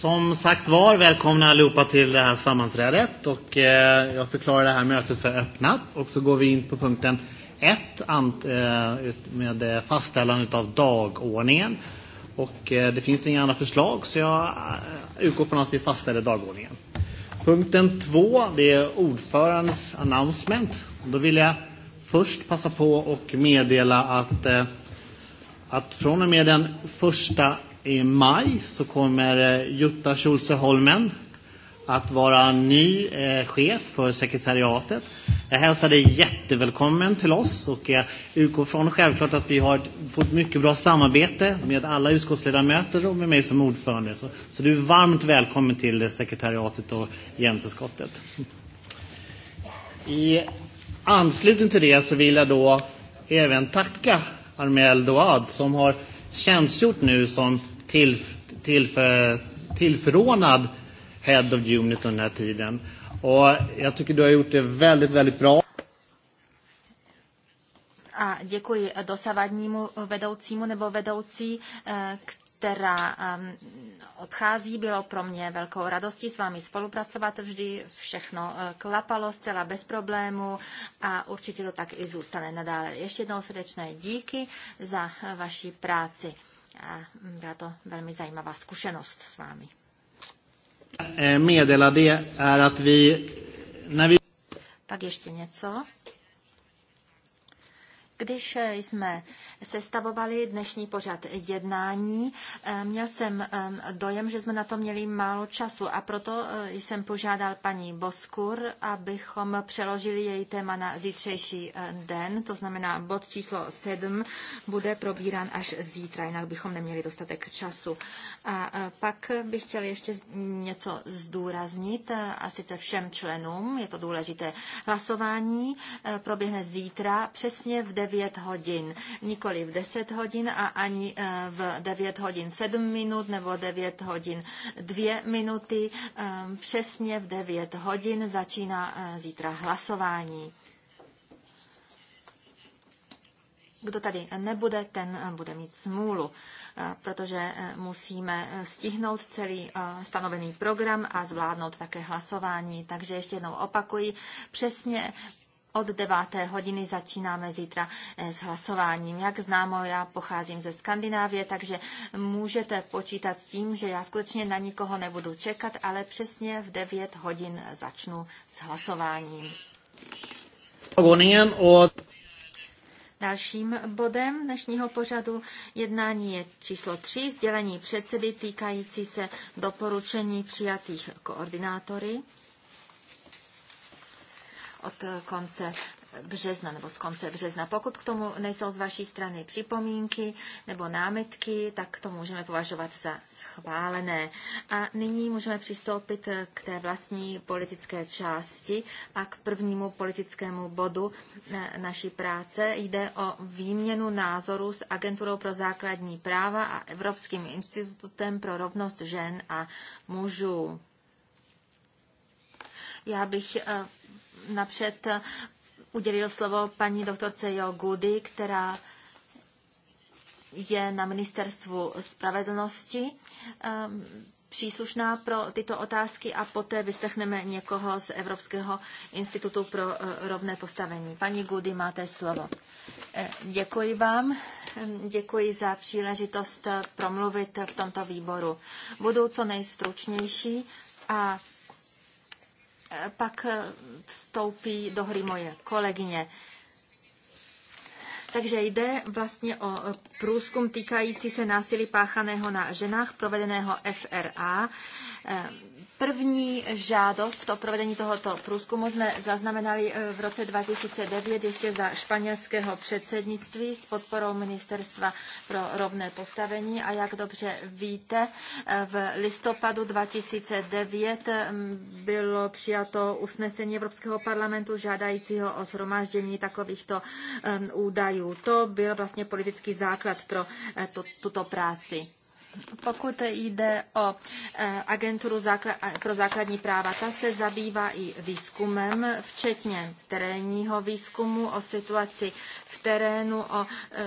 Som sagt var, välkomna allihopa till det här sammanträdet och eh, jag förklarar det här mötet för öppnat och så går vi in på punkten 1 eh, med eh, fastställandet av dagordningen. Och eh, det finns inga andra förslag så jag eh, utgår från att vi fastställer dagordningen. Punkten 2, det är ordförandens announcement. Då vill jag först passa på och meddela att eh, att från och med den första i maj så kommer eh, Jutta Schulze Holmen att vara ny eh, chef för sekretariatet. Jag hälsar dig jättevälkommen till oss och jag utgår från självklart att vi har fått mycket bra samarbete med alla utskottsledamöter och med mig som ordförande. Så, så du är varmt välkommen till sekretariatet och jämställdhetsutskottet. I anslutning till det så vill jag då även tacka Armel Doad som har tjänstgjort nu som till, till, för, tillförordnad Head of Unit under den här tiden. Och jag tycker du har gjort det väldigt, väldigt bra. A děkuji dosavadnímu vedoucímu nebo vedoucí, eh, která ehm, odchází, bylo pro mě velkou radostí s vámi spolupracovat. Vždy všechno eh, klapalo zcela bez problému a určitě to tak i zůstane nadále. Ještě jednou srdečné díky za eh, vaši práci. A hm, byla to velmi zajímavá zkušenost s vámi. Eh, meddela Pak ještě něco. Když jsme sestavovali dnešní pořad jednání, eh, měl jsem eh, dojem, že jsme na to měli málo času a proto eh, jsem požádal paní Boskur, abychom přeložili její téma na zítřejší den, to znamená bod číslo 7 bude probíran až zítra, jinak bychom neměli dostatek času. A pak bych chtěl ještě něco zdůraznit, a sice všem členům, je to důležité hlasování, proběhne zítra přesně v 9 9 hodin. Nikoli v 10 hodin a ani eh, v 9 hodin 7 minut nebo 9 hodin 2 minuty. Eh, přesně v 9 hodin začíná eh, zítra hlasování. Kdo tady nebude, ten bude mít smůlu, protože musíme stihnout celý stanovený program a zvládnout také hlasování. Takže ještě jednou opakuji, přesně od 9. hodiny začínáme zítra eh, s hlasováním. Jak známo, já pocházím ze Skandinávie, takže můžete počítat s tím, že já skutečně na nikoho nebudu čekat, ale přesně v 9 hodin začnu s hlasováním. Dalším bodem dnešního pořadu jednání je číslo 3, sdělení předsedy týkající se doporučení přijatých koordinátory od konce března nebo z konce března. Pokud k tomu nejsou z vaší strany připomínky nebo námitky, tak to můžeme považovat za schválené. A nyní můžeme přistoupit k té vlastní politické části a k prvnímu politickému bodu naší práce. Jde o výměnu názorů s Agenturou pro základní práva a Evropským institutem pro rovnost žen a mužů. Já bych eh, napřed eh, udělil slovo paní doktorce Gudy, která je na ministerstvu spravedlnosti ehm, příslušná pro tyto otázky a poté vyslechneme někoho z Evropského institutu pro eh, rovné postavení. Paní Gudy, máte slovo. Eh, děkuji vám. Ehm, děkuji za příležitost promluvit v tomto výboru. Budu co nejstručnější a pak eh, vstoupí do hry moje kolegyně. Takže jde vlastně o eh, průzkum týkající se násilí páchaného na ženách provedeného FRA. Eh, První žádost o provedení tohoto průzkumu jsme zaznamenali eh, v roce 2009 ještě za španělského předsednictví s podporou Ministerstva pro rovné postavení a jak dobře víte, eh, v listopadu 2009 eh, bylo přijato usnesení Evropského parlamentu žádajícího o zhromáždění takovýchto údajů. To byl vlastně politický základ pro tuto práci. Pokud jde o eh, agenturu eh, pro základní práva, ta se zabývá i výzkumem, včetně terénního výzkumu o situaci v terénu, o eh,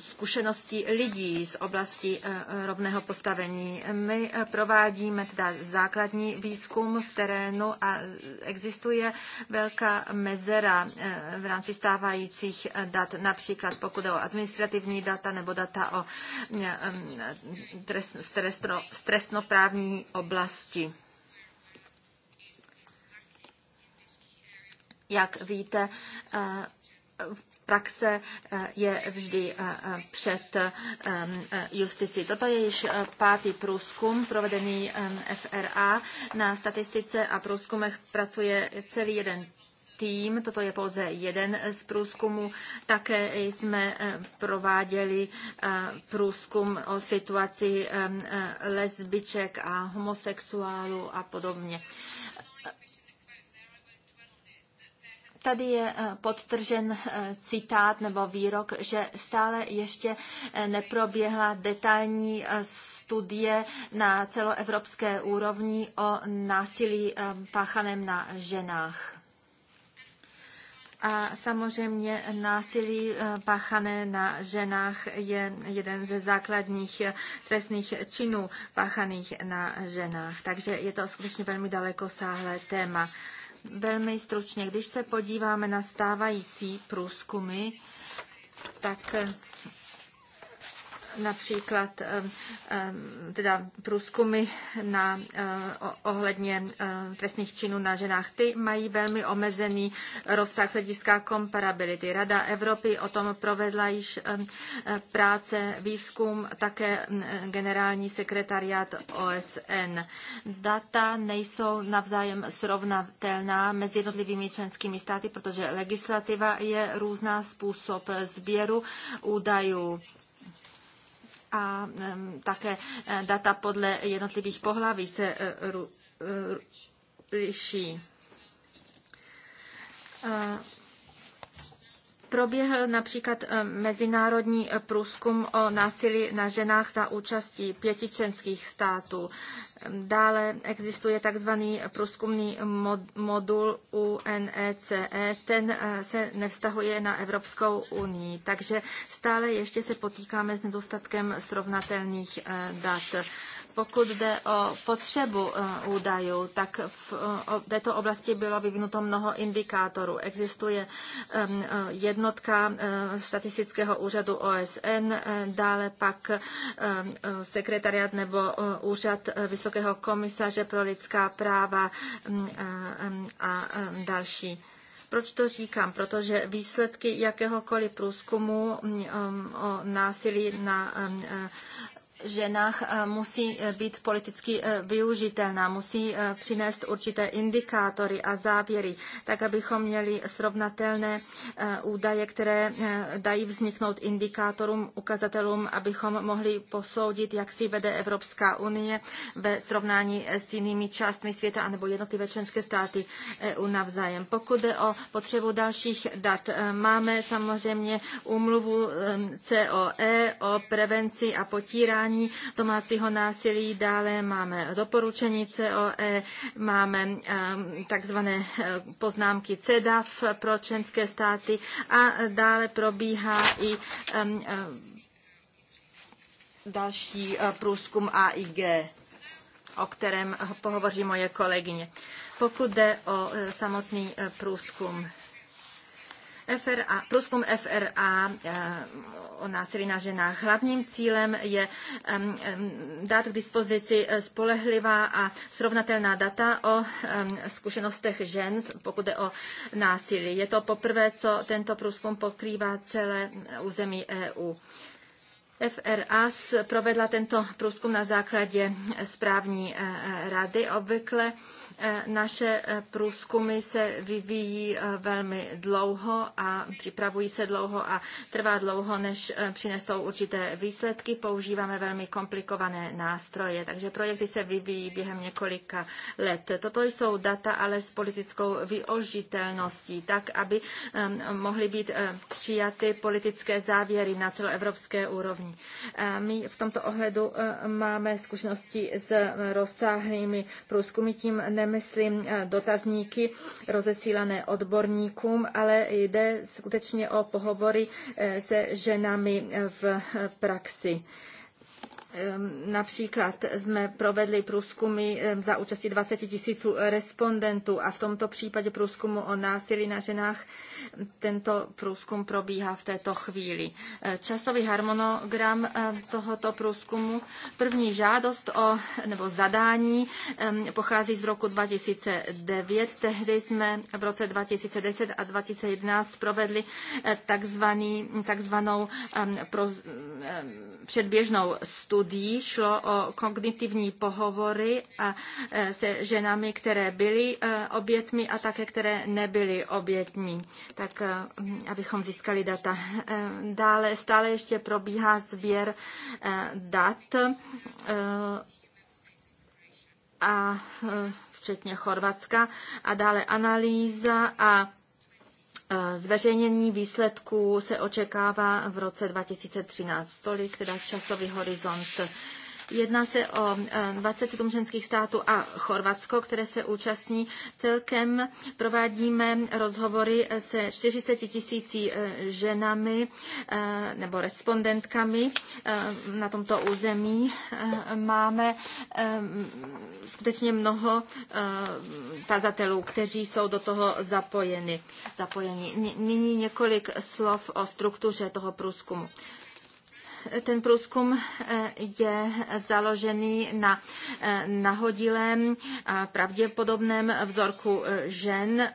zkušenosti lidí z oblasti rovného postavení. My provádíme teda základní výzkum v terénu a existuje velká mezera v rámci stávajících dat, například pokud o administrativní data nebo data o z trestnoprávní oblasti. Jak víte, eh, praxe eh, je vždy eh, před justicí. Toto je již pátý průzkum provedený FRA. Na statistice a průzkumech pracuje celý jeden tým. Toto je pouze jeden z průzkumů. Také jsme eh, prováděli eh, průzkum o situaci eh, lesbiček a homosexuálů a podobně. tady je podtržen citát nebo výrok, že stále ještě neproběhla detailní studie na celoevropské úrovni o násilí páchaném na ženách. A samozřejmě násilí eh, páchané na ženách je jeden ze základních eh, trestných činů páchaných na ženách. Takže je to skutečně velmi dalekosáhlé téma. Velmi stručně, když se podíváme na stávající průzkumy, tak eh, například eh, eh, teda průzkumy na, eh, ohledně trestných činů na ženách. Ty mají velmi omezený rozsah hlediska komparability. Rada Evropy o tom provedla již práce, výzkum, také mm, generální sekretariát OSN. Data nejsou navzájem srovnatelná mezi jednotlivými členskými státy, protože legislativa je různá způsob sběru údajů a také e, data podle jednotlivých pohlaví se e, e, liší. Proběhl například eh, mezinárodní eh, průzkum o násilí na ženách za účastí pěti členských států. Dále existuje takzvaný průzkumný modul UNECE. E. Ten eh, se nevztahuje na Evropskou unii, takže stále ještě se potýkáme s nedostatkem srovnatelných dat. Pokud jde o potřebu eh, údajů, tak eh, v této oblasti bylo vyvinuto mnoho indikátorů. Existuje ehm, eh, jednotka statistického úřadu OSN, dále pak ehm, sekretariat nebo úřad Vysokého komisaře pro lidská práva ehm, a další. Proč to říkám? Protože výsledky jakéhokoliv průzkumu mm, o násilí na ženách eh, musí eh, být politicky eh, využitelná, musí přinést určité indikátory a závěry, tak abychom měli srovnatelné údaje, které dají vzniknout indikátorům, ukazatelům, abychom mohli posoudit, jak si vede Evropská unie ve srovnání s jinými částmi světa anebo jednotlivé členské státy EU navzájem. Pokud jde o potřebu dalších dat, máme samozřejmě umluvu COE o prevenci a potírání potírání domácího násilí, dále máme doporučení COE, eh, máme ehm, takzvané eh, poznámky CEDAV pro členské státy a dále probíhá i ehm, ehm, další eh, průzkum AIG, o kterém pohovoří moje kolegyně. Pokud jde o samotný průzkum, FRA, průzkum FRA eh, o násilí na ženách. Hlavním cílem je dát k dispozici eh, spolehlivá a srovnatelná data o zkušenostech žen, pokud jde o násilí. Je to poprvé, co tento průzkum pokrývá celé území EU. FRAS provedla tento průzkum na základě správní eh, rady. Obvykle Eh, naše eh, průzkumy se vyvíjí eh, velmi dlouho a připravují se dlouho a trvá dlouho, než přinesou určité výsledky. Používáme velmi komplikované nástroje, takže projekty se vyvíjí během několika let. Toto jsou data ale s politickou vyožitelností, tak, aby ehm, mohly být přijaty politické závěry na celoevropské úrovni. My v tomto ohledu máme zkušenosti s rozsáhlými průzkumy, tím ne myslím eh, dotazníky rozesílané odborníkům, ale jde skutečně o pohovory eh, se ženami eh, v praxi. Ehm, například jsme provedli průzkumy ehm, za účasti 20 tisíců respondentů a v tomto případě průzkumu o násilí na ženách tento průzkum probíhá v této chvíli. Ehm, časový harmonogram tohoto průzkumu. První žádost o, nebo zadání pochází z roku 2009. Tehdy jsme v roce 2010 a 2011 provedli takzvaný, takzvanou pro, předběžnou studii studií šlo o kognitivní pohovory a e, se ženami, které byly e, obětmi a také, které nebyly obětmi, tak e, abychom získali data. Dále stále ještě probíhá sběr dat a včetně Chorvatska a dále analýza a Zveřejnění výsledků se očekává v roce 2013. Tolik teda časový horizont Jedná se o 27 eh, členských států a Chorvatsko, které se účastní. Celkem provádíme rozhovory se 40 tisící eh, ženami eh, nebo respondentkami na tomto území. Máme skutečně mnoho tazatelů, kteří jsou do toho zapojeni. zapojeni. Nyní několik slov o struktuře toho průzkumu ten průzkum eh, je založený na eh, nahodilém a pravděpodobném vzorku eh, žen.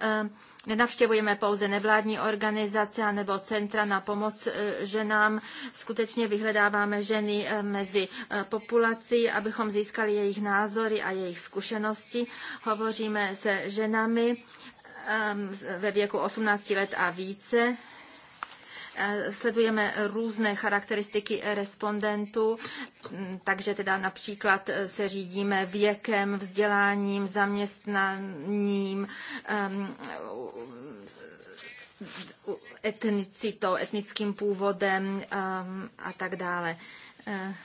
Nenavštěvujeme pouze nevládní organizace nebo centra na pomoc ženám. Skutečně vyhledáváme ženy mezi populací, abychom získali jejich názory a jejich zkušenosti. Hovoříme se ženami ve věku 18 let a více Sledujeme různé charakteristiky respondentů, takže teda například se řídíme věkem, vzděláním, zaměstnáním, etnicitou, etnickým původem a tak dále. Eh,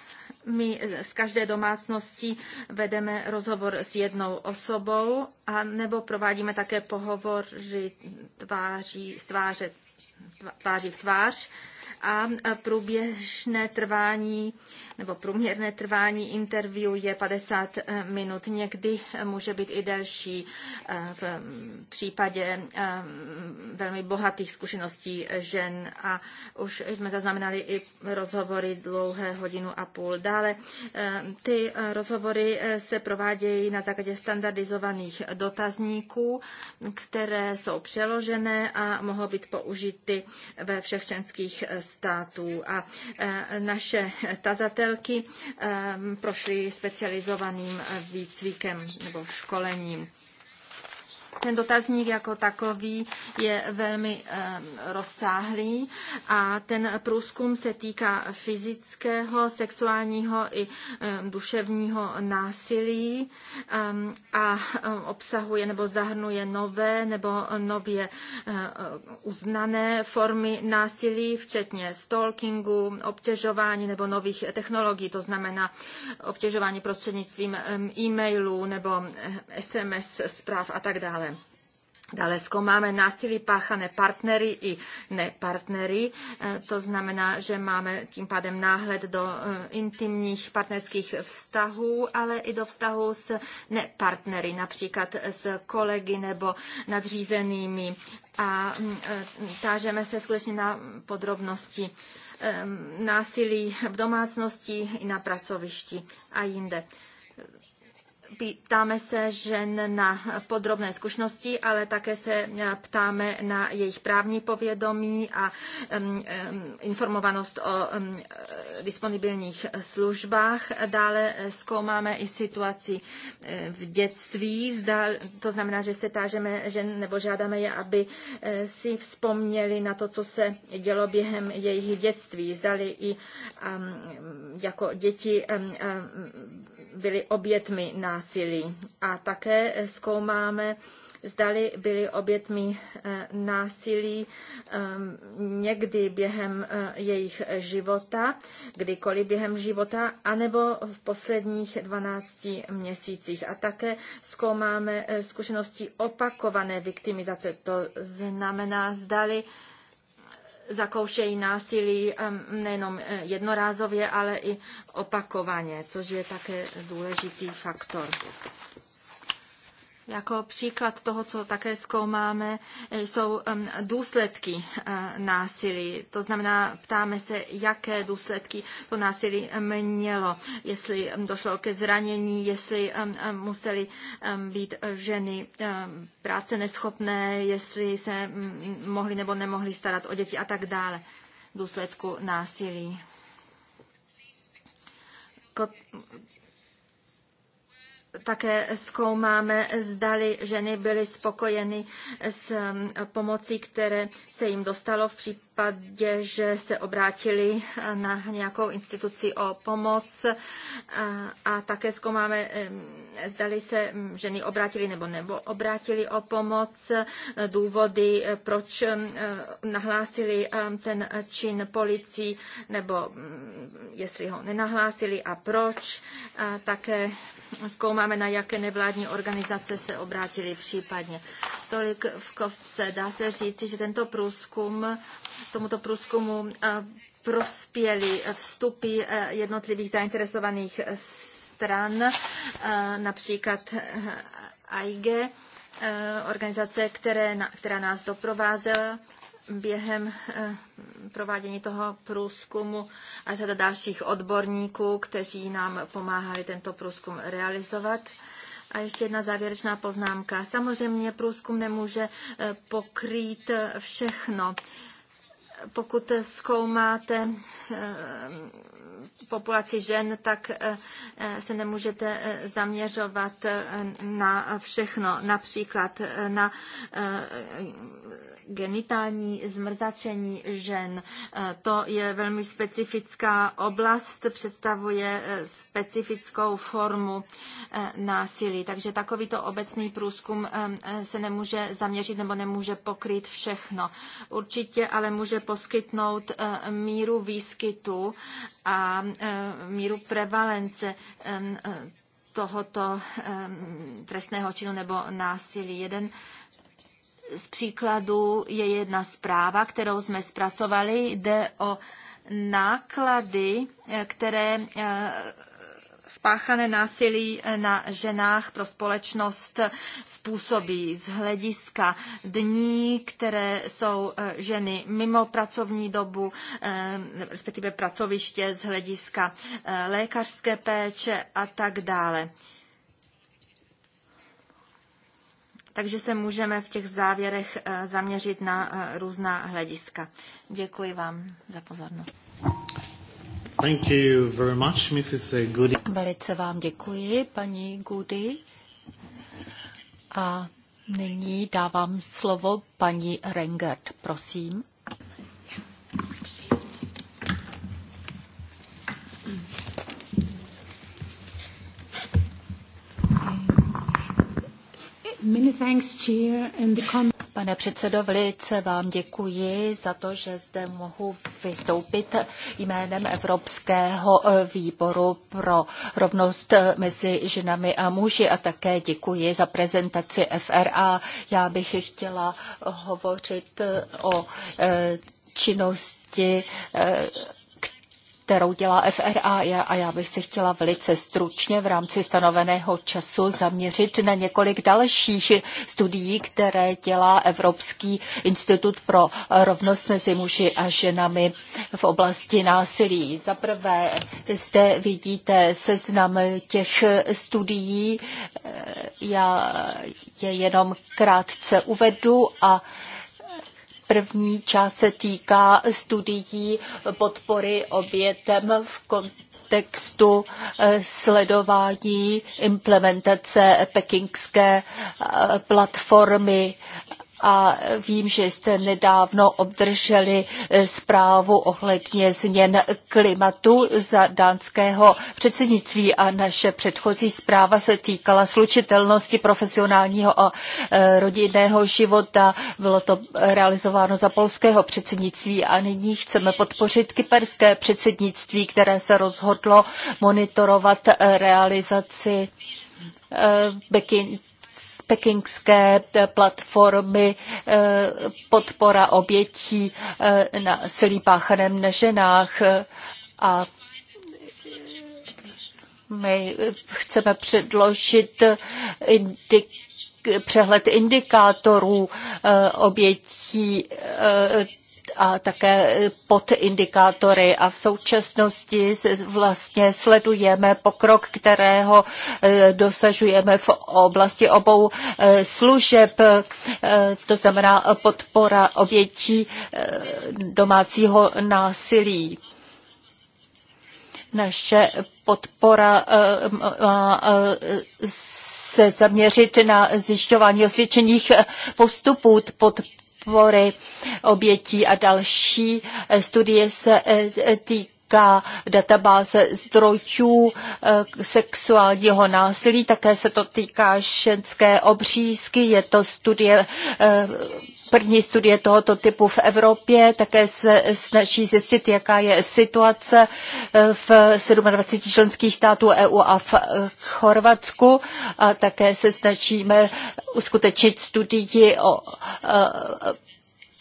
my z každé domácnosti vedeme rozhovor s jednou osobou a nebo provádíme také pohovory tváří, z tváře tváři v tvář a průběžné trvání nebo průměrné trvání interview je 50 e, minut. Někdy e, může být i delší e, v případě velmi bohatých zkušeností žen a už jsme zaznamenali i rozhovory dlouhé hodinu a půl. Dále ty rozhovory se provádějí na základě standardizovaných dotazníků, které jsou přeložené a mohou být použity lhuty ve všech členských eh, států. A eh, naše tazatelky eh, prošly specializovaným výcvikem nebo školením. Ten dotazník jako takový je velmi ehm, rozsáhlý a ten průzkum se týká fyzického, sexuálního i ehm, duševního násilí ehm, a obsahuje nebo zahrnuje nové nebo nově uznané formy násilí, včetně stalkingu, obtěžování nebo nových technologií, to znamená obtěžování prostřednictvím e-mailů nebo SMS zpráv a tak dále. Dále zkoumáme násilí páchané partnery i nepartnery. E, to znamená, že máme tím pádem náhled do e, intimních partnerských vztahů, ale i do vztahů s nepartnery, například s kolegy nebo nadřízenými. A mm, e, tážeme se skutečně na podrobnosti násilí v domácnosti i na pracovišti a jinde. Ptáme se žen na podrobné zkušenosti, ale také se eh, ptáme na jejich právní povědomí a informovanost o eh, disponibilních službách. Dále eh, zkoumáme i situaci v dětství. Zda, to znamená, že se tážeme žen nebo žádáme je, aby si vzpomněli na to, co se dělo během jejich dětství. Zdali i jako děti byly obětmi na násilí. A také zkoumáme, zdali byly obětmi eh, násilí ehm, někdy během eh, jejich života, kdykoliv během života, anebo v posledních 12 měsících. A také zkoumáme eh, zkušenosti opakované viktimizace. To znamená, zdali zakoušejí násilí nejenom eh, jednorázově, ale i opakovaně, což je také důležitý faktor. Jako příklad toho, co také zkoumáme, jsou důsledky eh, násilí. To znamená, ptáme se, jaké důsledky to násilí mělo. Jestli došlo ke zranění, jestli museli být ženy práce neschopné, jestli se mohli nebo nemohli starat o děti a tak dále. Důsledku násilí také zkoumáme, zdali ženy byly spokojeny s eh, pomocí, které se jim dostalo v případě případě, že se obrátili eh, na nějakou instituci o pomoc eh, a také zkoumáme, eh, zdali se mm, ženy obrátili nebo nebo obrátili o pomoc, důvody, proč nahlásili ten čin policii nebo mm, jestli ho nenahlásili a proč. A také zkoumáme, na jaké nevládní organizace se obrátili případně. Tolik v kostce. Dá se říci, že tento průzkum tomuto průzkumu eh, prospěly vstupy eh, jednotlivých zainteresovaných eh, stran, například AIG, organizace, které, která nás doprovázela během provádění toho průzkumu a řada dalších odborníků, kteří nám pomáhali tento průzkum realizovat. A ještě jedna závěrečná poznámka. Samozřejmě průzkum nemůže pokrýt všechno pokud zkoumáte eh, populaci žen, tak eh, eh, se nemůžete zaměřovat na všechno, například na genitální zmrzačení žen. Eh, to je velmi specifická oblast, představuje eh, specifickou formu eh, násilí. Takže takovýto obecný průzkum se nemůže zaměřit nebo nemůže pokrýt všechno. Určitě ale může poskytnout míru výskytu a míru prevalence tohoto trestného činu nebo násilí. Jeden z příkladů je jedna zpráva, kterou jsme zpracovali. Jde o náklady, eh, které eh, spáchané násilí eh, na ženách pro společnost způsobí z hlediska dní, které jsou ženy mimo pracovní dobu, respektive pracoviště z hlediska lékařské péče a tak dále. takže se můžeme v těch závěrech eh, zaměřit na eh, různá hlediska. Děkuji vám za pozornost. Thank you very much, Mrs. Goody. Velice vám děkuji, paní Goody. A nyní dávám slovo paní Rengert, prosím. Pane předsedo, velice vám děkuji za to, že zde mohu vystoupit jménem Evropského eh, výboru pro rovnost eh, mezi ženami a muži a také děkuji za prezentaci FRA. Já bych chtěla hovořit eh, o činnosti kterou dělá FRA a já bych se chtěla velice stručně v rámci stanoveného času zaměřit na několik dalších studií, které dělá Evropský institut pro rovnost mezi muži a ženami v oblasti násilí. Za prvé zde vidíte seznam těch studií. Já je jenom krátce uvedu a První část se týká studií podpory obětem v kontextu eh, sledování implementace pekingské eh, platformy a vím, že jste nedávno obdrželi eh, zprávu ohledně změn klimatu za dánského předsednictví a naše předchozí zpráva se týkala slučitelnosti profesionálního a eh, rodinného života. Bylo to realizováno za polského předsednictví a nyní chceme podpořit kyperské předsednictví, které se rozhodlo monitorovat eh, realizaci Bekin pekingské eh, platformy eh, podpora obětí eh, na silí páchaném na ženách a my chceme předložit indik přehled indikátorů obětí a také pod indikátory a v současnosti vlastně sledujeme pokrok, kterého eh, dosažujeme v oblasti obou eh, služeb, eh, to znamená podpora obětí domácího násilí naše podpora má se zaměřit na zjišťování osvědčených postupů, pod potvory, obětí a další studie se týká e, e, týká databáze zdrojů e, sexuálního násilí. Také se to týká ženské obřízky. Je to studie první studie tohoto typu v Evropě, také se snaží zjistit, jaká je situace eh, v 27 členských států EU a v eh, Chorvatsku. A také se snažíme uskutečnit studii o eh,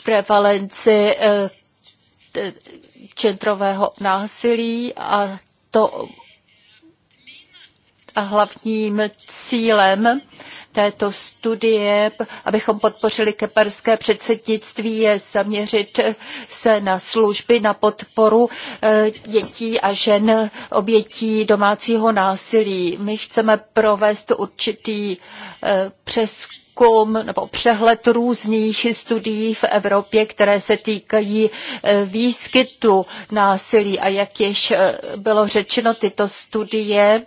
prevalenci centrového násilí a to a hlavním cílem této studie, abychom podpořili keperské předsednictví, je zaměřit se na služby, na podporu eh, dětí a žen obětí domácího násilí. My chceme provést určitý eh, přeskum nebo přehled různých studií v Evropě, které se týkají eh, výskytu násilí. A jak již bylo řečeno, tyto studie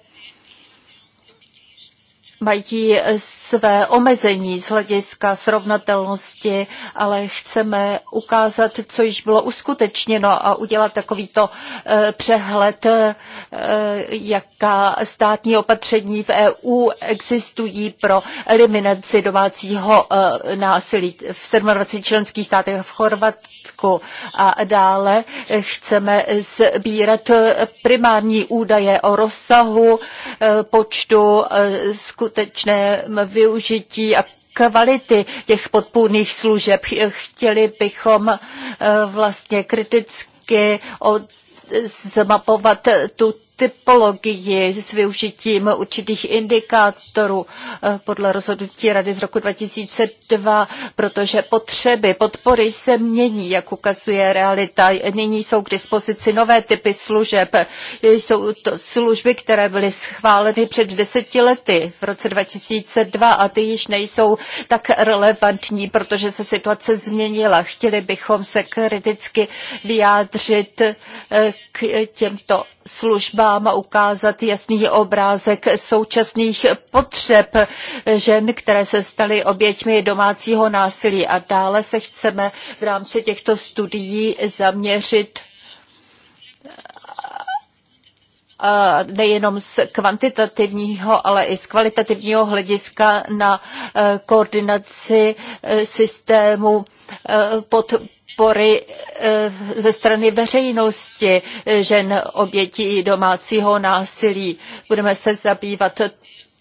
mají své omezení z hlediska srovnatelnosti, ale chceme ukázat, co již bylo uskutečněno a udělat takovýto eh, přehled, eh, jaká státní opatření v EU existují pro eliminaci domácího eh, násilí v 27 členských státech v Chorvatsku. A dále chceme sbírat primární údaje o rozsahu, počtu skutečných skutečném využití a kvality těch podpůrných služeb. Chtěli bychom eh, vlastně kriticky od zmapovat tu typologii s využitím určitých indikátorů eh, podle rozhodnutí Rady z roku 2002, protože potřeby podpory se mění, jak ukazuje realita. Nyní jsou k dispozici nové typy služeb. Jsou to služby, které byly schváleny před deseti lety v roce 2002 a ty již nejsou tak relevantní, protože se situace změnila. Chtěli bychom se kriticky vyjádřit eh, k těmto službám a ukázat jasný obrázek současných potřeb žen, které se staly oběťmi domácího násilí. A dále se chceme v rámci těchto studií zaměřit nejenom z kvantitativního, ale i z kvalitativního hlediska na eh, koordinaci eh, systému eh, pod podpory eh, ze strany veřejnosti eh, žen obětí domácího násilí. Budeme se zabývat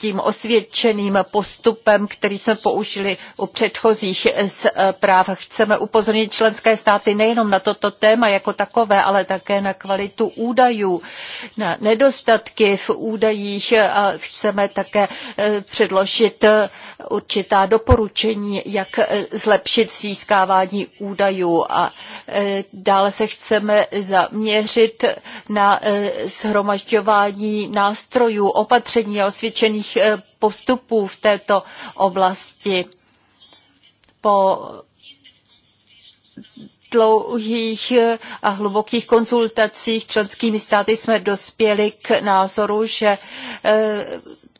tím osvědčeným postupem, který jsme použili u předchozích zpráv. E, chceme upozornit členské státy nejenom na toto téma jako takové, ale také na kvalitu údajů, na nedostatky v údajích a chceme také e, předložit e, určitá doporučení, jak zlepšit získávání údajů a dále se chceme zaměřit na shromažďování nástrojů, opatření a osvědčených právních eh, postupů v této oblasti. Po dlouhých eh, a hlubokých konzultacích členskými státy jsme dospěli k názoru, že eh,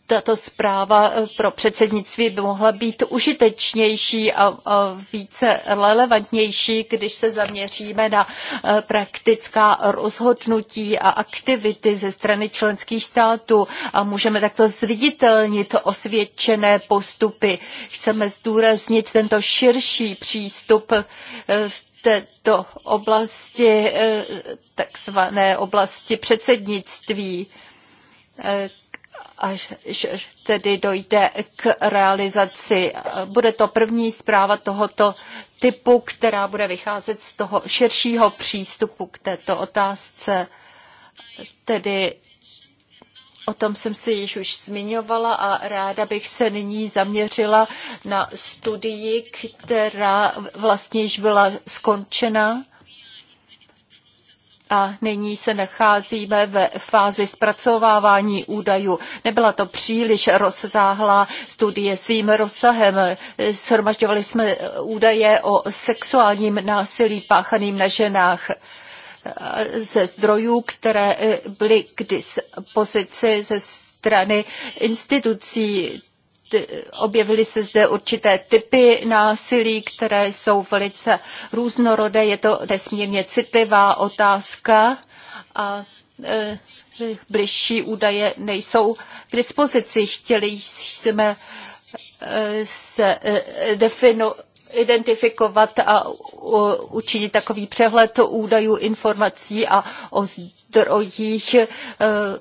tato zpráva eh, pro předsednictví by mohla být užitečnější a, a více relevantnější, když se zaměříme na eh, praktická rozhodnutí a aktivity ze strany členských států a můžeme takto zviditelnit osvědčené postupy. Chceme zdůraznit tento širší přístup eh, v této oblasti, takzvané oblasti předsednictví až tedy dojde k realizaci. Bude to první zpráva tohoto typu, která bude vycházet z toho širšího přístupu k této otázce. Tedy O tom jsem si již už zmiňovala a ráda bych se nyní zaměřila na studii, která vlastně již byla skončena a nyní se nacházíme ve fázi zpracovávání údajů. Nebyla to příliš rozsáhlá studie svým rozsahem. Shromažďovali jsme údaje o sexuálním násilí páchaným na ženách ze zdrojů, které byly k dispozici ze strany institucí objevily se zde určité typy násilí, které jsou velice různorodé. Je to nesmírně citlivá otázka a e, bližší údaje nejsou k dispozici. Chtěli jsme e, se e, identifikovat a učinit takový přehled údajů, informací a o zdrojích eh,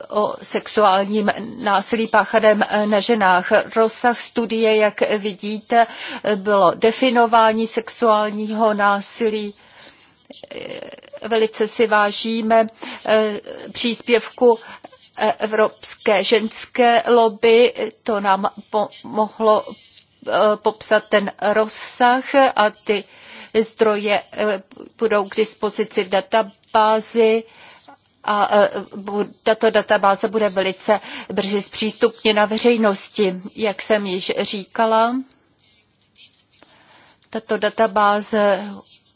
o sexuálním násilí páchaném eh, na ženách. Rozsah studie, jak vidíte, eh, bylo definování sexuálního násilí. Velice si vážíme příspěvku Evropské ženské lobby. To nám pomohlo popsat ten rozsah a ty zdroje budou k dispozici v databázi a e, tato databáze bude velice brzy zpřístupněna veřejnosti. Jak jsem již říkala, tato databáze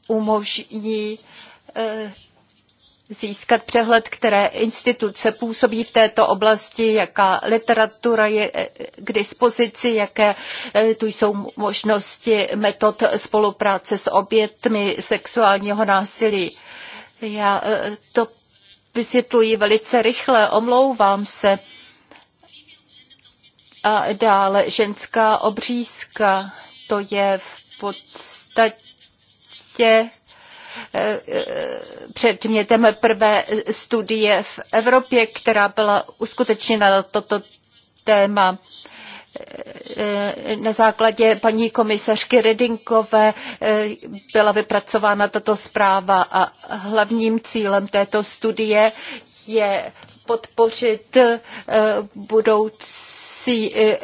umožní e, získat přehled, které instituce působí v této oblasti, jaká literatura je e, k dispozici, jaké tu jsou možnosti metod spolupráce s obětmi sexuálního násilí. Já to vysvětluji velice rychle, omlouvám se. A dále ženská obřízka, to je v podstatě eh, eh, předmětem prvé studie v Evropě, která byla uskutečněna na toto téma na základě paní komisařky Redinkové eh, byla vypracována tato zpráva a hlavním cílem této studie je podpořit eh, budoucí eh,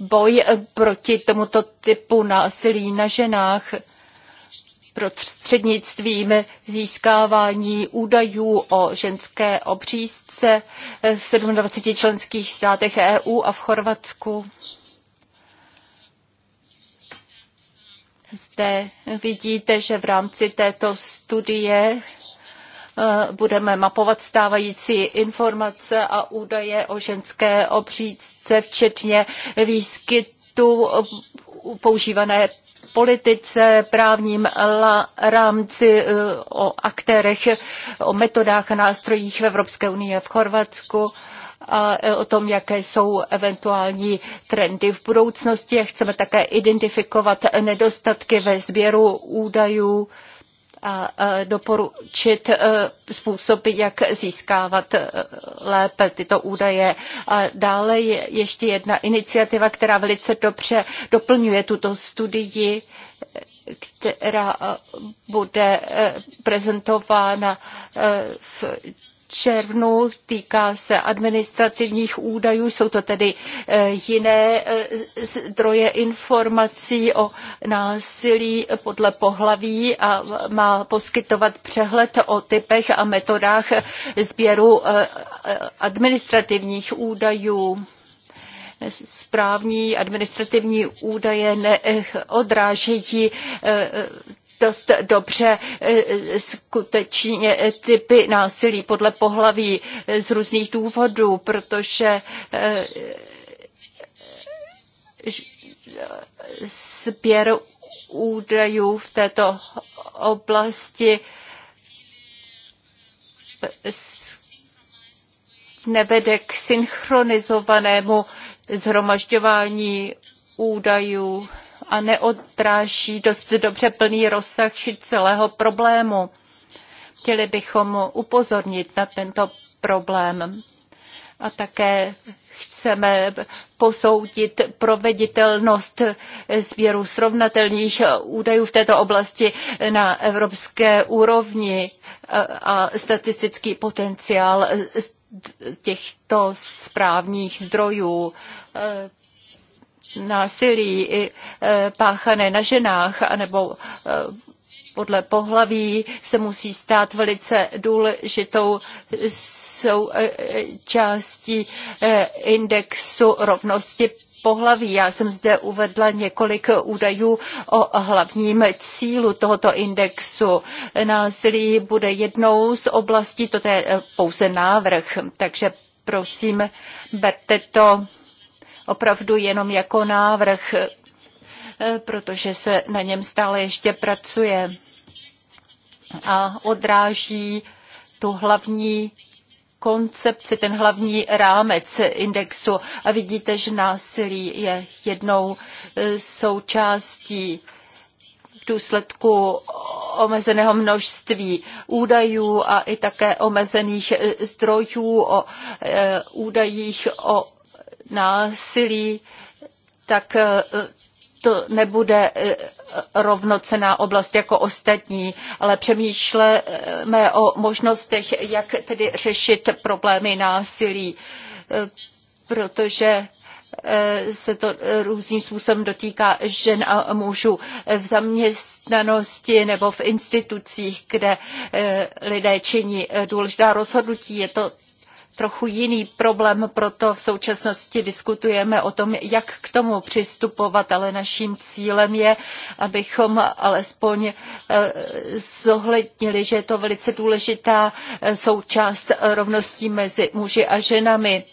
boj proti tomuto typu násilí na ženách prostřednictvím získávání údajů o ženské obřízce v 27 členských státech EU a v Chorvatsku. Zde vidíte, že v rámci této studie eh, budeme mapovat stávající informace a údaje o ženské obřízce, včetně výskytu eh, používané politice, právním rámci, eh, o aktérech, o metodách a nástrojích v Evropské unii a v Chorvatsku a eh, o tom, jaké jsou eventuální trendy v budoucnosti. Chceme také identifikovat nedostatky ve sběru údajů, a doporučit e, způsoby, jak získávat e, lépe tyto údaje. A dále je ještě jedna iniciativa, která velice dobře doplňuje tuto studii, která e, bude prezentována v červnu, týká se administrativních údajů, jsou to tedy eh, jiné eh, zdroje informací o násilí podle pohlaví a má poskytovat přehled o typech a metodách sběru eh, administrativních údajů správní administrativní údaje neodrážejí dost dobře e, e, skutečně e, typy násilí podle pohlaví z různých důvodů, protože sběr údajů v této oblasti nevede k synchronizovanému zhromažďování údajů a neodráží dost dobře plný rozsah celého problému. Chtěli bychom upozornit na tento problém a také chceme posoudit proveditelnost sběru srovnatelných údajů v této oblasti na evropské úrovni a statistický potenciál těchto správních zdrojů násilí i e, páchané na ženách anebo e, podle pohlaví se musí stát velice důležitou součástí e, indexu rovnosti pohlaví. Já jsem zde uvedla několik údajů o hlavním cílu tohoto indexu. Násilí bude jednou z oblastí, toto je pouze návrh, takže prosím, berte to opravdu jenom jako návrh, eh, protože se na něm stále ještě pracuje a odráží tu hlavní koncepci, ten hlavní rámec indexu. A vidíte, že násilí je jednou eh, součástí v důsledku omezeného množství údajů a i také omezených eh, zdrojů o údajích o násilí, tak eh, to nebude eh, rovnocená oblast jako ostatní, ale přemýšlíme o možnostech, jak tedy řešit problémy násilí, eh, protože se to různým způsobem dotýká žen a mužů v zaměstnanosti nebo v institucích, kde lidé činí důležitá rozhodnutí. Je to trochu jiný problém, proto v současnosti diskutujeme o tom, jak k tomu přistupovat, ale naším cílem je, abychom alespoň eh, zohlednili, že je to velice důležitá eh, součást rovností mezi muži a ženami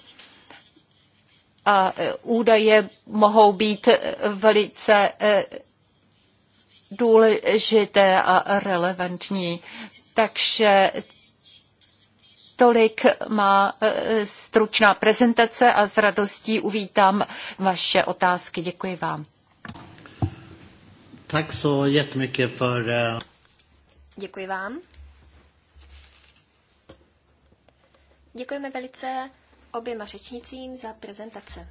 a eh, údaje mohou být velice důležité a relevantní. Takže Tolik má e, stručná prezentace a s radostí uvítám vaše otázky. Děkuji vám. Tak så eh, Děkuji vám. Děkujeme velice oběma řečnicím za prezentace.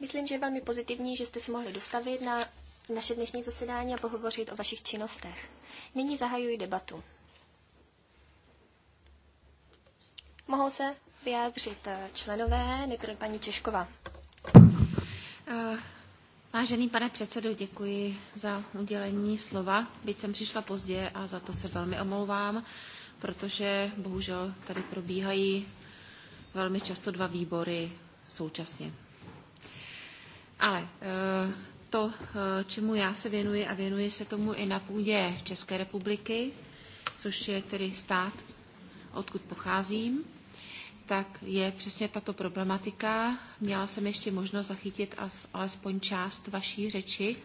Myslím, že je velmi pozitivní, že jste se mohli dostavit na naše dnešní zasedání a pohovořit o vašich činnostech. Nyní zahajuji debatu. Mohou se vyjádřit eh, členové, nejprve paní Češkova. Eh, vážený pane předsedo, děkuji za udělení slova. Byť jsem přišla pozdě a za to se velmi omlouvám, protože bohužel tady probíhají velmi často dva výbory současně. Ale eh, to, eh, čemu já se věnuji a věnuji se tomu i na půdě České republiky, což je tedy stát, odkud pocházím, tak je přesně tato problematika. Měla jsem ještě možnost zachytit alespoň část vaší řeči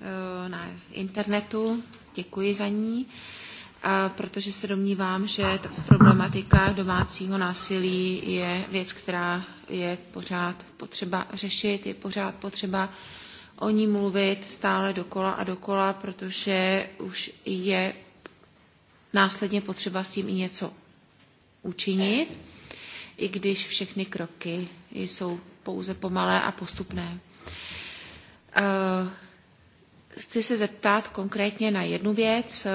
eh, na internetu. Děkuji za ní, protože se domnívám, že ta problematika domácího násilí je věc, která je pořád potřeba řešit, je pořád potřeba o ní mluvit stále dokola a dokola, protože už je následně potřeba s tím i něco učinit, i když všechny kroky jsou pouze pomalé a postupné. Eh, chci se zeptat konkrétně na jednu věc.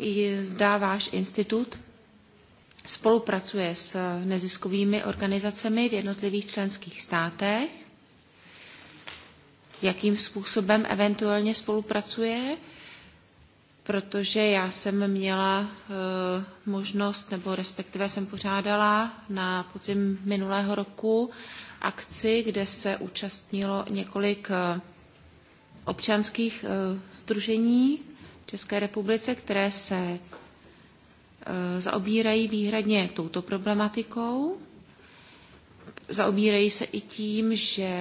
Eh, Zdá váš institut spolupracuje s neziskovými organizacemi v jednotlivých členských státech jakým způsobem eventuálně spolupracuje, protože já jsem měla eh, možnost, nebo respektive jsem pořádala na podzim minulého roku akci, kde se účastnilo několik eh, občanských združení eh, v České republice, které se zaobírají výhradně touto problematikou. Zaobírají se i tím, že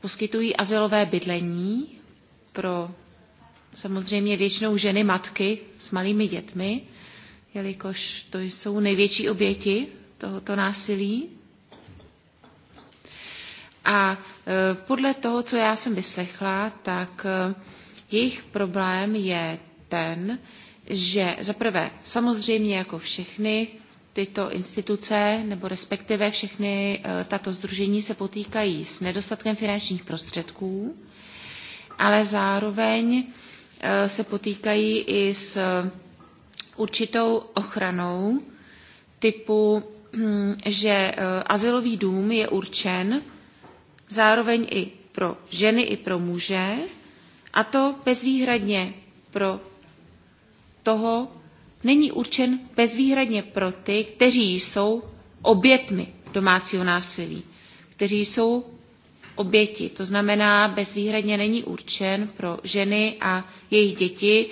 poskytují azylové bydlení pro samozřejmě většinou ženy matky s malými dětmi, jelikož to jsou největší oběti tohoto násilí. A e, podle toho, co já jsem vyslechla, tak e, jejich problém je ten, že zaprvé samozřejmě jako všechny tyto instituce nebo respektive všechny eh, tato združení se potýkají s nedostatkem finančních prostředků, ale zároveň eh, se potýkají i s eh, určitou ochranou typu, hm, že azylový dům je určen zároveň i pro ženy, i pro muže, a to bezvýhradně pro toho, není určen bezvýhradně pro ty, kteří jsou obětmi domácího násilí, kteří jsou oběti. To znamená, bezvýhradně není určen pro ženy a jejich děti,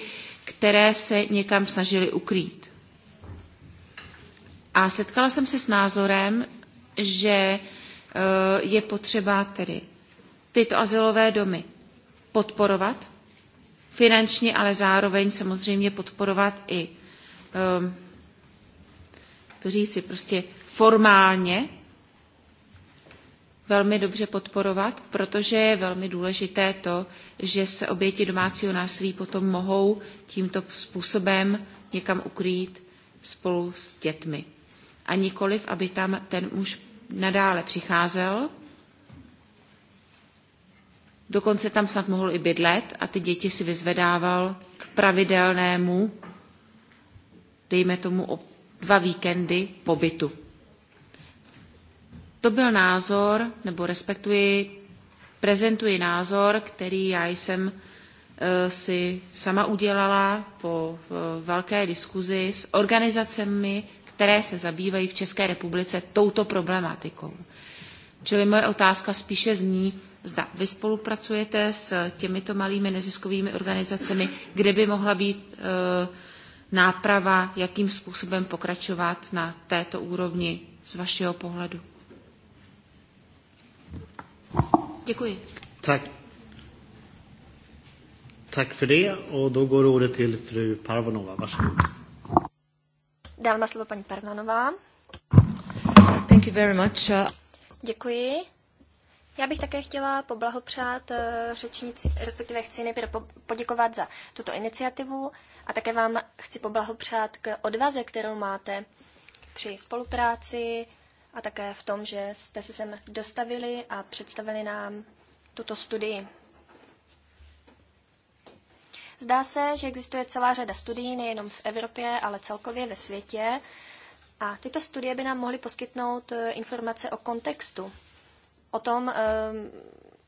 které se někam snažili ukrýt. A setkala jsem se s názorem, že eh, je potřeba tedy tyto azylové domy podporovat, finančně, ale zároveň samozřejmě podporovat i Ehm, to říci, prostě formálně velmi dobře podporovat, protože je velmi důležité to, že se oběti domácího násilí potom mohou tímto způsobem někam ukrýt spolu s dětmi. A nikoliv, aby tam ten muž nadále přicházel, dokonce tam snad mohl i bydlet a ty děti si vyzvedával k pravidelnému dejme tomu o dva víkendy pobytu. To byl názor, nebo respektuji, prezentuji názor, který já jsem e, si sama udělala po e, velké diskuzi s organizacemi, které se zabývají v České republice touto problematikou. Čili moje otázka spíše zní, zda vy spolupracujete s těmito malými neziskovými organizacemi, kde by mohla být e, náprava, jakým způsobem pokračovat na této úrovni z vašeho pohledu. Děkuji. Tak. Tak för det och då går ordet till fru Parvanova. Varsågod. Dál má slovo paní Parvanova. Thank you very much. Děkuji. Já bych také chtěla poblahopřát eh, řečnici, respektive chci nejprve poděkovat za tuto iniciativu a také vám chci poblahopřát k odvaze, kterou máte při spolupráci a také v tom, že jste se sem dostavili a představili nám tuto studii. Zdá se, že existuje celá řada studií nejenom v Evropě, ale celkově ve světě. A tyto studie by nám mohly poskytnout eh, informace o kontextu, o tom, eh,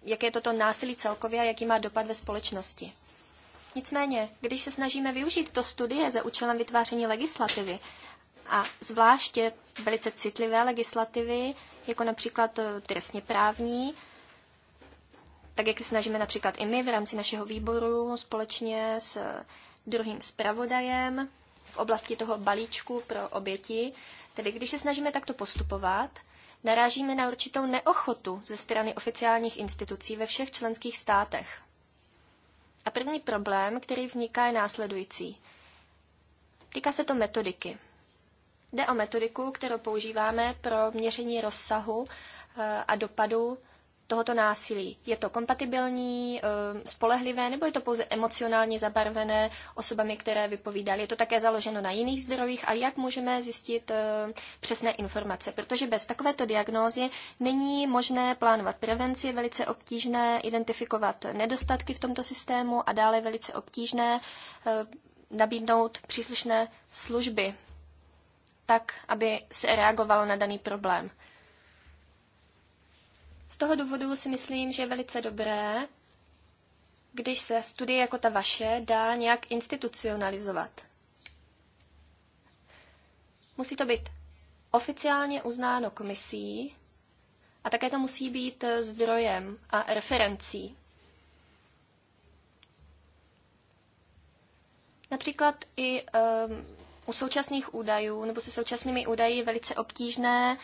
jak je toto násilí celkově a jaký má dopad ve společnosti. Nicméně, když se snažíme využít to studie za účelem vytváření legislativy, a zvláště velice citlivé legislativy, jako například eh, trestně právní, tak jak se snažíme například i my v rámci našeho výboru společně s eh, druhým zpravodajem v oblasti toho balíčku pro oběti, tedy když se snažíme takto postupovat, narážíme na určitou neochotu ze strany oficiálních institucí ve všech členských státech. A první problém, který vzniká, je následující. Týká se to metodiky. Jde o metodiku, kterou používáme pro měření rozsahu eh, a dopadu tohoto násilí. Je to kompatibilní, eh, spolehlivé, nebo je to pouze emocionálně zabarvené osobami, které vypovídali? Je to také založeno na jiných zdrojích a jak můžeme zjistit eh, přesné informace? Protože bez takovéto diagnózy není možné plánovat prevenci, je velice obtížné identifikovat nedostatky v tomto systému a dále velice obtížné eh, nabídnout příslušné služby tak, aby se reagovalo na daný problém. Z toho důvodu si myslím, že je velice dobré, když se studie jako ta vaše dá nějak institucionalizovat. Musí to být oficiálně uznáno komisí a také to musí být zdrojem a referencí. Například i um, u současných údajů nebo se současnými údaji je velice obtížné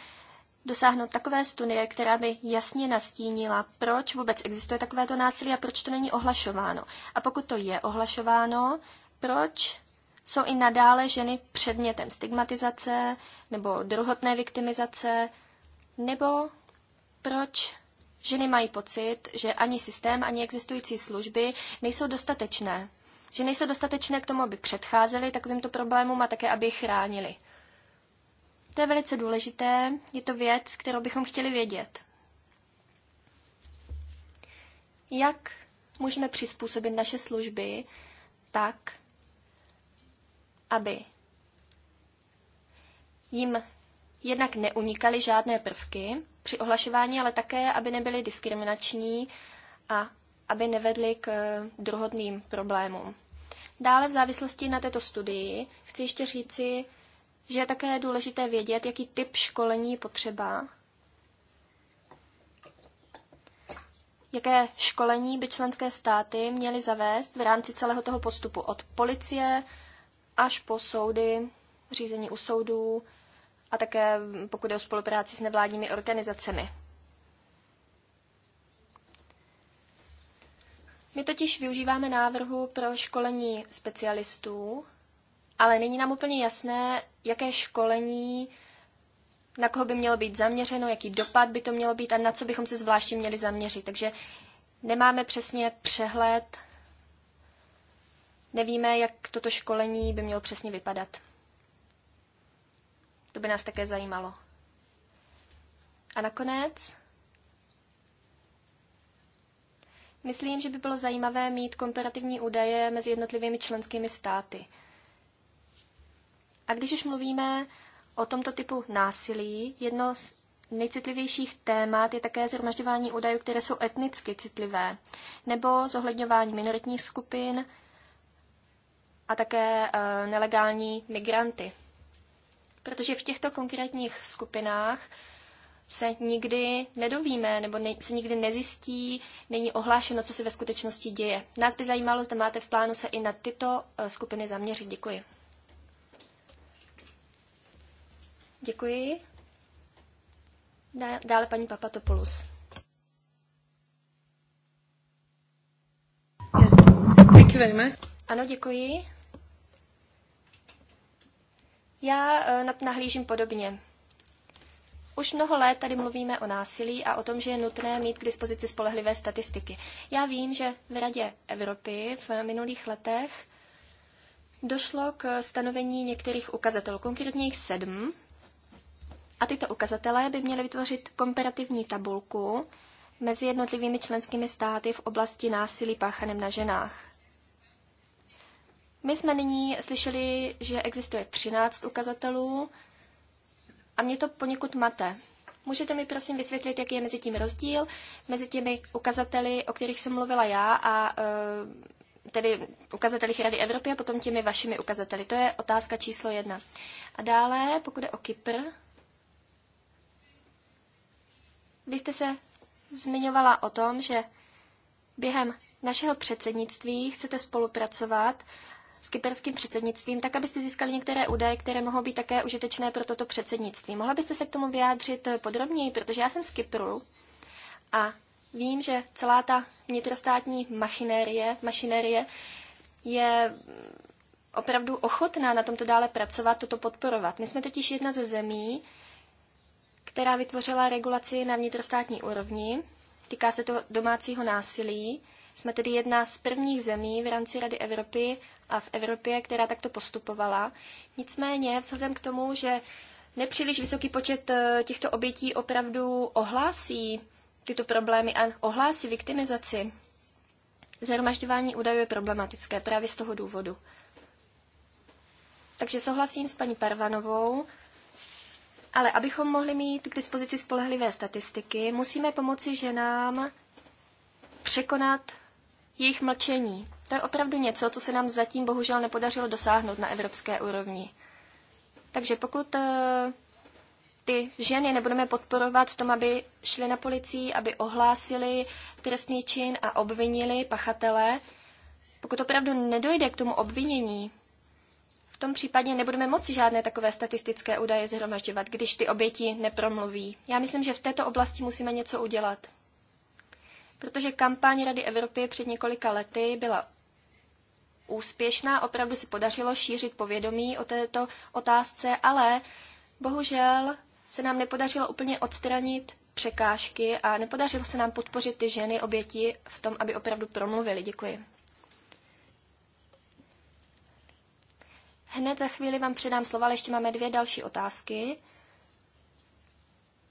dosáhnout takové studie, která by jasně nastínila, proč vůbec existuje takovéto násilí a proč to není ohlašováno. A pokud to je ohlašováno, proč jsou i nadále ženy předmětem stigmatizace nebo druhotné viktimizace, nebo proč ženy mají pocit, že ani systém, ani existující služby nejsou dostatečné. Že nejsou dostatečné k tomu, aby předcházely takovýmto problémům a také, aby je chránili. To je velice důležité, je to věc, kterou bychom chtěli vědět. Jak můžeme přizpůsobit naše služby tak, aby jim jednak neunikaly žádné prvky při ohlašování, ale také, aby nebyly diskriminační a aby nevedly k druhodným problémům. Dále v závislosti na této studii chci ještě říci, že je také důležité vědět, jaký typ školení je potřeba, jaké školení by členské státy měly zavést v rámci celého toho postupu od policie až po soudy, řízení u soudů a také pokud je o spolupráci s nevládními organizacemi. My totiž využíváme návrhu pro školení specialistů ale není nám úplně jasné, jaké školení, na koho by mělo být zaměřeno, jaký dopad by to mělo být a na co bychom se zvláště měli zaměřit. Takže nemáme přesně přehled, nevíme, jak toto školení by mělo přesně vypadat. To by nás také zajímalo. A nakonec, myslím, že by bylo zajímavé mít komparativní údaje mezi jednotlivými členskými státy – a když už mluvíme o tomto typu násilí, jedno z nejcitlivějších témat je také zhromažďování údajů, které jsou etnicky citlivé, nebo zohledňování minoritních skupin a také e, nelegální migranty. Protože v těchto konkrétních skupinách se nikdy nedovíme nebo ne, se nikdy nezjistí, není ohlášeno, co se ve skutečnosti děje. Nás by zajímalo, zda máte v plánu se i na tyto eh, skupiny zaměřit. Děkuji. Děkuji. Dále paní Papatopoulos. Ano, děkuji. Já e, na nahlížím podobně. Už mnoho let tady mluvíme o násilí a o tom, že je nutné mít k dispozici spolehlivé statistiky. Já vím, že v Radě Evropy v minulých letech došlo k stanovení některých ukazatelů, konkrétně jich sedm, a tyto ukazatele by měly vytvořit komparativní tabulku mezi jednotlivými členskými státy v oblasti násilí páchaném na ženách. My jsme nyní slyšeli, že existuje 13 ukazatelů a mě to poněkud mate. Můžete mi prosím vysvětlit, jaký je mezi tím rozdíl, mezi těmi ukazateli, o kterých jsem mluvila já, a e, tedy ukazatelích Rady Evropy a potom těmi vašimi ukazateli. To je otázka číslo jedna. A dále, pokud je o Kypr, vy jste se zmiňovala o tom, že během našeho předsednictví chcete spolupracovat s kyperským předsednictvím, tak abyste získali některé údaje, které mohou být také užitečné pro toto předsednictví. Mohla byste se k tomu vyjádřit podrobněji, protože já jsem z Kypru a vím, že celá ta vnitrostátní machinérie, mašinérie je opravdu ochotná na tomto dále pracovat, toto podporovat. My jsme totiž jedna ze zemí, která vytvořila regulaci na vnitrostátní úrovni. Týká se to domácího násilí. Jsme tedy jedna z prvních zemí v rámci Rady Evropy a v Evropě, která takto postupovala. Nicméně, vzhledem k tomu, že nepříliš vysoký počet eh, těchto obětí opravdu ohlásí tyto problémy a ohlásí viktimizaci, zhromažďování údajů je problematické právě z toho důvodu. Takže souhlasím s paní Parvanovou ale abychom mohli mít k dispozici spolehlivé statistiky, musíme pomoci ženám překonat jejich mlčení. To je opravdu něco, co se nám zatím bohužel nepodařilo dosáhnout na evropské úrovni. Takže pokud eh, ty ženy nebudeme podporovat v tom, aby šly na policii, aby ohlásili trestný čin a obvinili pachatele, pokud opravdu nedojde k tomu obvinění, v tom případě nebudeme moci žádné takové statistické údaje zhromažďovat, když ty oběti nepromluví. Já myslím, že v této oblasti musíme něco udělat. Protože kampaň Rady Evropy před několika lety byla úspěšná, opravdu se podařilo šířit povědomí o této otázce, ale bohužel se nám nepodařilo úplně odstranit překážky a nepodařilo se nám podpořit ty ženy oběti v tom, aby opravdu promluvili. Děkuji. Hned za chvíli vám předám slova, ale ještě máme dvě další otázky.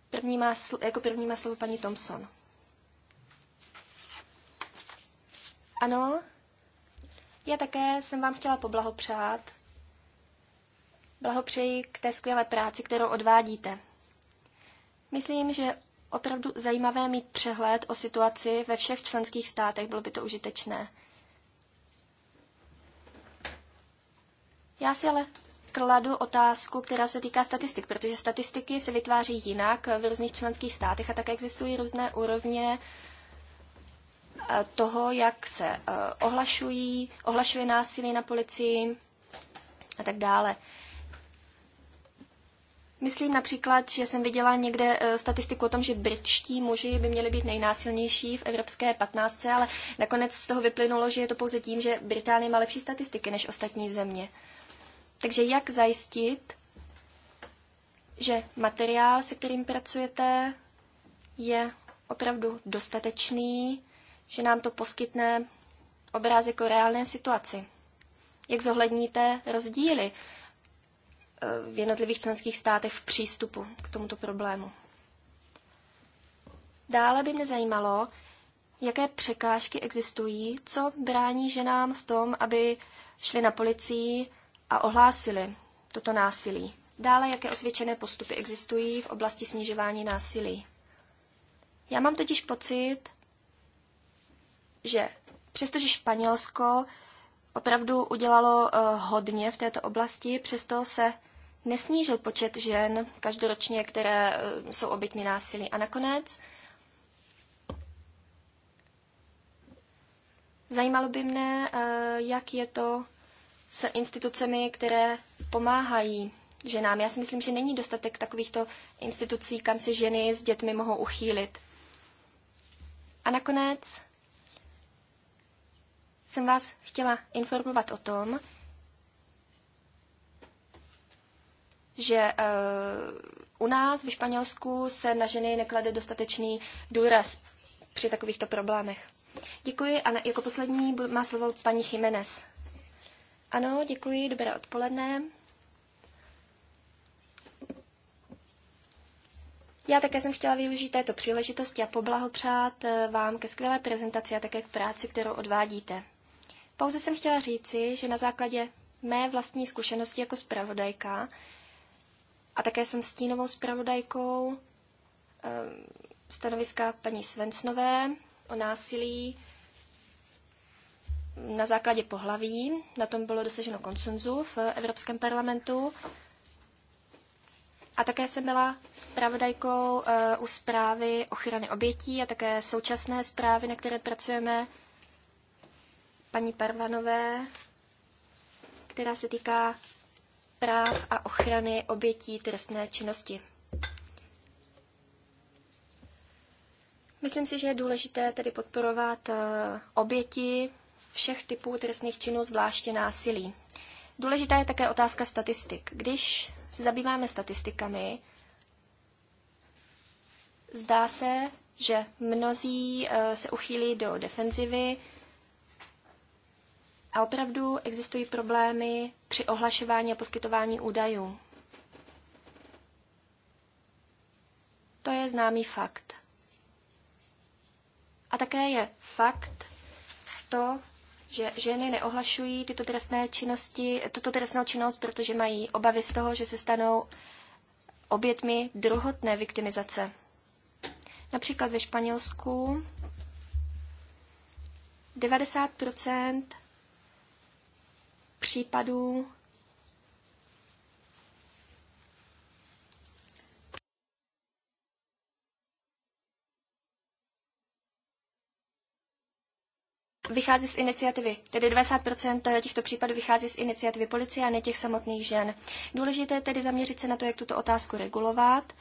První má, jako první má slovo paní Thompson. Ano, já také jsem vám chtěla poblahopřát. Blahopřeji k té skvělé práci, kterou odvádíte. Myslím, že opravdu zajímavé mít přehled o situaci ve všech členských státech, bylo by to užitečné. Já si ale kladu otázku, která se týká statistik, protože statistiky se vytváří jinak v různých členských státech a tak existují různé úrovně eh, toho, jak se eh, ohlašují, ohlašuje násilí na policii a tak dále. Myslím například, že jsem viděla někde eh, statistiku o tom, že britští muži by měli být nejnásilnější v evropské 15, ale nakonec z toho vyplynulo, že je to pouze tím, že Británie má lepší statistiky než ostatní země. Takže jak zajistit, že materiál, se kterým pracujete, je opravdu dostatečný, že nám to poskytne obrázek o reálné situaci. Jak zohledníte rozdíly eh, v jednotlivých členských státech v přístupu k tomuto problému? Dále by mě zajímalo, jaké překážky existují, co brání ženám v tom, aby šly na policii a ohlásili toto násilí. Dále, jaké osvědčené postupy existují v oblasti snižování násilí. Já mám totiž pocit, že přestože Španělsko opravdu udělalo eh, hodně v této oblasti, přesto se nesnížil počet žen každoročně, které eh, jsou oběťmi násilí. A nakonec zajímalo by mne, eh, jak je to s institucemi, které pomáhají ženám. Já si myslím, že není dostatek takovýchto institucí, kam se ženy s dětmi mohou uchýlit. A nakonec jsem vás chtěla informovat o tom, že eh, u nás ve Španělsku se na ženy neklade dostatečný důraz při takovýchto problémech. Děkuji a jako poslední má slovo paní Jiménez. Ano, děkuji, dobré odpoledne. Já také jsem chtěla využít této příležitosti a poblahopřát eh, vám ke skvělé prezentaci a také k práci, kterou odvádíte. Pouze jsem chtěla říci, že na základě mé vlastní zkušenosti jako zpravodajka a také jsem stínovou zpravodajkou eh, stanoviska paní Svensnové o násilí na základě pohlaví. Na tom bylo dosaženo konsenzu v Evropském parlamentu. A také jsem byla zpravodajkou eh, u zprávy ochrany obětí a také současné zprávy, na které pracujeme paní Parvanové, která se týká práv a ochrany obětí trestné činnosti. Myslím si, že je důležité tedy podporovat eh, oběti všech typů trestných činů, zvláště násilí. Důležitá je také otázka statistik. Když se zabýváme statistikami, zdá se, že mnozí eh, se uchýlí do defenzivy a opravdu existují problémy při ohlašování a poskytování údajů. To je známý fakt. A také je fakt to, že ženy neohlašují tyto trestné činnosti, tuto trestnou činnost, protože mají obavy z toho, že se stanou obětmi druhotné viktimizace. Například ve Španělsku 90 případů vychází z iniciativy, tedy 90% těchto případů vychází z iniciativy policie a ne těch samotných žen. Důležité je tedy zaměřit se na to, jak tuto otázku regulovat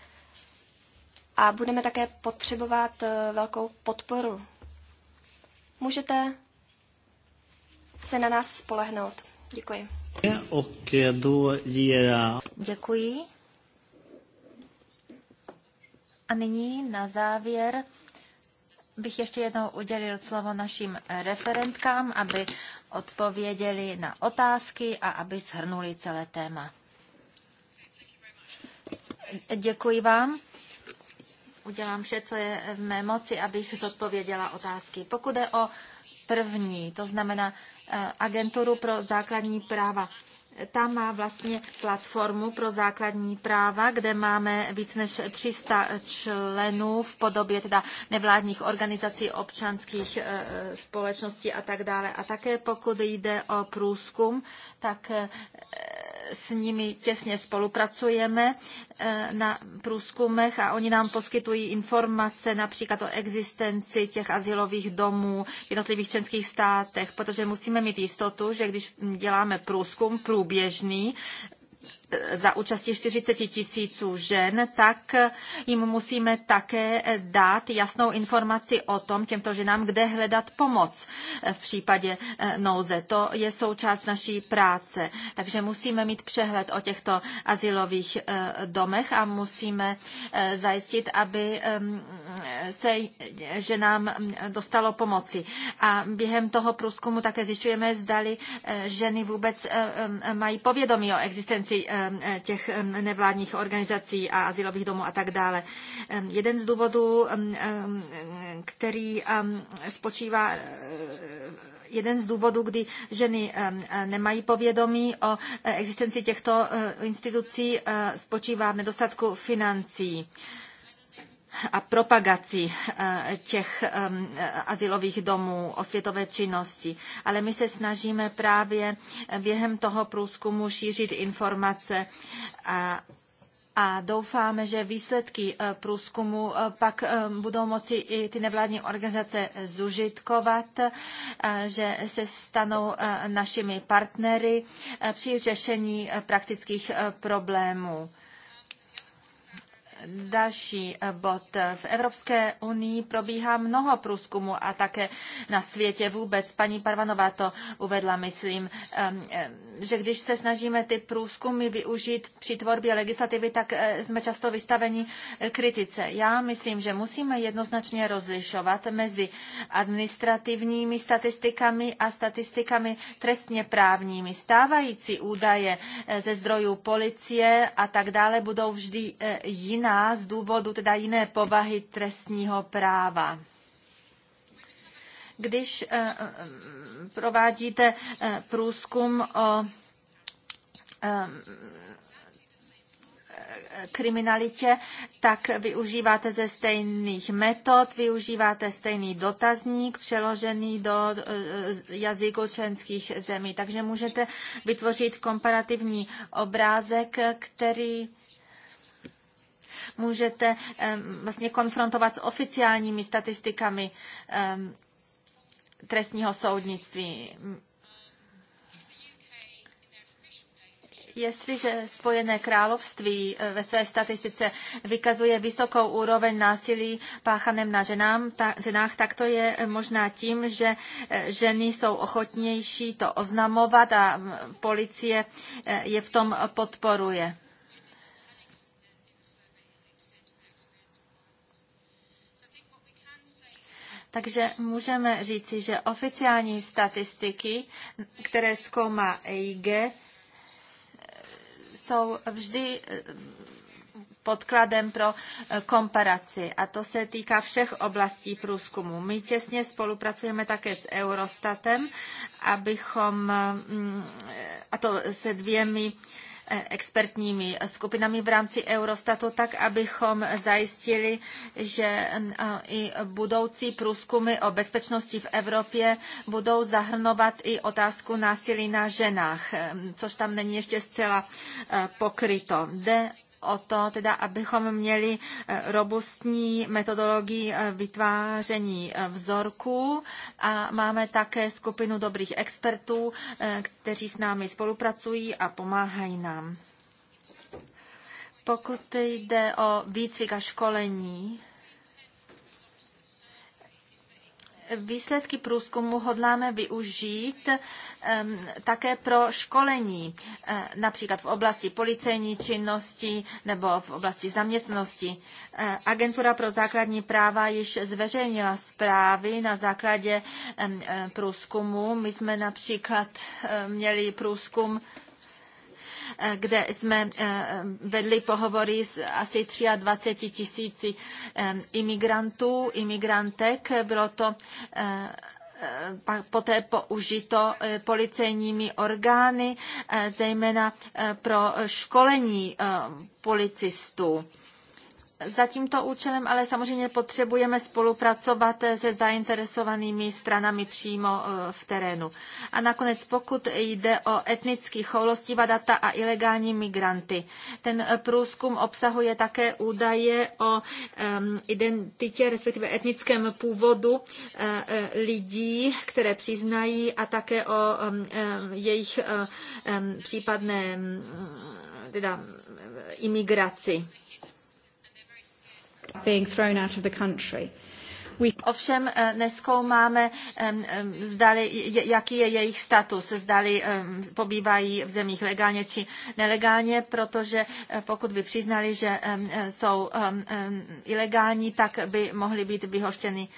a budeme také potřebovat eh, velkou podporu. Můžete se na nás spolehnout. Děkuji. Děkuji. A nyní na závěr bych ještě jednou udělil slovo našim referentkám, aby odpověděli na otázky a aby shrnuli celé téma. Děkuji vám. Udělám vše, co je v mé moci, abych zodpověděla otázky. Pokud je o první, to znamená eh, agenturu pro základní práva ta má vlastně platformu pro základní práva, kde máme víc než 300 členů v podobě teda nevládních organizací, občanských e, e, společností a tak dále. A také pokud jde o průzkum, tak e, s nimi těsně spolupracujeme eh, na průzkumech a oni nám poskytují informace například o existenci těch asilových domů v jednotlivých členských státech, protože musíme mít jistotu, že když děláme průzkum průběžný, za účasti 40 tisíců žen, tak jim musíme také dát jasnou informaci o tom těmto ženám, kde hledat pomoc v případě eh, nouze. To je součást naší práce. Takže musíme mít přehled o těchto asilových eh, domech a musíme eh, zajistit, aby ehm, se ženám dostalo pomoci. A během toho průzkumu také zjišťujeme, zdali ženy vůbec mají povědomí o existenci Eh, těch nevládních organizací a asilových domů a tak dále. Jeden z důvodů, který spočívá eh, jeden z důvodů, kdy ženy nemají povědomí o eh, existenci těchto institucí, spočívá v nedostatku financí a propagaci eh, těch eh, asilových domů, osvětové činnosti. Ale my se snažíme právě během toho průzkumu šířit informace a a doufáme, že výsledky eh, průzkumu pak budou moci i ty nevládní organizace zužitkovat, že se stanou našimi partnery při řešení praktických problémů. Další eh, bod. V Evropské unii probíhá mnoho průzkumu a také na světě vůbec. Paní Parvanová to uvedla, myslím, ehm, ehm, že když se snažíme ty průzkumy využít při tvorbě legislativy, tak eh, jsme často vystaveni eh, kritice. Já myslím, že musíme jednoznačně rozlišovat mezi administrativními statistikami a statistikami trestně právními. Stávající údaje ze zdrojů policie a tak dále budou vždy jiná jiná z důvodu teda jiné povahy trestního práva když eh, eh, provádíte eh, průzkum o kriminalitě, tak využíváte ze stejných metod, využíváte stejný dotazník přeložený do jazyku členských zemí. Takže můžete vytvořit komparativní obrázek, který můžete vlastně konfrontovat s oficiálními statistikami trestního soudnictví. Jestliže Spojené království eh, ve své statistice vykazuje vysokou úroveň násilí páchaném na ženám, ta, ženách, tak to je eh, možná tím, že eh, ženy jsou ochotnější to oznamovat a mm, policie je v tom podporuje. Takže můžeme říci, že oficiální statistiky, které zkoumá EIG, jsou vždy eh, podkladem pro eh, komparaci. A to se týká všech oblastí průzkumu. My těsně spolupracujeme také s Eurostatem, abychom, mm, eh, a to se dvěmi Eh, expertními skupinami v rámci Eurostatu, tak abychom zajistili, že i budoucí průzkumy o bezpečnosti v Evropě budou zahrnovat i otázku násilí na ženách, eh, což tam není ještě zcela eh, pokryto. Jde o to, teda, abychom měli eh, robustní metodologii eh, vytváření eh, vzorků a máme také skupinu dobrých expertů, kteří s námi spolupracují a pomáhají nám. Pokud jde o výcvik a školení, výsledky průzkumu hodláme využít také pro školení, eh, například v oblasti policejní činnosti nebo v oblasti zaměstnosti. Eh, agentura pro základní práva již zveřejnila zprávy na základě eh, průzkumu. My jsme například měli průzkum Eh, kde jsme eh, vedli pohovory s asi 23 tisíci eh, imigrantů, imigrantek. Bylo to poté použito policejními orgány, zejména pro školení policistů za tímto účelem ale samozřejmě potřebujeme spolupracovat se zainteresovanými stranami přímo e, v terénu. A nakonec, pokud jde o etnický choulostivá data a ilegální migranty, ten e, průzkum obsahuje také údaje o identitě, respektive etnickém původu e, lidí, které přiznají a také o jejich případné teda, imigraci being thrown out of the country. Ovšem eh, neskoumáme, zdali, jaký je jejich status, zdali pobývají v zemích legálně či nelegálně, protože eh, pokud by přiznali, že eh, jsou ilegální, tak by mohli být vyhoštěni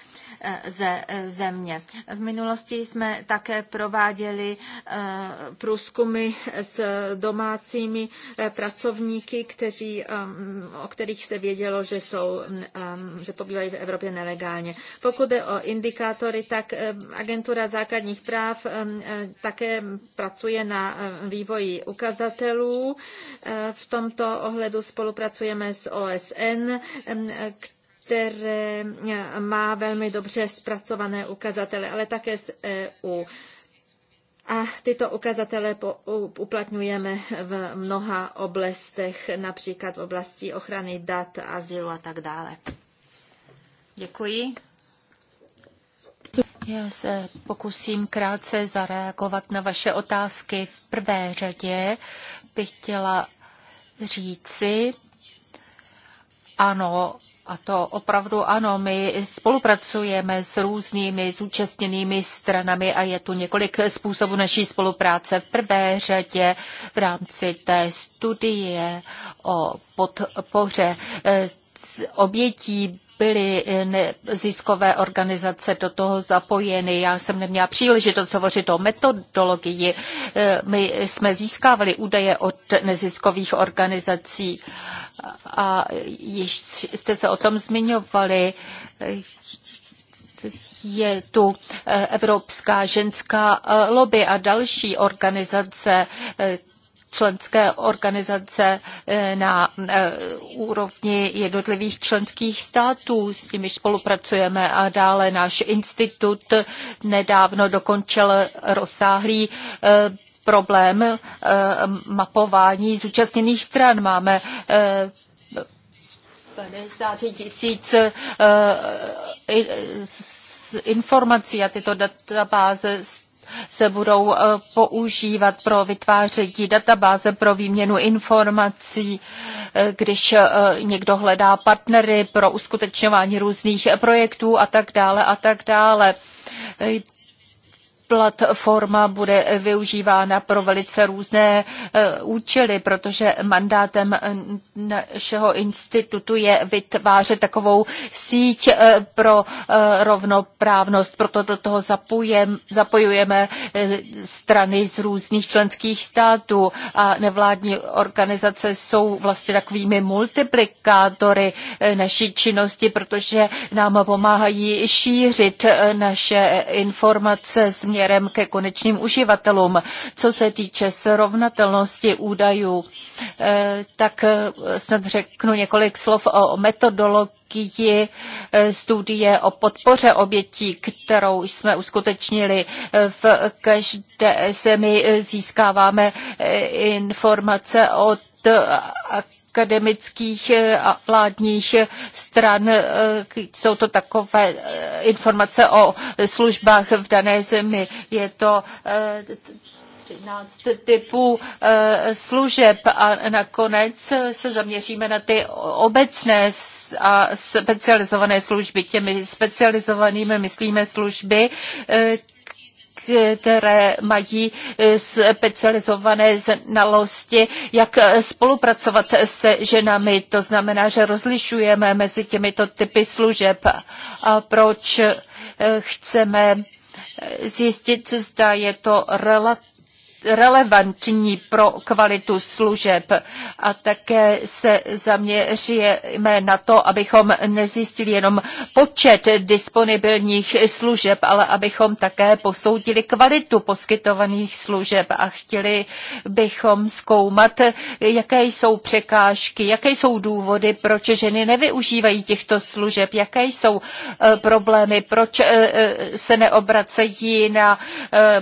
ze země. V minulosti jsme také prováděli eh, průzkumy s domácími eh, pracovníky, kteří, eh, o kterých se vědělo, že, jsou, že pobývají v Evropě nelegálně. Pokud jde o indikátory, tak agentura základních práv také pracuje na vývoji ukazatelů. V tomto ohledu spolupracujeme s OSN, které eh, má velmi dobře zpracované ukazatele, ale také z EU. A tyto ukazatele uplatňujeme v mnoha oblastech, například v oblasti ochrany dat, azylu a tak dále. Děkuji. Já se pokusím krátce zareagovat na vaše otázky. V prvé řadě bych chtěla říci, ano, a to opravdu ano, my spolupracujeme s různými zúčastněnými stranami a je tu několik způsobů naší spolupráce. V prvé řadě v rámci té studie o podpoře eh, obětí byly eh, neziskové organizace do toho zapojeny. Já jsem neměla příležitost hovořit o metodologii. Eh, my jsme získávali údaje od neziskových organizací a již jste se o tom zmiňovali je tu eh, Evropská ženská lobby a další organizace, členské organizace eh, na eh, úrovni jednotlivých členských států, s nimi spolupracujeme a dále náš institut nedávno dokončil rozsáhlý eh, problém mapování zúčastněných stran. Máme 50 tisíc informací a tyto databáze se budou eh, používat pro vytváření databáze pro výměnu informací, eh, když eh, někdo hledá partnery pro uskutečňování různých projektů a tak dále a tak dále platforma bude využívána pro velice různé e, účely, protože mandátem našeho institutu je vytvářet takovou síť e, pro e, rovnoprávnost. Proto do toho zapojujeme strany z různých členských států a nevládní organizace jsou vlastně takovými multiplikátory naší činnosti, protože nám pomáhají šířit naše informace, změny směrem ke konečným uživatelům. Co se týče srovnatelnosti údajů, eh, tak eh, snad řeknu několik slov o metodologii eh, studie o podpoře obětí, kterou jsme uskutečnili. V každé zemi získáváme informace od akademických eh, a vládních eh, stran. Eh, jsou to takové informace o službách v dané zemi. Je to 13 typů služeb a nakonec se zaměříme na ty obecné a specializované služby. Těmi specializovanými myslíme služby, které mají eh, specializované znalosti, jak eh, spolupracovat se ženami. To znamená, že rozlišujeme mezi těmito typy služeb a proč eh, chceme zjistit, zda je to relativně relevantní pro kvalitu služeb a také se zaměříme na to, abychom nezjistili jenom počet disponibilních služeb, ale abychom také posoudili kvalitu poskytovaných služeb a chtěli bychom zkoumat, jaké jsou překážky, jaké jsou důvody, proč ženy nevyužívají těchto služeb, jaké jsou e, problémy, proč e, e, se neobracejí na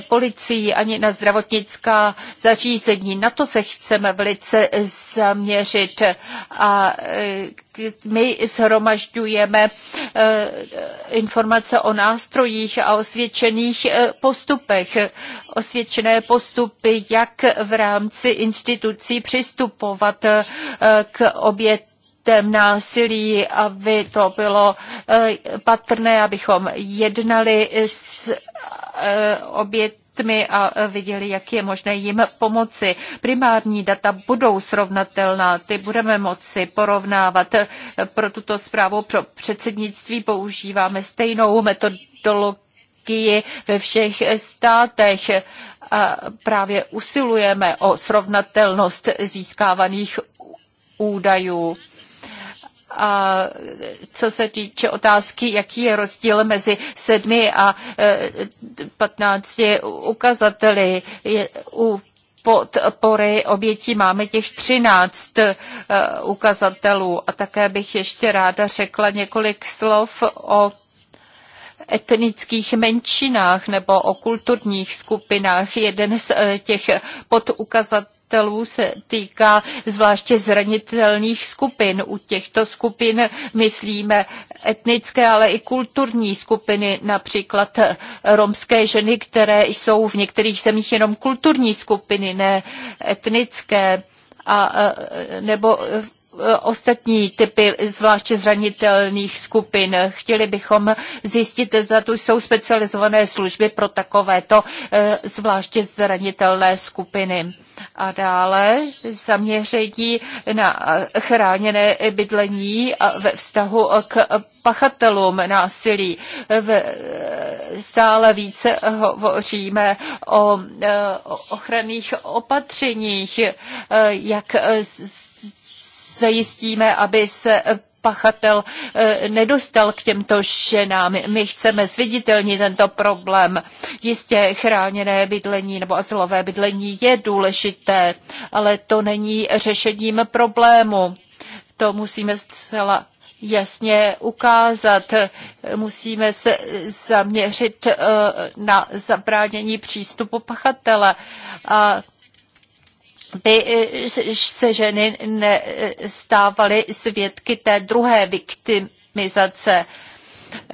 policii ani na zdravotnictví elektronická zařízení. Na to se chceme velice zaměřit a e, my shromažďujeme e, informace o nástrojích a osvědčených e, postupech. Osvědčené postupy, jak v rámci institucí přistupovat k obětům tém násilí, aby to bylo patrné, abychom jednali s obět dětmi a viděli, jak je možné jim pomoci. Primární data budou srovnatelná, ty budeme moci porovnávat. Pro tuto zprávu pro předsednictví používáme stejnou metodologii ve všech státech. A právě usilujeme o srovnatelnost získávaných údajů. A co se týče otázky, jaký je rozdíl mezi sedmi a e, patnácti ukazateli u podpory obětí máme těch 13 e, ukazatelů. A také bych ještě ráda řekla několik slov o etnických menšinách nebo o kulturních skupinách. Jeden z e, těch podukazatelů učitelů se týká zvláště zranitelných skupin. U těchto skupin myslíme etnické, ale i kulturní skupiny, například romské ženy, které jsou v některých zemích jenom kulturní skupiny, ne etnické a e, nebo Eh, ostatní typy zvláště zranitelných skupin. Chtěli bychom zjistit, zda tu jsou specializované služby pro takovéto eh, zvláště zranitelné skupiny. A dále zaměření na eh, chráněné bydlení ve vztahu k pachatelům násilí. Stále více hovoříme o ochranných opatřeních, jak zajistíme, aby se eh, pachatel eh, nedostal k těmto ženám. My chceme zviditelnit tento problém. Jistě chráněné bydlení nebo asilové bydlení je důležité, ale to není řešením problému. To musíme zcela jasně ukázat. Musíme se zaměřit eh, na zabránění přístupu pachatele. A by eh, se ženy nestávaly svědky té druhé viktimizace.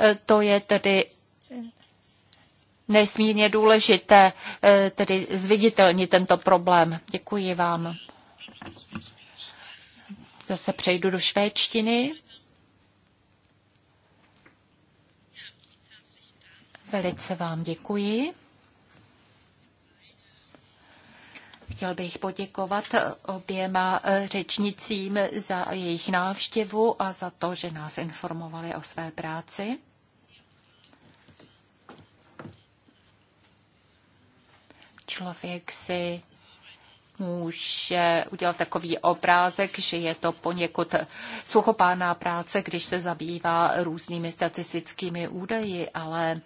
Eh, to je tedy nesmírně důležité, eh, tedy zviditelnit tento problém. Děkuji vám. Zase přejdu do švédštiny. Velice vám děkuji. Chtěl bych poděkovat oběma eh, řečnicím za jejich návštěvu a za to, že nás informovali o své práci. Člověk si může udělat takový obrázek, že je to poněkud suchopáná práce, když se zabývá různými statistickými údaji, ale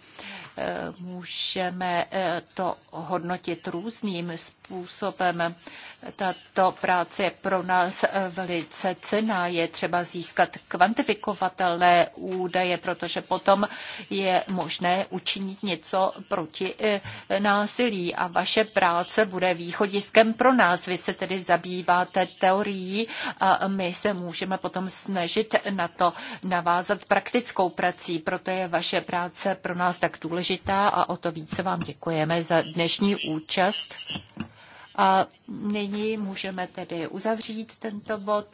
eh, můžeme eh, to hodnotit různým způsobem. Tato práce je pro nás eh, velice cená. Je třeba získat kvantifikovatelné údaje, protože potom je možné učinit něco proti násilí a vaše práce bude východiskem pro nás nás. Vy se tedy zabýváte teorií a my se můžeme potom snažit na to navázat praktickou prací. Proto je vaše práce pro nás tak důležitá a o to více vám děkujeme za dnešní účast. A nyní můžeme tedy uzavřít tento bod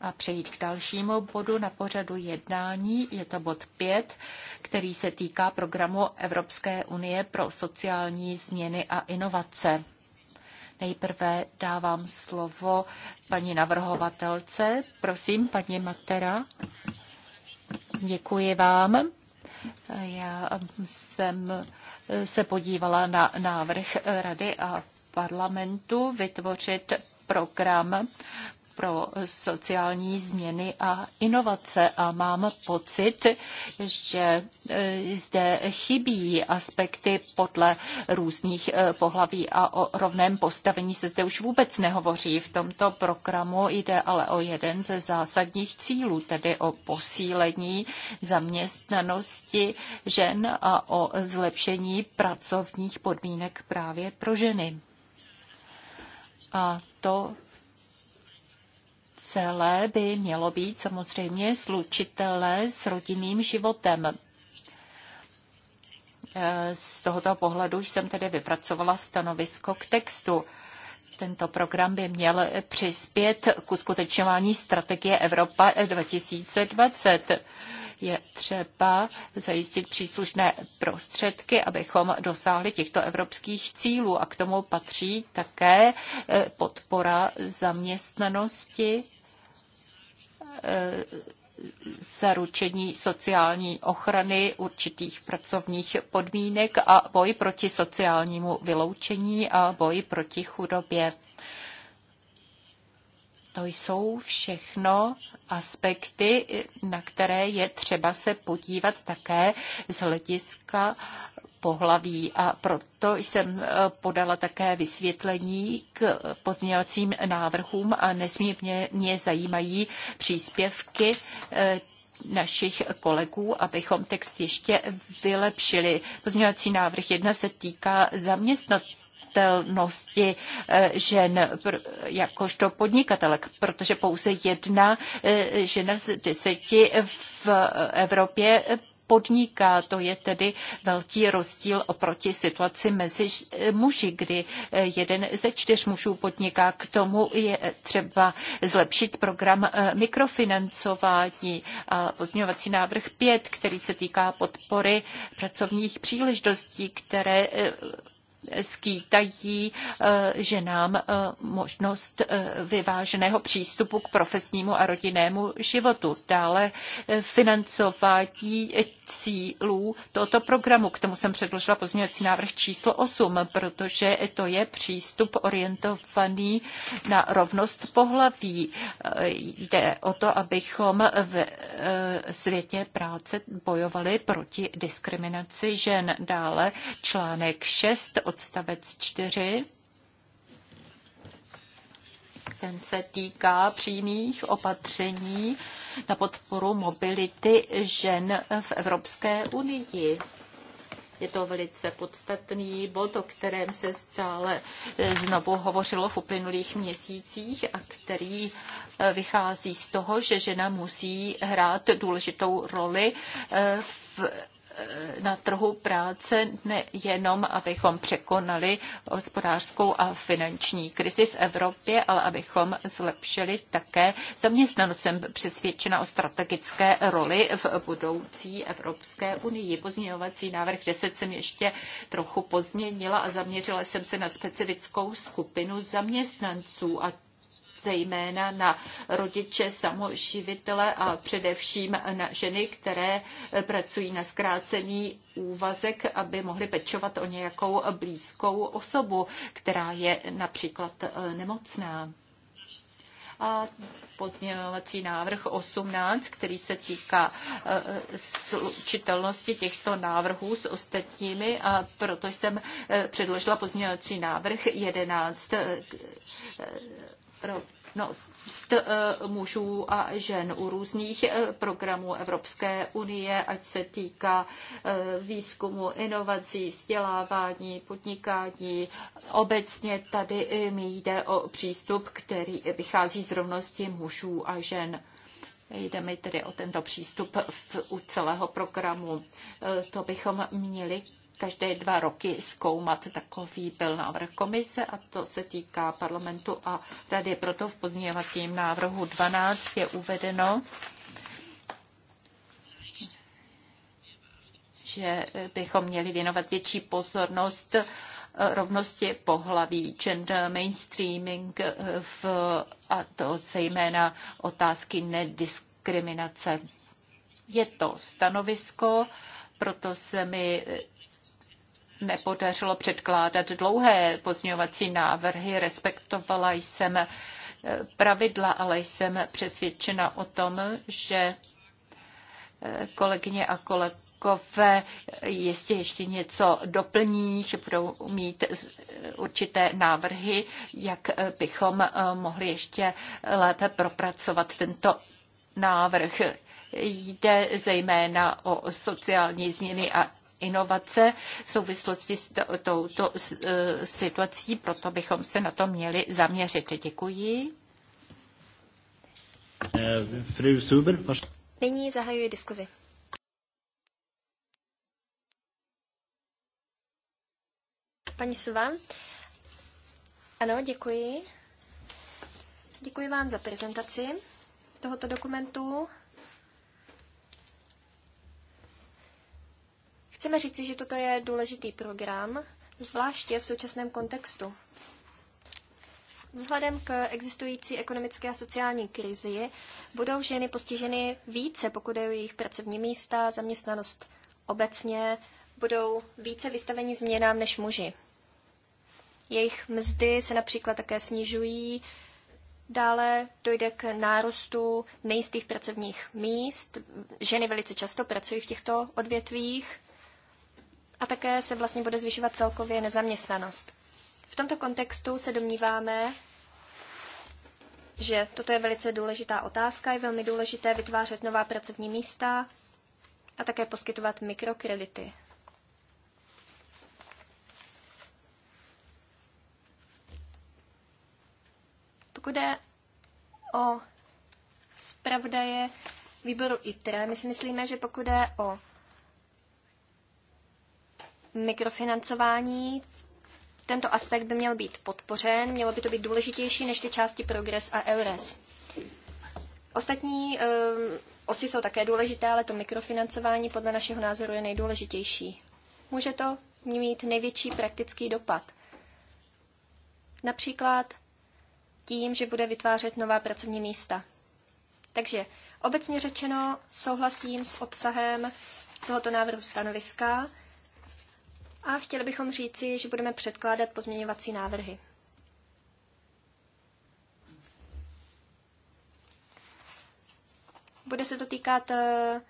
a přejít k dalšímu bodu na pořadu jednání. Je to bod 5, který se týká programu Evropské unie pro sociální změny a inovace. Nejprve dávám slovo paní navrhovatelce. Prosím, paní Matera. Děkuji vám. Já jsem se podívala na návrh Rady a parlamentu vytvořit program pro sociální změny a inovace a mám pocit, že e, zde chybí aspekty podle různých e, pohlaví a o rovném postavení se zde už vůbec nehovoří. V tomto programu jde ale o jeden ze zásadních cílů, tedy o posílení zaměstnanosti žen a o zlepšení pracovních podmínek právě pro ženy. A to celé by mělo být samozřejmě slučitelné s rodinným životem. E, z tohoto pohledu jsem tedy vypracovala stanovisko k textu. Tento program by měl přispět k uskutečňování strategie Evropa 2020. Je třeba zajistit příslušné prostředky, abychom dosáhli těchto evropských cílů a k tomu patří také e, podpora zaměstnanosti zaručení sociální ochrany určitých pracovních podmínek a boj proti sociálnímu vyloučení a boj proti chudobě. To jsou všechno aspekty, na které je třeba se podívat také z hlediska pohlaví a proto jsem e, podala také vysvětlení k pozměňovacím návrhům a nesmírně mě zajímají příspěvky e, našich kolegů, abychom text ještě vylepšili. Pozměňovací návrh jedna se týká zaměstnatelů e, žen jakožto podnikatelek, protože pouze jedna žena z deseti v Evropě podniká. To je tedy velký rozdíl oproti situaci mezi muži, kdy eh, jeden ze čtyř mužů podniká. K tomu je třeba zlepšit program eh, mikrofinancování a pozměňovací návrh 5, který se týká podpory pracovních příležitostí, které eh, skýtají ženám možnost vyváženého přístupu k profesnímu a rodinnému životu. Dále financování cílů tohoto programu. K tomu jsem předložila pozměňovací návrh číslo 8, protože to je přístup orientovaný na rovnost pohlaví. Eh, jde o to, abychom v eh, světě práce bojovali proti diskriminaci žen. Dále článek 6, odstavec 4 ten se týká přímých opatření na podporu mobility žen v Evropské unii. Je to velice podstatný bod, o kterém se stále eh, znovu hovořilo v uplynulých měsících a který eh, vychází z toho, že žena musí hrát důležitou roli eh, v na trhu práce nejenom, abychom překonali hospodářskou a finanční krizi v Evropě, ale abychom zlepšili také zaměstnanost. Jsem přesvědčena o strategické roli v budoucí Evropské unii. Pozměňovací návrh 10 jsem ještě trochu pozměnila a zaměřila jsem se na specifickou skupinu zaměstnanců a zejména na rodiče, samoživitele a především na ženy, které pracují na zkrácený úvazek, aby mohly pečovat o nějakou blízkou osobu, která je například eh, nemocná. A pozměňovací návrh 18, který se týká eh, slučitelnosti těchto návrhů s ostatními a proto jsem eh, předložila pozměňovací návrh 11 pro uh, mužů a žen u různých eh, programů Evropské unie, ať se týká eh, výzkumu, inovací, vzdělávání, podnikání. Obecně tady mi jde o přístup, který vychází z rovnosti mužů a žen. Jde mi tedy o tento přístup v, u celého programu. To bychom měli každé dva roky zkoumat. Takový byl návrh komise a to se týká parlamentu a rady. Proto v pozměňovacím návrhu 12 je uvedeno, že bychom měli věnovat větší pozornost rovnosti pohlaví, gender mainstreaming v, a to zejména otázky nediskriminace. Je to stanovisko, proto se mi nepodařilo předkládat dlouhé pozměňovací návrhy. Respektovala jsem eh, pravidla, ale jsem přesvědčena o tom, že eh, kolegyně a kolegové jistě ještě něco doplní, že budou mít eh, určité návrhy, jak bychom mohli ještě lépe propracovat tento návrh. Jde zejména o sociální změny a inovace v souvislosti s touto e, situací, proto bychom se na to měli zaměřit. Děkuji. Eh, Nyní zahajuji diskuzi. Paní Suva. Ano, děkuji. Děkuji vám za prezentaci tohoto dokumentu. Chceme říci, že toto je důležitý program, zvláště v současném kontextu. Vzhledem k existující ekonomické a sociální krizi budou ženy postiženy více, pokud je jejich pracovní místa, zaměstnanost obecně, budou více vystaveni změnám než muži. Jejich mzdy se například také snižují, dále dojde k nárůstu nejistých pracovních míst. Ženy velice často pracují v těchto odvětvích a také se vlastně bude zvyšovat celkově nezaměstnanost. V tomto kontextu se domníváme, že toto je velice důležitá otázka, je velmi důležité vytvářet nová pracovní místa a také poskytovat mikrokredity. Pokud jde o zpravodaje výboru ITRE, my si myslíme, že pokud jde o mikrofinancování. Tento aspekt by měl být podpořen, mělo by to být důležitější než ty části Progress a EURES. Ostatní um, osy jsou také důležité, ale to mikrofinancování podle našeho názoru je nejdůležitější. Může to mít největší praktický dopad. Například tím, že bude vytvářet nová pracovní místa. Takže obecně řečeno souhlasím s obsahem tohoto návrhu stanoviska. A chtěli bychom říci, že budeme předkládat pozměňovací návrhy. Bude se to týkat eh,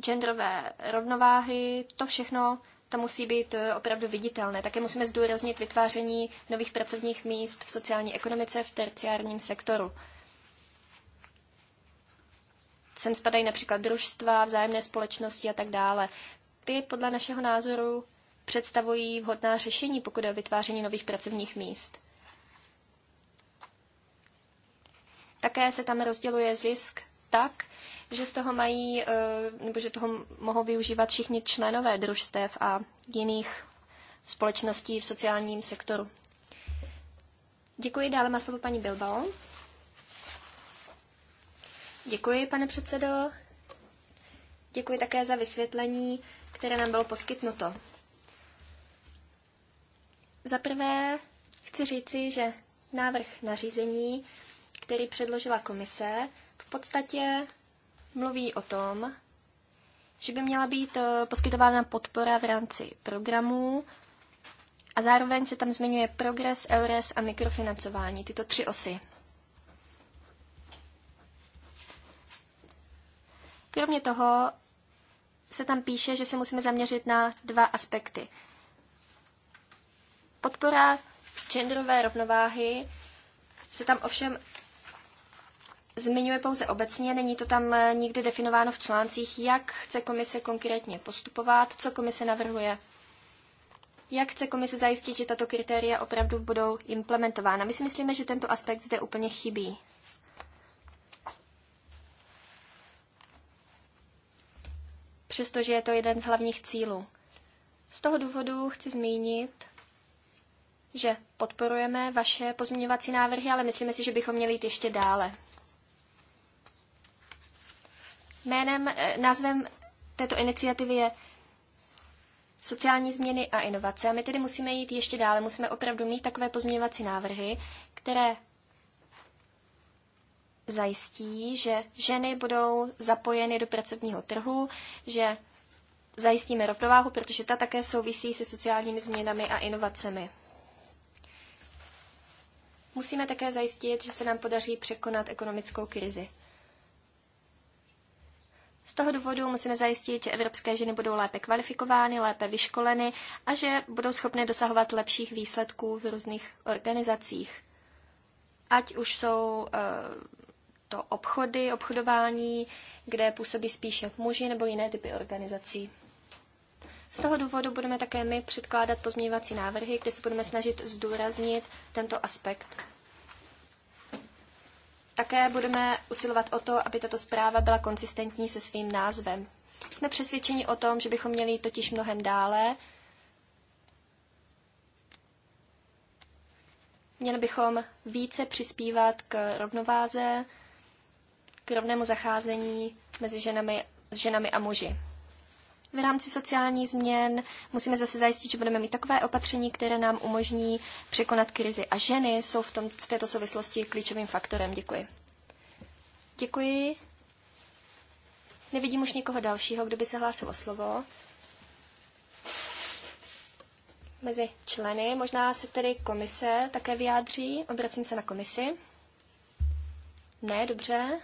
genderové rovnováhy, to všechno tam musí být eh, opravdu viditelné. Také musíme zdůraznit vytváření nových pracovních míst v sociální ekonomice v terciárním sektoru. Sem spadají například družstva, vzájemné společnosti a tak dále. Ty podle našeho názoru představují vhodná řešení, pokud je o vytváření nových pracovních míst. Také se tam rozděluje zisk tak, že z toho mají, eh, nebo že toho mohou využívat všichni členové družstev a jiných společností v sociálním sektoru. Děkuji, dále má slovo paní Bilbao. Děkuji, pane předsedo. Děkuji také za vysvětlení, které nám bylo poskytnuto. Za prvé chci říci, že návrh nařízení, který předložila komise, v podstatě mluví o tom, že by měla být eh, poskytována podpora v rámci programů a zároveň se tam zmiňuje progres, EURES a mikrofinancování, tyto tři osy. Kromě toho se tam píše, že se musíme zaměřit na dva aspekty. Podpora genderové rovnováhy se tam ovšem zmiňuje pouze obecně, není to tam eh, nikdy definováno v článcích, jak chce komise konkrétně postupovat, co komise navrhuje. Jak chce komise zajistit, že tato kritéria opravdu budou implementována? My si myslíme, že tento aspekt zde úplně chybí. Přestože je to jeden z hlavních cílů. Z toho důvodu chci zmínit, že podporujeme vaše pozměňovací návrhy, ale myslíme si, že bychom měli jít ještě dále. Jménem, eh, názvem této iniciativy je sociální změny a inovace. A my tedy musíme jít ještě dále, musíme opravdu mít takové pozměňovací návrhy, které zajistí, že ženy budou zapojeny do pracovního trhu, že zajistíme rovnováhu, protože ta také souvisí se sociálními změnami a inovacemi. Musíme také zajistit, že se nám podaří překonat ekonomickou krizi. Z toho důvodu musíme zajistit, že evropské ženy budou lépe kvalifikovány, lépe vyškoleny a že budou schopny dosahovat lepších výsledků v různých organizacích. Ať už jsou eh, to obchody, obchodování, kde působí spíše muži nebo jiné typy organizací. Z toho důvodu budeme také my předkládat pozměňovací návrhy, kde se budeme snažit zdůraznit tento aspekt. Také budeme usilovat o to, aby tato zpráva byla konsistentní se svým názvem. Jsme přesvědčeni o tom, že bychom měli totiž mnohem dále. Měli bychom více přispívat k rovnováze, k rovnému zacházení mezi ženami, s ženami a muži. V rámci sociálních změn musíme zase zajistit, že budeme mít takové opatření, které nám umožní překonat krizi. A ženy jsou v, tom, v této souvislosti klíčovým faktorem. Děkuji. Děkuji. Nevidím už nikoho dalšího, kdo by se hlásil o slovo. Mezi členy, možná se tedy komise také vyjádří. Obracím se na komisi. Ne, dobře.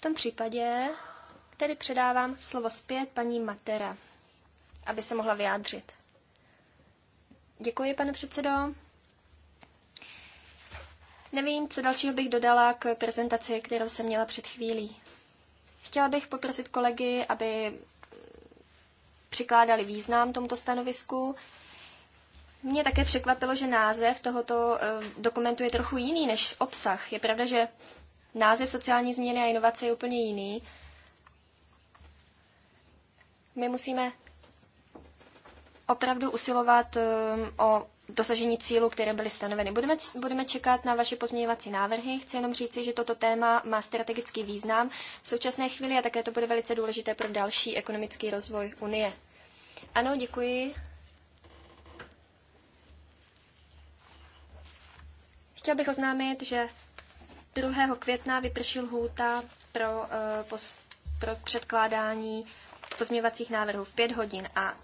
V tom případě tedy předávám slovo zpět paní Matera, aby se mohla vyjádřit. Děkuji, pane předsedo. Nevím, co dalšího bych dodala k prezentaci, kterou jsem měla před chvílí. Chtěla bych poprosit kolegy, aby přikládali význam tomuto stanovisku. Mě také překvapilo, že název tohoto eh, dokumentu je trochu jiný než obsah. Je pravda, že název sociální změny a inovace je úplně jiný. My musíme opravdu usilovat um, o dosažení cílů, které byly stanoveny. Budeme, budeme čekat na vaše pozměňovací návrhy. Chci jenom říci, že toto téma má strategický význam v současné chvíli a také to bude velice důležité pro další ekonomický rozvoj Unie. Ano, děkuji. Chtěl bych oznámit, že 2. května vyprší lhůta pro, eh, pos, pro předkládání pozměňovacích návrhů v 5 hodin a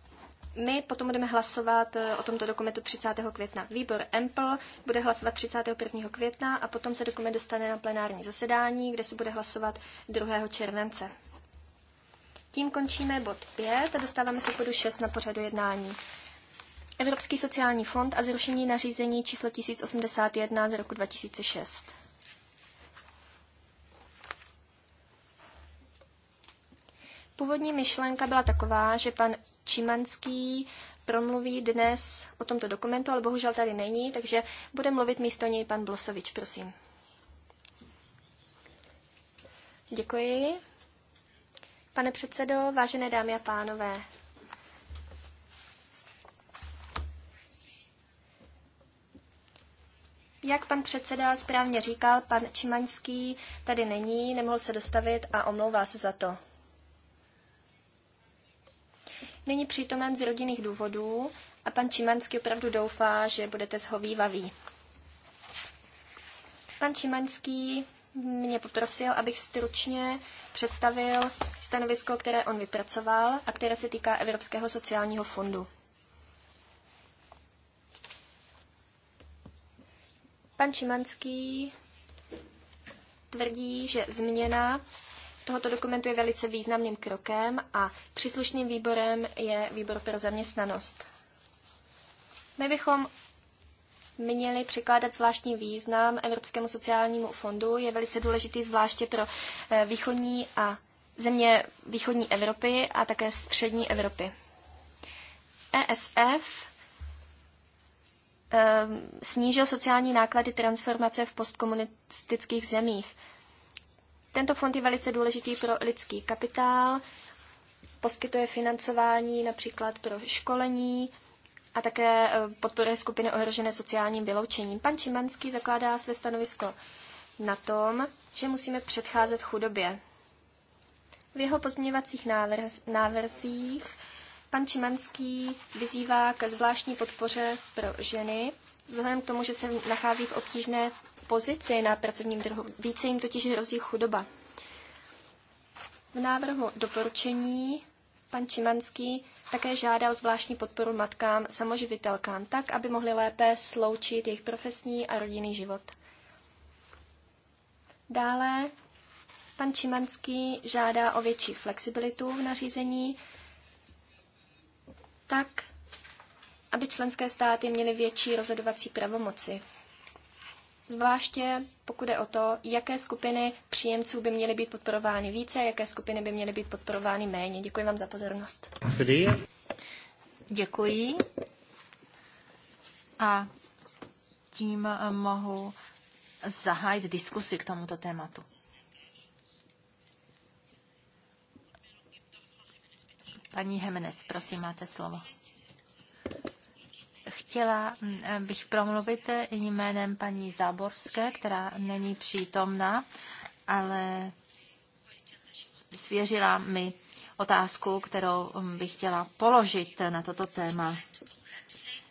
my potom budeme hlasovat eh, o tomto dokumentu 30. května. Výbor EMPL bude hlasovat 31. května a potom se dokument dostane na plenární zasedání, kde se bude hlasovat 2. července. Tím končíme bod 5 a dostáváme se k bodu 6 na pořadu jednání. Evropský sociální fond a zrušení nařízení číslo 1081 z roku 2006. Původní myšlenka byla taková, že pan Čimanský promluví dnes o tomto dokumentu, ale bohužel tady není, takže bude mluvit místo něj pan Blosovič, prosím. Děkuji. Pane předsedo, vážené dámy a pánové. Jak pan předseda správně říkal, pan Čimaňský tady není, nemohl se dostavit a omlouvá se za to není přítomen z rodinných důvodů a pan Čimanský opravdu doufá, že budete zhovývaví. Pan Čimanský mě poprosil, abych stručně představil stanovisko, které on vypracoval a které se týká Evropského sociálního fondu. Pan Čimanský tvrdí, že změna tohoto dokumentu je velice významným krokem a příslušným výborem je výbor pro zaměstnanost. My bychom měli přikládat zvláštní význam Evropskému sociálnímu fondu. Je velice důležitý zvláště pro eh, východní a země východní Evropy a také střední Evropy. ESF eh, snížil sociální náklady transformace v postkomunistických zemích. Tento fond je velice důležitý pro lidský kapitál, poskytuje financování například pro školení a také eh, podporuje skupiny ohrožené sociálním vyloučením. Pan Čimanský zakládá své stanovisko na tom, že musíme předcházet chudobě. V jeho pozměňovacích návrzích pan Čimanský vyzývá k zvláštní podpoře pro ženy, vzhledem k tomu, že se nachází v obtížné pozici na pracovním trhu, více jim totiž hrozí chudoba. V návrhu doporučení pan Čimanský také žádá o zvláštní podporu matkám samoživitelkám, tak, aby mohly lépe sloučit jejich profesní a rodinný život. Dále pan Čimanský žádá o větší flexibilitu v nařízení, tak, aby členské státy měly větší rozhodovací pravomoci zvláště pokud je o to, jaké skupiny příjemců by měly být podporovány více, jaké skupiny by měly být podporovány méně. Děkuji vám za pozornost. Děkuji. A tím mohu zahájit diskusi k tomuto tématu. Paní Hemenes, prosím, máte slovo. Chtěla mm, eh, bych promluvit eh, jménem paní Záborské, která není přítomná, ale svěřila mi otázku, kterou mm, bych chtěla položit na toto téma.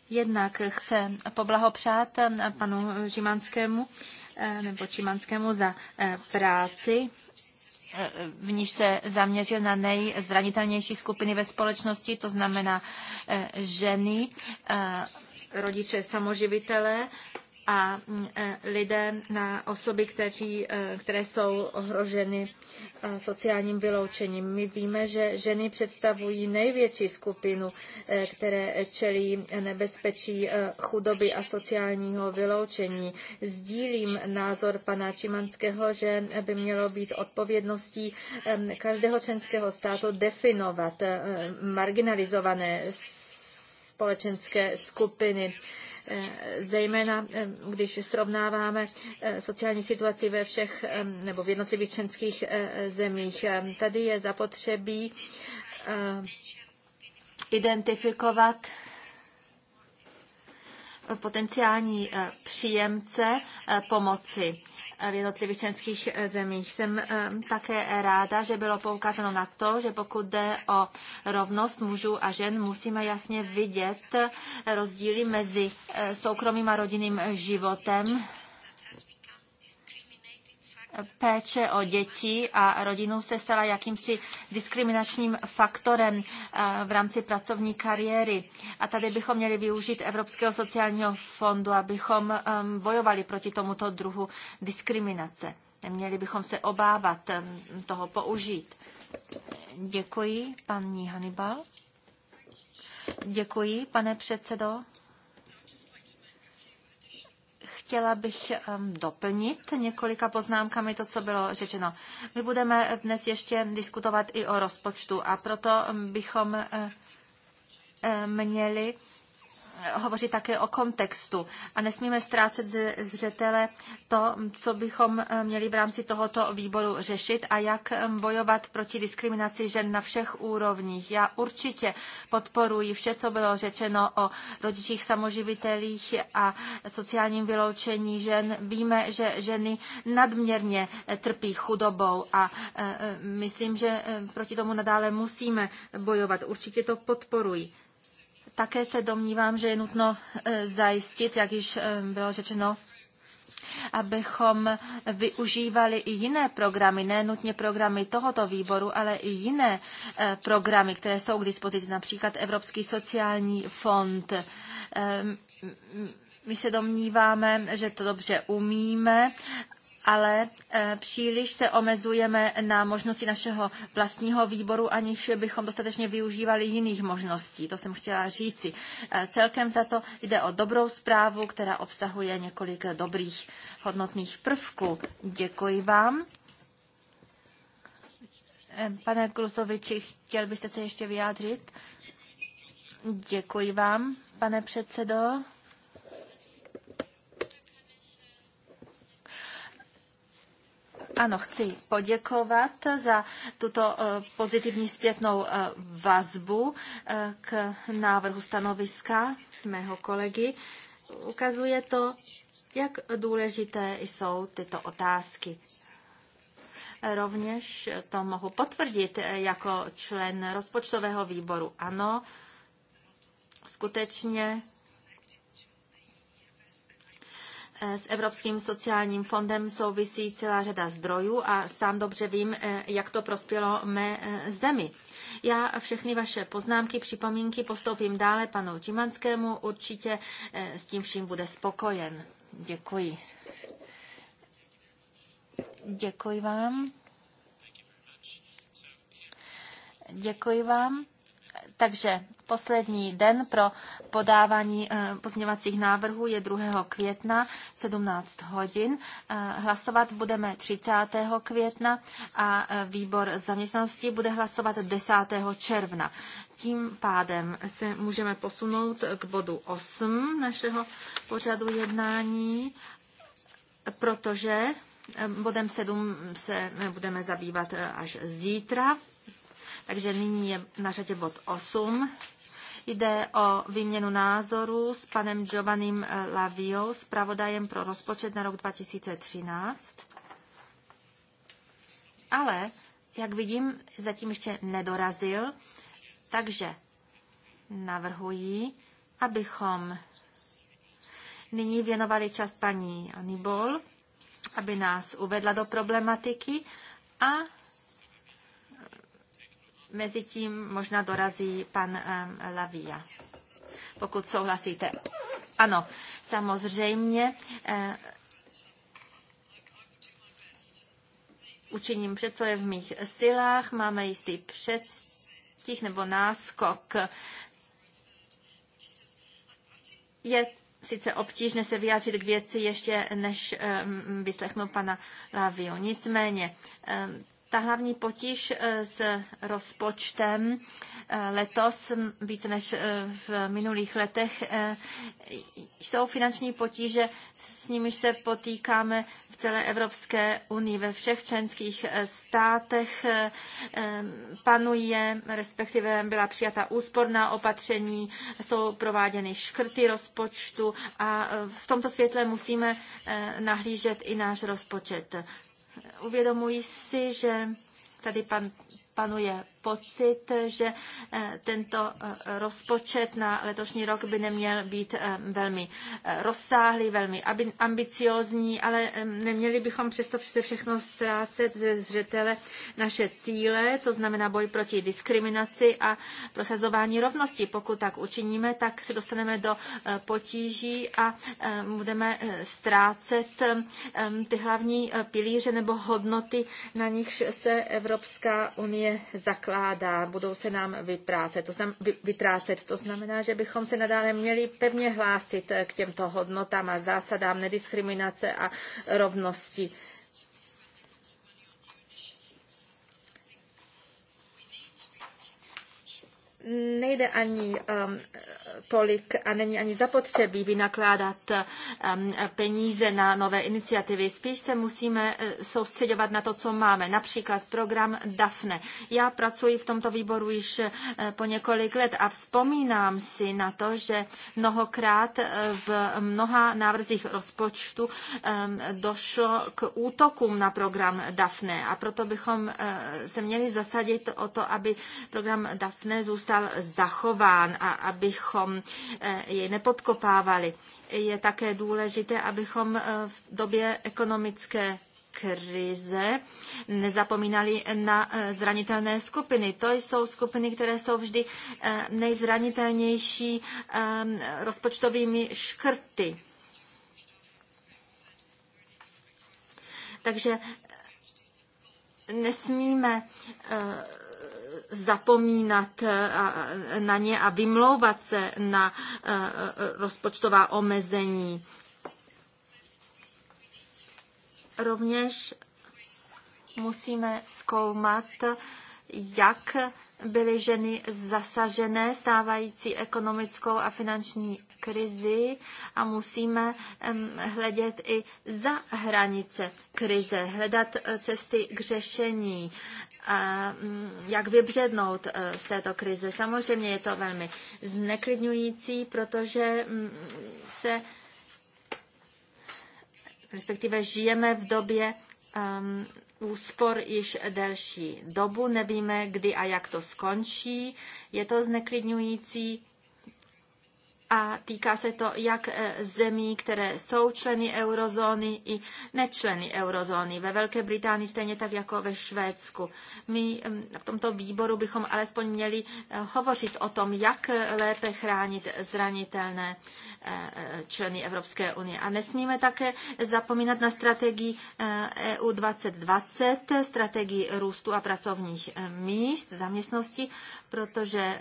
Jednak chce poblahopřát mm, panu Žimanskému eh, nebo Čimanskému za práci v níž se zaměřil na nejzranitelnější skupiny ve společnosti, to znamená eh, ženy, eh, rodiče samoživitelé, a mm, e, lidé na osoby, kteří, e, které jsou ohroženy e, sociálním vyloučením. My víme, že ženy představují největší skupinu, které čelí nebezpečí chudoby a sociálního vyloučení. Sdílím názor pana Čimanského, že by mělo být odpovědností každého členského státu definovat marginalizované společenské skupiny Eh, zejména eh, když srovnáváme eh, sociální situaci ve všech nebo v jednotlivých členských zemích. Tady je zapotřebí identifikovat potenciální příjemce pomoci v jednotlivých členských eh, zemích. Jsem eh, také ráda, že bylo poukázáno na to, že pokud jde o rovnost mužů a žen, musíme jasně vidět eh, rozdíly mezi soukromým a rodinným životem péče o děti a rodinu se stala jakýmsi diskriminačním faktorem eh, v rámci pracovní kariéry. A tady bychom měli využít Evropského sociálního fondu, abychom ehm, bojovali proti tomuto druhu diskriminace. Měli bychom se obávat ehm, toho použít. Děkuji, paní Hannibal. Děkuji, pane předsedo. Chtěla bych doplnit několika poznámkami to, co bylo řečeno. My budeme dnes ještě diskutovat i o rozpočtu a proto bychom eh, eh, měli hovoří také o kontextu a nesmíme ztrácet zřetele to, co bychom eh, měli v rámci tohoto výboru řešit a jak eh, bojovat proti diskriminaci žen na všech úrovních. Já určitě podporuji vše, co bylo řečeno o rodičích samoživitelích a sociálním vyloučení žen. Víme, že ženy nadměrně eh, trpí chudobou a myslím, že proti tomu nadále musíme bojovat. Určitě to podporuji. Také se domnívám, že je nutno e, zajistit, jak již e, bylo řečeno, abychom využívali i jiné programy, ne nutně programy tohoto výboru, ale i jiné e, programy, které jsou k dispozici, například Evropský sociální fond. My se domníváme, že to dobře umíme ale eh, příliš se omezujeme na možnosti našeho vlastního výboru, aniž bychom dostatečně využívali jiných možností. To jsem chtěla říci. Eh, celkem za to jde o dobrou zprávu, která obsahuje několik dobrých hodnotných prvků. Děkuji vám. Eh, pane Klusoviči, chtěl byste se ještě vyjádřit? Děkuji vám, pane předsedo. Ano, chci poděkovat za tuto eh, pozitivní zpětnou eh, vazbu eh, k návrhu stanoviska mého kolegy. Ukazuje to, jak důležité jsou tyto otázky. Rovněž to mohu potvrdit jako člen rozpočtového výboru. Ano, skutečně Eh, s Evropským sociálním fondem souvisí celá řada zdrojů a sám dobře vím, eh, jak to prospělo mé eh, zemi. Já všechny vaše poznámky, připomínky postoupím dále panu Čimanskému. Určitě s tím vším bude spokojen. Děkuji. Děkuji vám. Děkuji vám. Takže poslední den pro podávání eh, pozměňovacích návrhů je 2. května 17 hodin. Eh, hlasovat budeme 30. května a eh, výbor zaměstnanosti bude hlasovat 10. června. Tím pádem se můžeme posunout k bodu 8 našeho pořadu jednání, protože bodem 7 se budeme zabývat až zítra. Takže nyní je na řadě bod 8. Jde o výměnu názoru s panem Giovannim Lavio, zpravodajem pro rozpočet na rok 2013. Ale, jak vidím, zatím ještě nedorazil, takže navrhuji, abychom nyní věnovali čas paní Anibol, aby nás uvedla do problematiky a Mezitím možná dorazí pan Lavia, pokud souhlasíte. Ano, samozřejmě. Eh, učiním vše, co je v mých silách. Máme jistý předstih nebo náskok. Je sice obtížné se vyjádřit k věci ještě, než um, vyslechnu pana Laviu. Nicméně, um, ta hlavní potíž eh, s rozpočtem eh, letos, více než eh, v minulých letech, jsou finanční potíže, s nimiž se potýkáme v celé Evropské unii. Ve všech členských státech panuje, respektive byla přijata úsporná opatření, jsou prováděny škrty rozpočtu a v tomto světle musíme nahlížet i náš rozpočet uvědomuji si, že tady pan, panuje pocit, že eh, tento eh, rozpočet na letošní rok by neměl být eh, velmi rozsáhlý, velmi ambiciózní, ale neměli bychom přesto přece všechno ztrácet ze zřetele naše cíle, to znamená boj proti diskriminaci a prosazování rovnosti. Pokud tak učiníme, tak se dostaneme do potíží a budeme ztrácet ty hlavní pilíře nebo hodnoty, na nichž se Evropská unie zakládá ukládá, budou se nám vyprácet, to znam, vy, vytrácet. To znamená, že bychom se nadále měli pevně hlásit k těmto hodnotám a zásadám nediskriminace a rovnosti nejde ani um, tolik a není ani zapotřebí vynakládat um, peníze na nové iniciativy. Spíš se musíme eh, soustředovat na to, co máme. Například program DAFNE. Já pracuji v tomto výboru již eh, po několik let a vzpomínám si na to, že mnohokrát eh, v mnoha návrzích rozpočtu um, došlo k útokům na program DAFNE a proto bychom se měli zasadit o to, aby program DAFNE zůstal zůstal zachován a abychom eh, jej nepodkopávali. Je také důležité, abychom eh, v době ekonomické krize nezapomínali na eh, zranitelné skupiny. To jsou skupiny, které jsou vždy nejzranitelnější rozpočtovými škrty. Takže nesmíme zapomínat eh, na ně a vymlouvat se na eh, eh, rozpočtová omezení. Rovněž musíme zkoumat, jak byly ženy zasažené stávající ekonomickou a finanční krizi a musíme hledět i za hranice krize, hledat cesty k řešení. A mm, jak vybřednout e, z této krize. Samozřejmě je to velmi zneklidňující, protože mm, se respektive žijeme v době um, úspor již delší dobu, nevíme kdy a jak to skončí. Je to zneklidňující a týká se to jak e, zemí, které jsou členy eurozóny i nečleny eurozóny. Ve Velké Británii stejně tak jako ve Švédsku. My v tomto výboru bychom alespoň měli e, hovořit o tom, jak lépe chránit zranitelné e, členy Evropské unie. A nesmíme také zapomínat na strategii EU 2020, strategii růstu a pracovních míst, zaměstnosti, protože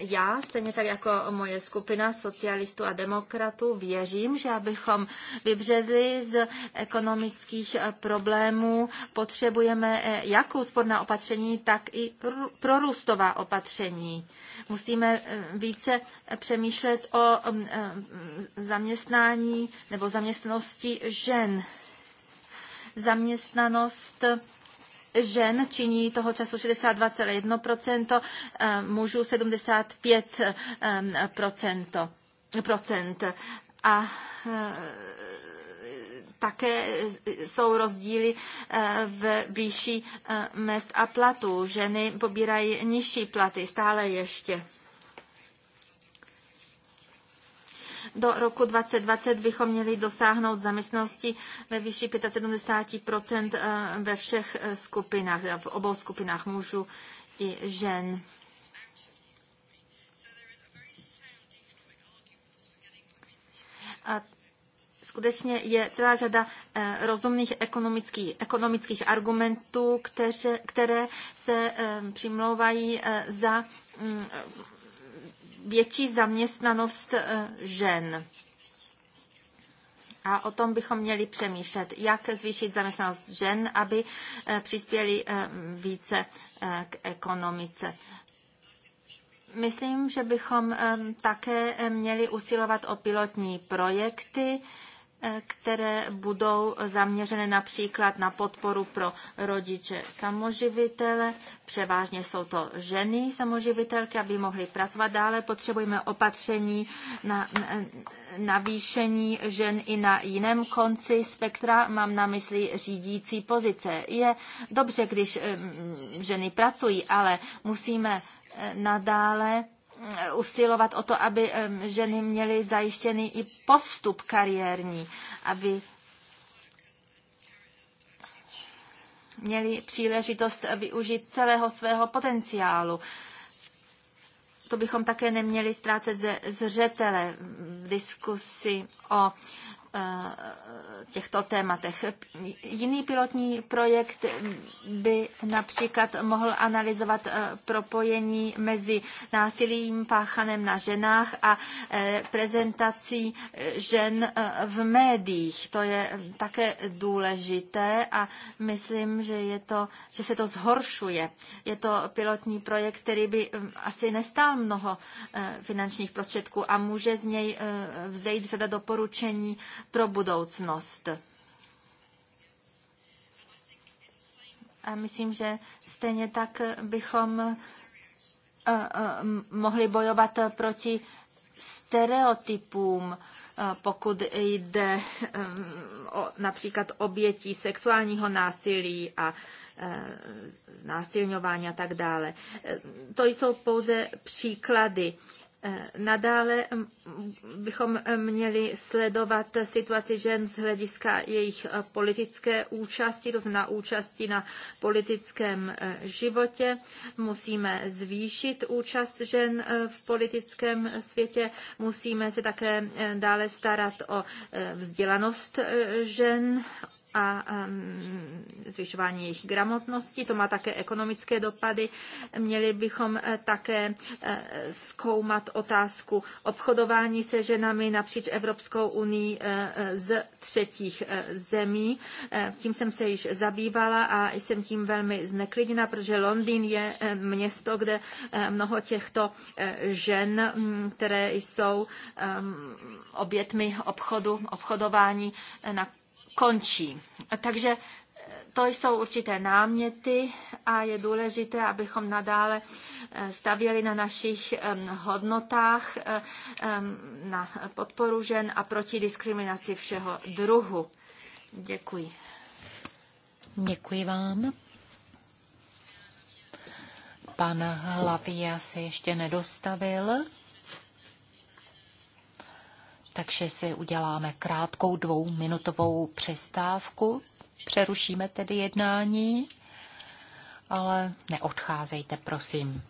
já, stejně tak jako moje skupina, socialistů a demokratů věřím, že abychom vybředli z ekonomických eh, problémů, potřebujeme eh, jak úsporná opatření, tak i prorůstová opatření. Musíme eh, více přemýšlet o mm, zaměstnání nebo zaměstnosti žen. Zaměstnanost žen činí toho času 62,1%, eh, mužů 75%. Eh, procent. A eh, také jsou rozdíly v výši mest a platů. Ženy pobírají nižší platy stále ještě. do roku 2020 bychom měli dosáhnout zaměstnanosti ve výši 75 eh, ve všech eh, skupinách, v obou skupinách mužů i žen. A skutečně je celá řada eh, rozumných ekonomických, ekonomických argumentů, které, které se přimlouvají za mm, větší zaměstnanost e, žen. A o tom bychom měli přemýšlet, jak zvýšit zaměstnanost žen, aby e, přispěli e, více k ekonomice. Myslím, že bychom také měli usilovat o pilotní projekty, Eh, které budou zaměřeny například na podporu pro rodiče samoživitele. Převážně jsou to ženy samoživitelky, aby mohly pracovat dále. Potřebujeme opatření na eh, navýšení žen i na jiném konci spektra. Mám na mysli řídící pozice. Je dobře, když eh, ženy pracují, ale musíme nadále Eh, usilovat o to, aby ženy měly zajištěný i postup kariérní, aby měly příležitost využít celého svého potenciálu. To bychom také neměli ztrácet ze zřetele v diskusi o Eh, těchto tématech. Jiný pilotní projekt by například mohl analyzovat eh, propojení mezi násilím páchanem na ženách a eh, prezentací žen v médiích. To je také důležité a myslím, že, je to, že se to zhoršuje. Je to pilotní projekt, který by hm, asi nestál mnoho finančních prostředků a může z něj vzejít řada doporučení pro budoucnost. A myslím, že stejně tak bychom eh, eh, mohli bojovat proti stereotypům, eh, pokud jde o například obětí sexuálního násilí a znásilňování a tak dále. To jsou pouze příklady Eh, nadále mm, bychom eh, měli sledovat situaci žen z hlediska jejich eh, politické účasti, to znamená účasti na politickém životě. Musíme zvýšit účast žen v politickém světě. Musíme se také dále starat o vzdělanost žen, a zvyšování jejich gramotnosti. To má také ekonomické dopady. Měli bychom eh, také eh, zkoumat otázku obchodování se ženami napříč Evropskou unii eh, z třetích zemí. Tím jsem se již zabývala a jsem tím velmi zneklidněna, protože Londýn je město, kde mnoho těchto žen, mm, které jsou obětmi obchodu, obchodování, na končí. Takže e, to jsou určité náměty a je důležité, abychom nadále e, stavěli na našich e, hodnotách na podporu žen a proti diskriminaci všeho druhu. Děkuji. Děkuji vám. Pan Hlavia se ještě nedostavil takže si uděláme krátkou dvouminutovou přestávku. Přerušíme tedy jednání, ale neodcházejte, prosím.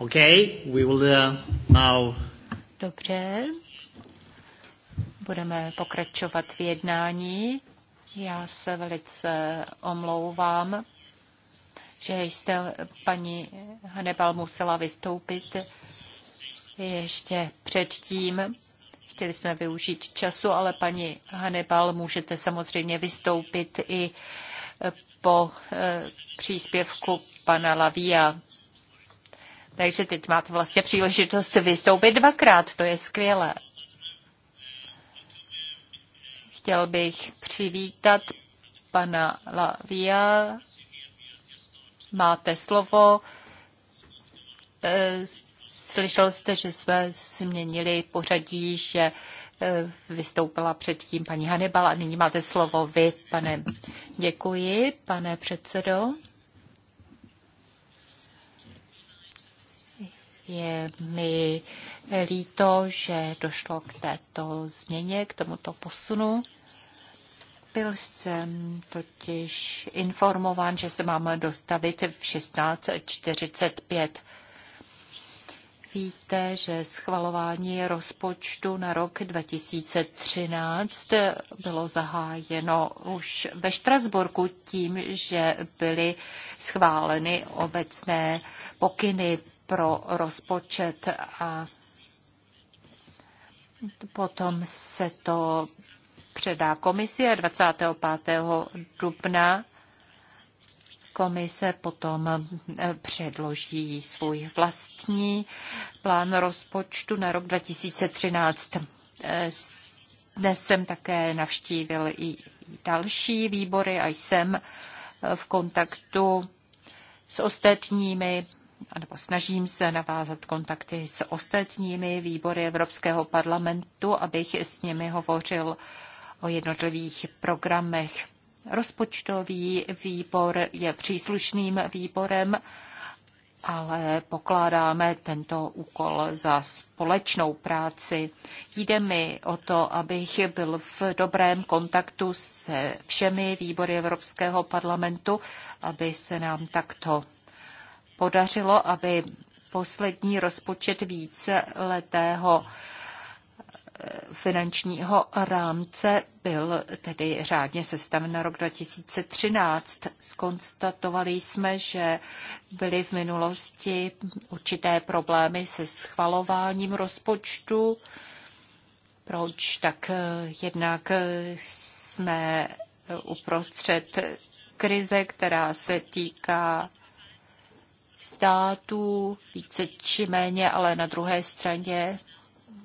Okay, we will uh, now... Dobře. Budeme pokračovat v jednání. Já se velice omlouvám, že jste paní Hanebal musela vystoupit ještě předtím. Chtěli jsme využít času, ale paní Hanebal můžete samozřejmě vystoupit i po eh, příspěvku pana Lavia. Takže teď máte vlastně příležitost vystoupit dvakrát, to je skvělé. Chtěl bych přivítat pana Lavia. Máte slovo. Eh, slyšel jste, že jsme změnili pořadí, že eh, vystoupila předtím paní Hannibal a nyní máte slovo vy, pane. Děkuji, pane předsedo. Je mi líto, že došlo k této změně, k tomuto posunu. Byl jsem totiž informován, že se máme dostavit v 16.45. Víte, že schvalování rozpočtu na rok 2013 bylo zahájeno už ve Štrasburku tím, že byly schváleny obecné pokyny pro rozpočet a potom se to předá komisi a 25. dubna komise potom eh, předloží svůj vlastní plán rozpočtu na rok 2013. Eh, dnes jsem také navštívil i další výbory a jsem eh, v kontaktu s ostatními nebo snažím se navázat kontakty s ostatními výbory Evropského parlamentu, abych s nimi hovořil o jednotlivých programech. Rozpočtový výbor je příslušným výborem, ale pokládáme tento úkol za společnou práci. Jde mi o to, abych byl v dobrém kontaktu se všemi výbory Evropského parlamentu, aby se nám takto podařilo, aby poslední rozpočet více letého eh, finančního rámce byl tedy řádně sestaven na rok 2013. Skonstatovali jsme, že byly v minulosti určité problémy se schvalováním rozpočtu. Proč? Tak eh, jednak eh, jsme uprostřed krize, která se týká států, více či méně, ale na druhé straně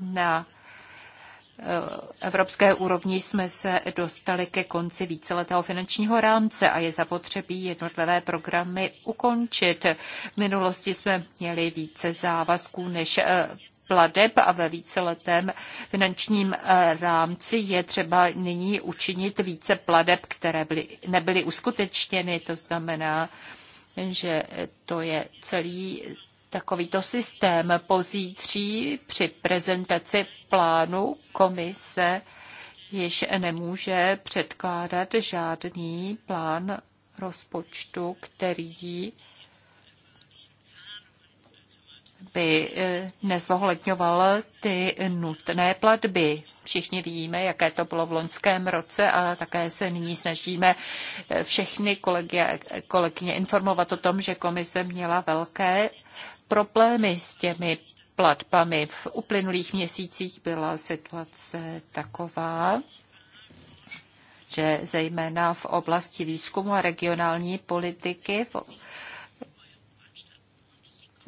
na eh, evropské úrovni jsme se dostali ke konci víceletého finančního rámce a je zapotřebí jednotlivé programy ukončit. V minulosti jsme měli více závazků než eh, pladeb a ve víceletém finančním eh, rámci je třeba nyní učinit více pladeb, které byly, nebyly uskutečněny, to znamená že to je celý takovýto systém. Pozítří při prezentaci plánu komise již nemůže předkládat žádný plán rozpočtu, který by eh, nezohledňoval ty nutné platby. Všichni víme, jaké to bylo v loňském roce a také se nyní snažíme eh, všechny kolegy, kolegyně informovat o tom, že komise měla velké problémy s těmi platbami. V uplynulých měsících byla situace taková, že zejména v oblasti výzkumu a regionální politiky v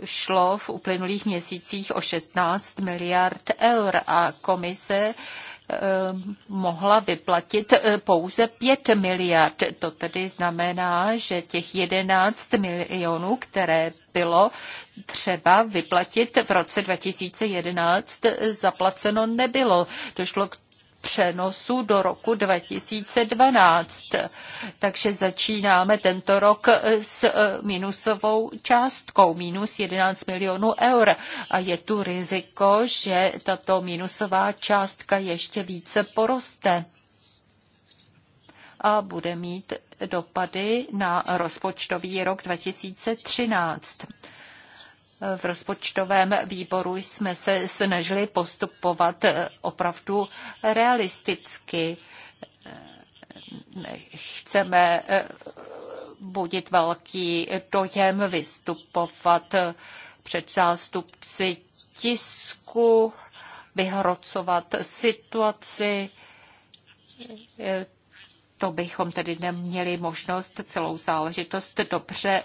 šlo v uplynulých měsících o 16 miliard eur a komise eh, mohla vyplatit eh, pouze 5 miliard. To tedy znamená, že těch 11 milionů, které bylo třeba vyplatit v roce 2011, eh, zaplaceno nebylo. Došlo k přenosu do roku 2012. Takže začínáme tento rok s eh, minusovou částkou, minus 11 milionů eur. A je tu riziko, že tato minusová částka ještě více poroste a bude mít dopady na rozpočtový rok 2013 v rozpočtovém výboru jsme se snažili postupovat eh, opravdu realisticky. Eh, chceme eh, budit velký dojem, vystupovat před zástupci tisku, vyhrocovat situaci. To bychom tedy neměli možnost celou záležitost dobře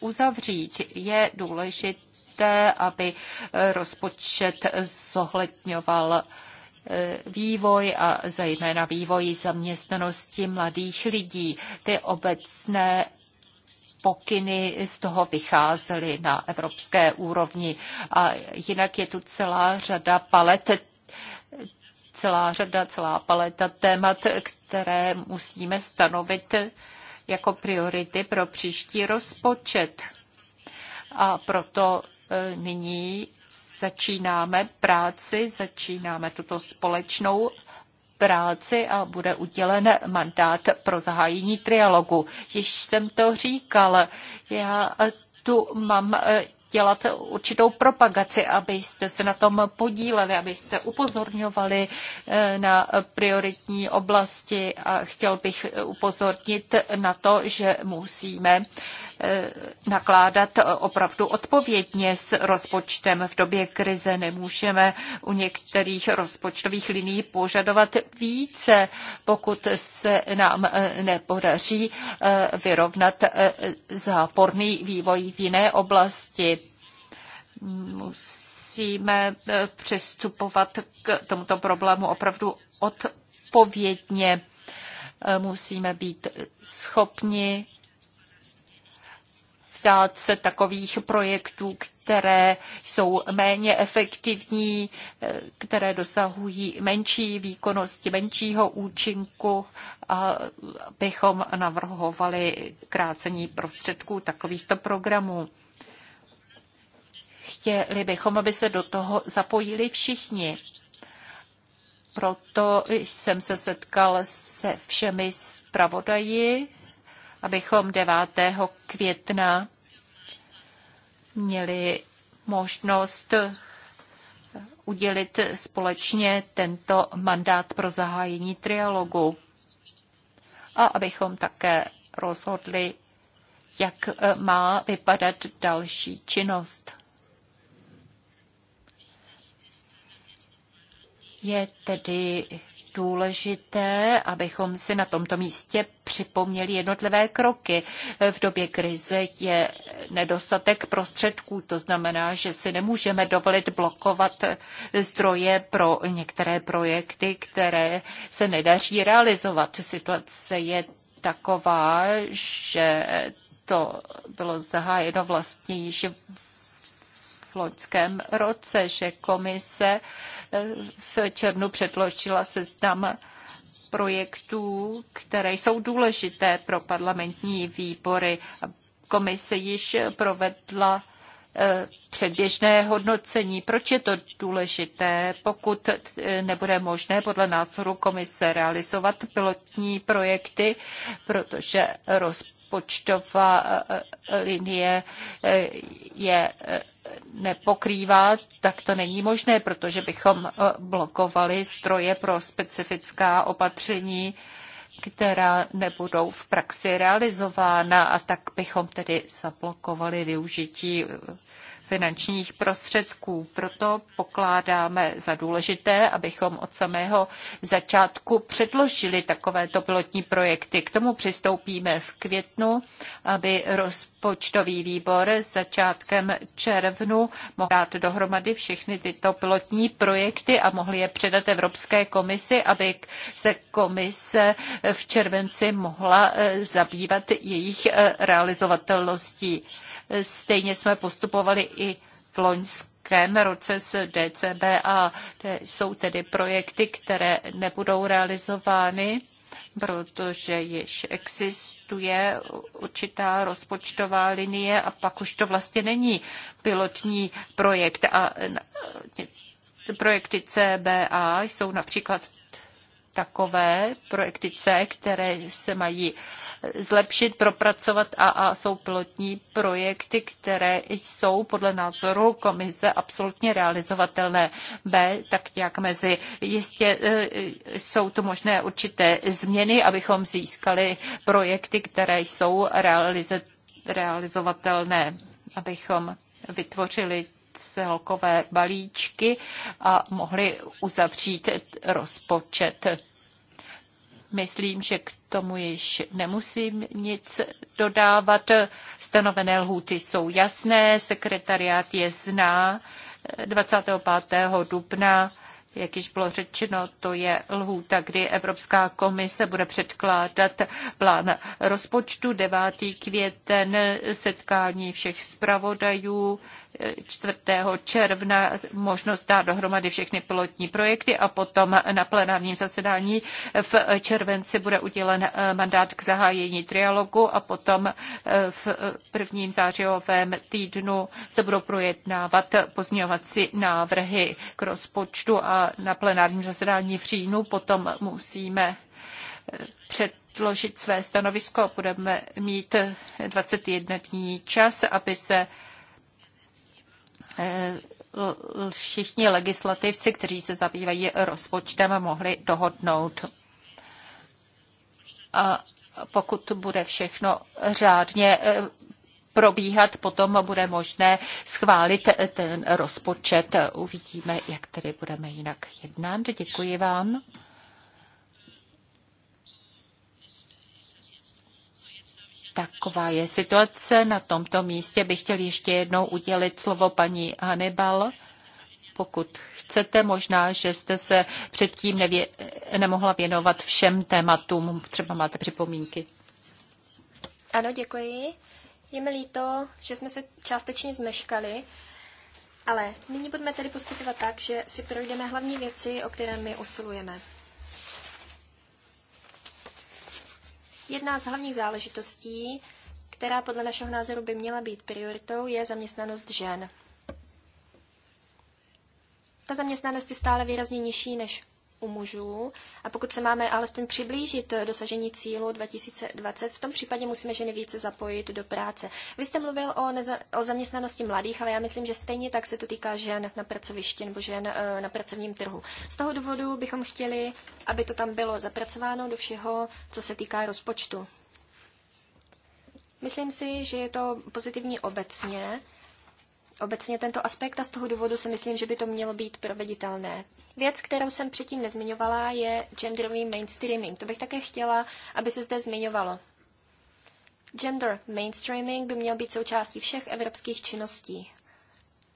uzavřít. Je důležité, důležité, aby eh, rozpočet zohledňoval eh, vývoj a zejména vývoj zaměstnanosti mladých lidí. Ty obecné pokyny z toho vycházely na evropské úrovni. A jinak je tu celá řada palet celá řada, celá paleta témat, které musíme stanovit jako priority pro příští rozpočet. A proto Eh, nyní začínáme práci, začínáme tuto společnou práci a bude udělen mandát pro zahájení trialogu. Již jsem to říkal, já tu mám eh, dělat určitou propagaci, abyste se na tom podíleli, abyste upozorňovali eh, na prioritní oblasti a chtěl bych upozornit na to, že musíme Eh, nakládat opravdu odpovědně s rozpočtem. V době krize nemůžeme u některých rozpočtových liní požadovat více, pokud se nám eh, nepodaří eh, vyrovnat záporný vývoj v jiné oblasti. Musíme přistupovat k tomuto problému opravdu odpovědně. Musíme být schopni vzdát se takových projektů, které jsou méně efektivní, které dosahují menší výkonnosti, menšího účinku, a bychom navrhovali krácení prostředků takovýchto programů. Chtěli bychom, aby se do toho zapojili všichni. Proto jsem se setkal se všemi zpravodaji abychom 9. května měli možnost udělit společně tento mandát pro zahájení trialogu a abychom také rozhodli, jak eh, má vypadat další činnost. Je tedy důležité, abychom si na tomto místě připomněli jednotlivé kroky. V době krize je nedostatek prostředků, to znamená, že si nemůžeme dovolit blokovat zdroje pro některé projekty, které se nedaří realizovat. Situace je taková, že to bylo zahájeno vlastně již loňském roce, že komise eh, v červnu předložila seznam projektů, které jsou důležité pro parlamentní výbory. Komise již provedla eh, předběžné hodnocení. Proč je to důležité, pokud eh, nebude možné podle názoru komise realizovat pilotní projekty, protože rozpočet rozpočtová eh, eh, linie eh, je nepokrývá, tak to není možné, protože bychom blokovali stroje pro specifická opatření, která nebudou v praxi realizována a tak bychom tedy zablokovali využití finančních prostředků. Proto pokládáme za důležité, abychom od samého začátku předložili takovéto pilotní projekty. K tomu přistoupíme v květnu, aby rozpočtový výbor začátkem červnu mohl dát dohromady všechny tyto pilotní projekty a mohli je předat Evropské komisi, aby se komise v červenci mohla eh, zabývat jejich eh, realizovatelností. Stejně jsme postupovali i v loňském roce s DCB a jsou tedy projekty, které nebudou realizovány protože již existuje určitá rozpočtová linie a pak už to vlastně není pilotní projekt. A projekty CBA jsou například takové projekty C, které se mají zlepšit, propracovat a, a jsou pilotní projekty, které jsou podle názoru komise absolutně realizovatelné. B, tak nějak mezi. Jistě e, jsou tu možné určité změny, abychom získali projekty, které jsou realize, realizovatelné, abychom vytvořili celkové balíčky a mohli uzavřít rozpočet. Myslím, že k tomu již nemusím nic dodávat. Stanovené lhůty jsou jasné, sekretariát je zná. 25. dubna jak již bylo řečeno, to je lhůta, kdy Evropská komise bude předkládat plán rozpočtu 9. květen, setkání všech zpravodajů 4. června, možnost dát dohromady všechny pilotní projekty a potom na plenárním zasedání v červenci bude udělen eh, mandát k zahájení trialogu a potom eh, v prvním zářijovém týdnu se budou projednávat pozměňovací návrhy k rozpočtu a na plenárním zasedání v říjnu potom musíme eh, předložit své stanovisko. Budeme mít 21 eh, dní čas, aby se eh, všichni legislativci, kteří se zabývají rozpočtem, mohli dohodnout. A pokud bude všechno řádně probíhat, potom bude možné schválit ten rozpočet. Uvidíme, jak tedy budeme jinak jednat. Děkuji vám. Taková je situace. Na tomto místě bych chtěl ještě jednou udělit slovo paní Hannibal. Pokud chcete, možná, že jste se předtím nevě- nemohla věnovat všem tématům. Třeba máte připomínky. Ano, děkuji. Je mi líto, že jsme se částečně zmeškali, ale nyní budeme tedy postupovat tak, že si projdeme hlavní věci, o které my usilujeme. Jedna z hlavních záležitostí, která podle našeho názoru by měla být prioritou, je zaměstnanost žen. Ta zaměstnanost je stále výrazně nižší než u mužů. A pokud se máme alespoň přiblížit dosažení cílu 2020, v tom případě musíme ženy více zapojit do práce. Vy jste mluvil o, neza- o zaměstnanosti mladých, ale já myslím, že stejně tak se to týká žen na pracovišti nebo žen e, na pracovním trhu. Z toho důvodu bychom chtěli, aby to tam bylo zapracováno do všeho, co se týká rozpočtu. Myslím si, že je to pozitivní obecně obecně tento aspekt a z toho důvodu si myslím, že by to mělo být proveditelné. Věc, kterou jsem předtím nezmiňovala, je genderový mainstreaming. To bych také chtěla, aby se zde zmiňovalo. Gender mainstreaming by měl být součástí všech evropských činností.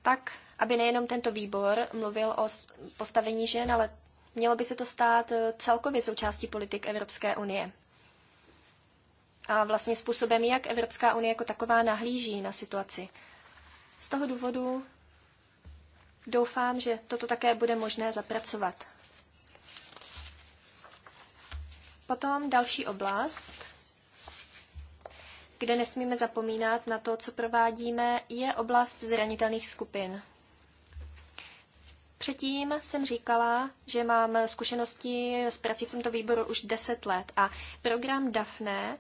Tak, aby nejenom tento výbor mluvil o postavení žen, ale mělo by se to stát eh, celkově součástí politik Evropské unie. A vlastně způsobem, jak Evropská unie jako taková nahlíží na situaci. Z toho důvodu doufám, že toto také bude možné zapracovat. Potom další oblast, kde nesmíme zapomínat na to, co provádíme, je oblast zranitelných skupin. Předtím jsem říkala, že mám zkušenosti s prací v tomto výboru už 10 let a program DAFNE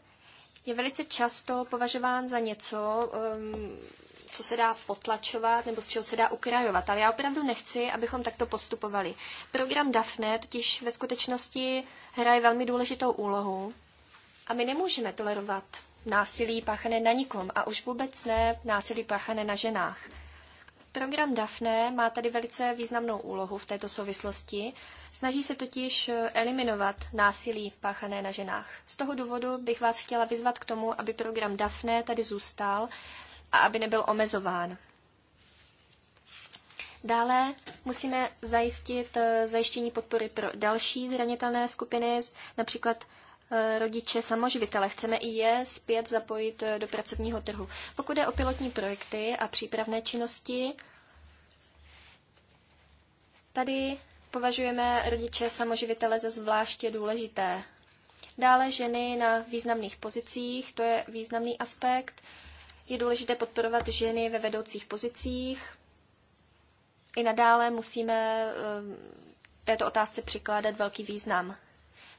je velice často považován za něco, um, co se dá potlačovat nebo z čeho se dá ukrajovat. Ale já opravdu nechci, abychom takto postupovali. Program DAFNE totiž ve skutečnosti hraje velmi důležitou úlohu a my nemůžeme tolerovat násilí páchané na nikom a už vůbec ne násilí páchané na ženách. Program DAFNE má tady velice významnou úlohu v této souvislosti. Snaží se totiž eh, eliminovat násilí páchané na ženách. Z toho důvodu bych vás chtěla vyzvat k tomu, aby program DAFNE tady zůstal a aby nebyl omezován. Dále musíme zajistit eh, zajištění podpory pro další zranitelné skupiny, například Eh, rodiče samoživitele. Chceme i je zpět zapojit eh, do pracovního trhu. Pokud je o pilotní projekty a přípravné činnosti, tady považujeme rodiče samoživitele za zvláště důležité. Dále ženy na významných pozicích, to je významný aspekt. Je důležité podporovat ženy ve vedoucích pozicích. I nadále musíme eh, této otázce přikládat velký význam.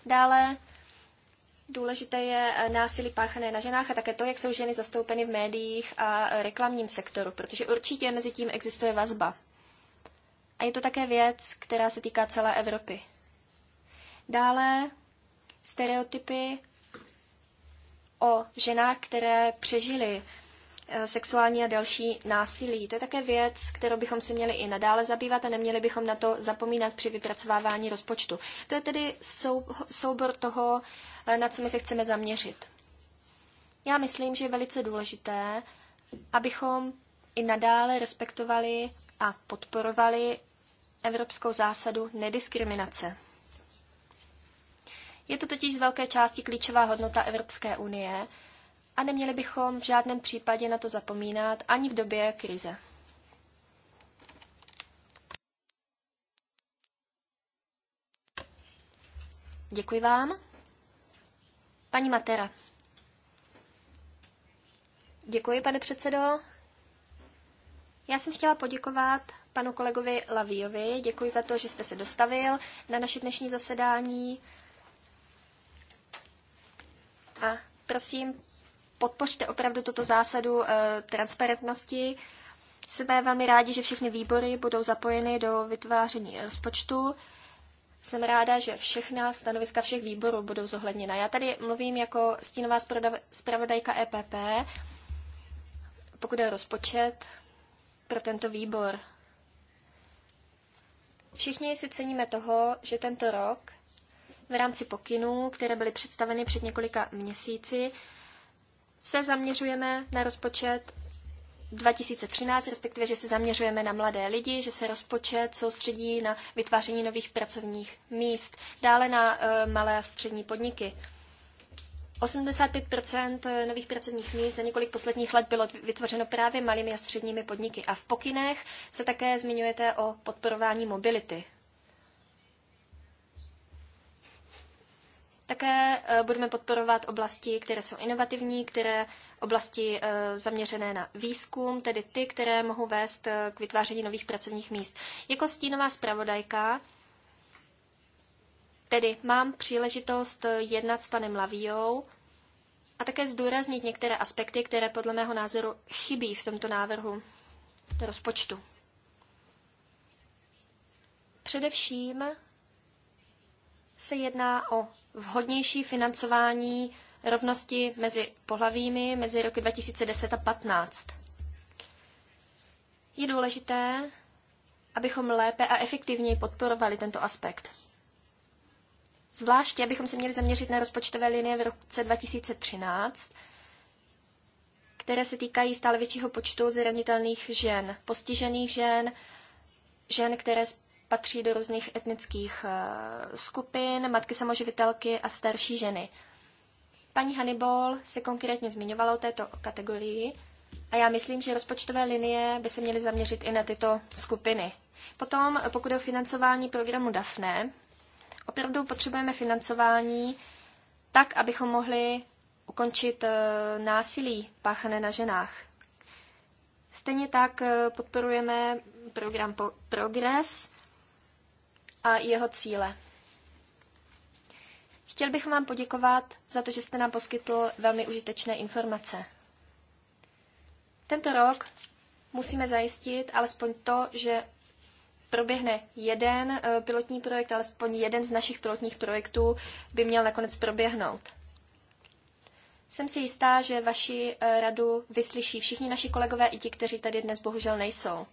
Dále Důležité je eh, násilí páchané na ženách a také to, jak jsou ženy zastoupeny v médiích a eh, reklamním sektoru, protože určitě mezi tím existuje vazba. A je to také věc, která se týká celé Evropy. Dále stereotypy o ženách, které přežily eh, sexuální a další násilí. To je také věc, kterou bychom se měli i nadále zabývat a neměli bychom na to zapomínat při vypracovávání rozpočtu. To je tedy soubor toho, Eh, na co my se chceme zaměřit. Já myslím, že je velice důležité, abychom i nadále respektovali a podporovali evropskou zásadu nediskriminace. Je to totiž z velké části klíčová hodnota Evropské unie a neměli bychom v žádném případě na to zapomínat ani v době krize. Děkuji vám. Paní Matera. Děkuji, pane předsedo. Já jsem chtěla poděkovat panu kolegovi Lavíjovi. Děkuji za to, že jste se dostavil na naše dnešní zasedání. A prosím, podpořte opravdu tuto zásadu e, transparentnosti. Jsme velmi rádi, že všechny výbory budou zapojeny do vytváření rozpočtu. Jsem ráda, že všechna stanoviska všech výborů budou zohledněna. Já tady mluvím jako stínová zpravodajka EPP, pokud je rozpočet pro tento výbor. Všichni si ceníme toho, že tento rok v rámci pokynů, které byly představeny před několika měsíci, se zaměřujeme na rozpočet 2013, respektive, že se zaměřujeme na mladé lidi, že se rozpočet soustředí na vytváření nových pracovních míst, dále na eh, malé a střední podniky. 85 eh, nových pracovních míst za několik posledních let bylo vytvořeno právě malými a středními podniky. A v pokynech se také zmiňujete o podporování mobility. Také eh, budeme podporovat oblasti, které jsou inovativní, které oblasti eh, zaměřené na výzkum, tedy ty, které mohou vést eh, k vytváření nových pracovních míst. Jako stínová zpravodajka tedy mám příležitost jednat s panem Lavijou a také zdůraznit některé aspekty, které podle mého názoru chybí v tomto návrhu rozpočtu. Především se jedná o vhodnější financování rovnosti mezi pohlavími mezi roky 2010 a 2015. Je důležité, abychom lépe a efektivněji podporovali tento aspekt. Zvláště, abychom se měli zaměřit na rozpočtové linie v roce 2013, které se týkají stále většího počtu zranitelných žen, postižených žen, žen, které patří do různých etnických eh, skupin, matky samoživitelky a starší ženy. Paní Hannibal se konkrétně zmiňovala o této kategorii a já myslím, že rozpočtové linie by se měly zaměřit i na tyto skupiny. Potom, pokud je o financování programu DAFNE, opravdu potřebujeme financování tak, abychom mohli ukončit eh, násilí páchané na ženách. Stejně tak eh, podporujeme program Progress a jeho cíle. Chtěl bych vám poděkovat za to, že jste nám poskytl velmi užitečné informace. Tento rok musíme zajistit alespoň to, že proběhne jeden eh, pilotní projekt, alespoň jeden z našich pilotních projektů by měl nakonec proběhnout. Jsem si jistá, že vaši eh, radu vyslyší všichni naši kolegové, i ti, kteří tady dnes bohužel nejsou.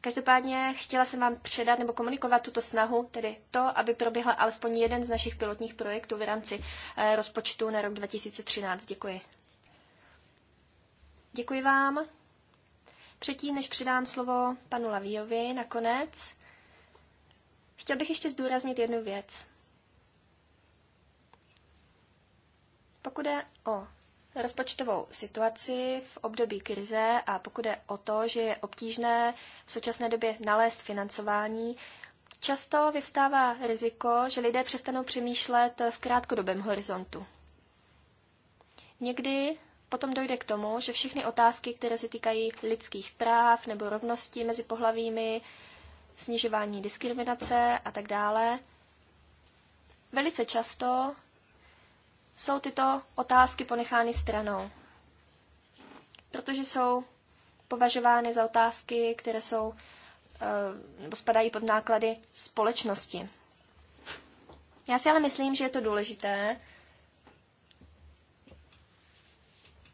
Každopádně chtěla jsem vám předat nebo komunikovat tuto snahu, tedy to, aby proběhl alespoň jeden z našich pilotních projektů v rámci eh, rozpočtu na rok 2013. Děkuji. Děkuji vám. Předtím, než předám slovo panu Lavíjovi nakonec, chtěl bych ještě zdůraznit jednu věc. Pokud je o rozpočtovou situaci v období krize a pokud je o to, že je obtížné v současné době nalézt financování, často vyvstává riziko, že lidé přestanou přemýšlet v krátkodobém horizontu. Někdy potom dojde k tomu, že všechny otázky, které se týkají lidských práv nebo rovnosti mezi pohlavími, snižování diskriminace a tak dále, velice často jsou tyto otázky ponechány stranou, protože jsou považovány za otázky, které jsou eh, nebo spadají pod náklady společnosti. Já si ale myslím, že je to důležité.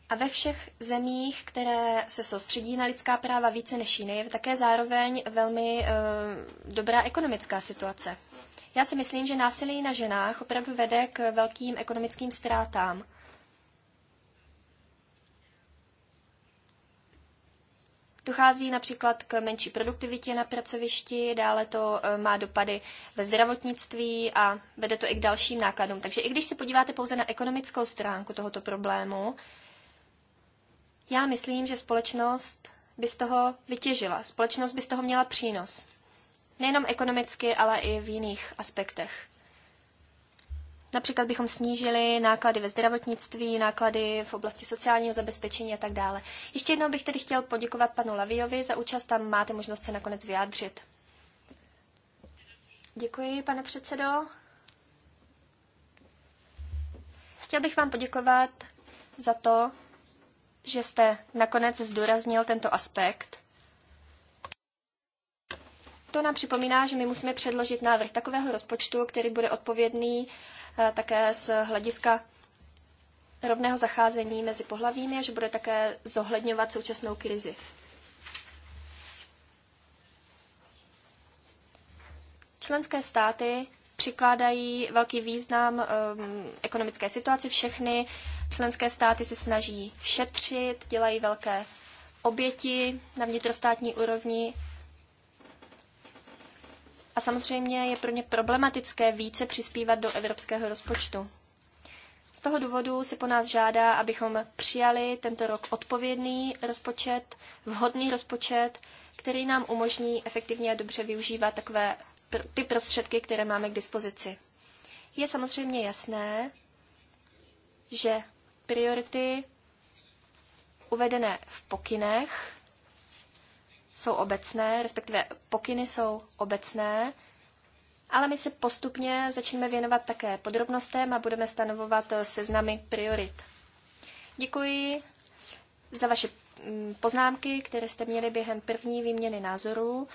A ve všech zemích, které se soustředí na lidská práva více než jiné, je také zároveň velmi e, dobrá ekonomická situace. Já si myslím, že násilí na ženách opravdu vede k velkým ekonomickým ztrátám. Dochází například k menší produktivitě na pracovišti, dále to e, má dopady ve zdravotnictví a vede to i k dalším nákladům. Takže i když se podíváte pouze na ekonomickou stránku tohoto problému, já myslím, že společnost by z toho vytěžila. Společnost by z toho měla přínos. Nejenom ekonomicky, ale i v jiných aspektech. Například bychom snížili náklady ve zdravotnictví, náklady v oblasti sociálního zabezpečení a tak dále. Ještě jednou bych tedy chtěl poděkovat panu Laviovi za účast a máte možnost se nakonec vyjádřit. Děkuji, pane předsedo. Chtěl bych vám poděkovat za to, že jste nakonec zdůraznil tento aspekt to nám připomíná, že my musíme předložit návrh takového rozpočtu, který bude odpovědný eh, také z hlediska rovného zacházení mezi pohlavími a že bude také zohledňovat současnou krizi. Členské státy přikládají velký význam um, ekonomické situaci. Všechny členské státy se snaží šetřit, dělají velké oběti na vnitrostátní úrovni a samozřejmě je pro ně problematické více přispívat do evropského rozpočtu. Z toho důvodu se po nás žádá, abychom přijali tento rok odpovědný rozpočet, vhodný rozpočet, který nám umožní efektivně a dobře využívat takové pr- ty prostředky, které máme k dispozici. Je samozřejmě jasné, že priority uvedené v pokynech jsou obecné, respektive pokyny jsou obecné, ale my se postupně začneme věnovat také podrobnostem a budeme stanovovat eh, seznamy priorit. Děkuji za vaše mm, poznámky, které jste měli během první výměny názorů.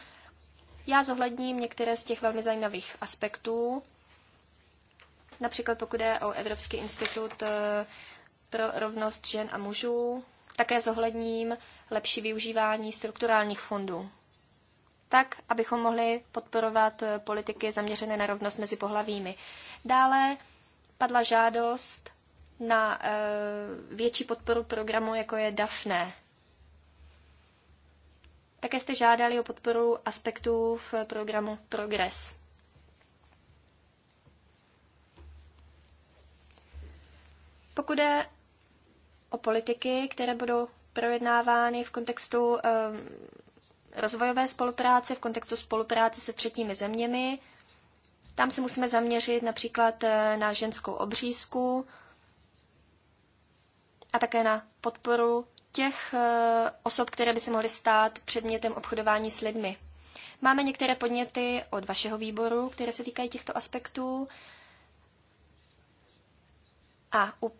Já zohledním některé z těch velmi zajímavých aspektů, například pokud je o Evropský institut eh, pro rovnost žen a mužů, také zohledním lepší využívání strukturálních fondů. Tak, abychom mohli podporovat eh, politiky zaměřené na rovnost mezi pohlavími. Dále padla žádost na eh, větší podporu programu, jako je DAFNE. Také jste žádali o podporu aspektů v programu Progress. Pokud je o politiky, které budou projednávány v kontextu ehm, rozvojové spolupráce, v kontextu spolupráce se třetími zeměmi. Tam se musíme zaměřit například eh, na ženskou obřízku a také na podporu těch eh, osob, které by se mohly stát předmětem obchodování s lidmi. Máme některé podněty od vašeho výboru, které se týkají těchto aspektů. A u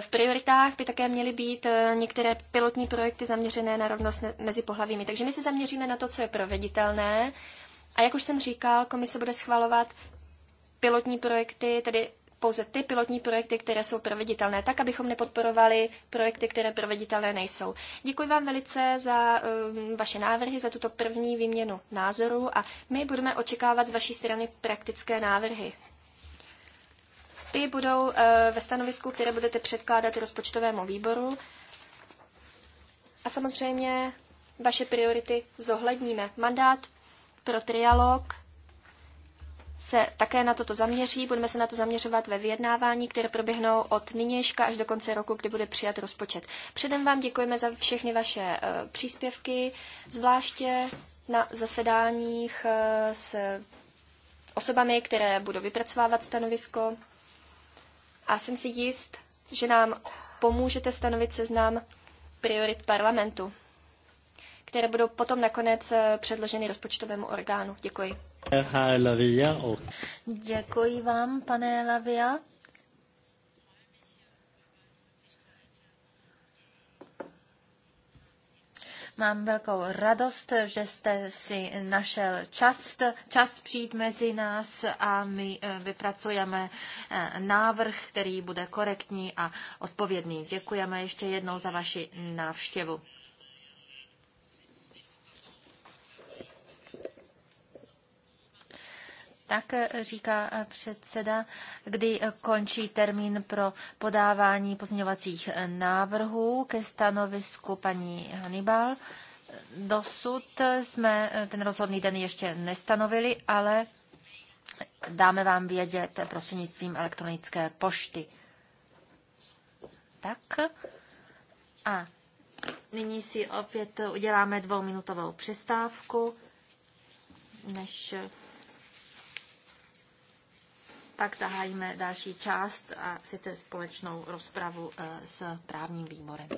v prioritách by také měly být eh, některé pilotní projekty zaměřené na rovnost mezi pohlavími. Takže my se zaměříme na to, co je proveditelné. A jak už jsem říkal, komise bude schvalovat pilotní projekty, tedy pouze ty pilotní projekty, které jsou proveditelné, tak, abychom nepodporovali projekty, které proveditelné nejsou. Děkuji vám velice za um, vaše návrhy, za tuto první výměnu názorů a my budeme očekávat z vaší strany praktické návrhy. Ty budou eh, ve stanovisku, které budete předkládat rozpočtovému výboru. A samozřejmě vaše priority zohledníme. Mandát pro trialog se také na toto zaměří. Budeme se na to zaměřovat ve vyjednávání, které proběhnou od nynějška až do konce roku, kdy bude přijat rozpočet. Předem vám děkujeme za všechny vaše eh, příspěvky, zvláště na zasedáních eh, s osobami, které budou vypracovávat stanovisko a jsem si jist, že nám pomůžete stanovit seznam priorit parlamentu, které budou potom nakonec eh, předloženy rozpočtovému orgánu. Děkuji. Děkuji vám, pane Lavia. Mám velkou radost, že jste si našel čas, čas přijít mezi nás a my eh, vypracujeme eh, návrh, který bude korektní a odpovědný. Děkujeme ještě jednou za vaši návštěvu. tak, eh, říká eh, předseda, kdy eh, končí termín pro podávání pozměňovacích návrhů ke stanovisku paní Hannibal. Dosud jsme ten rozhodný den ještě nestanovili, ale dáme vám vědět prostřednictvím elektronické pošty. Tak a nyní si opět uděláme dvouminutovou přestávku, než pak zahájíme další část a sice společnou rozpravu eh, s právním výborem.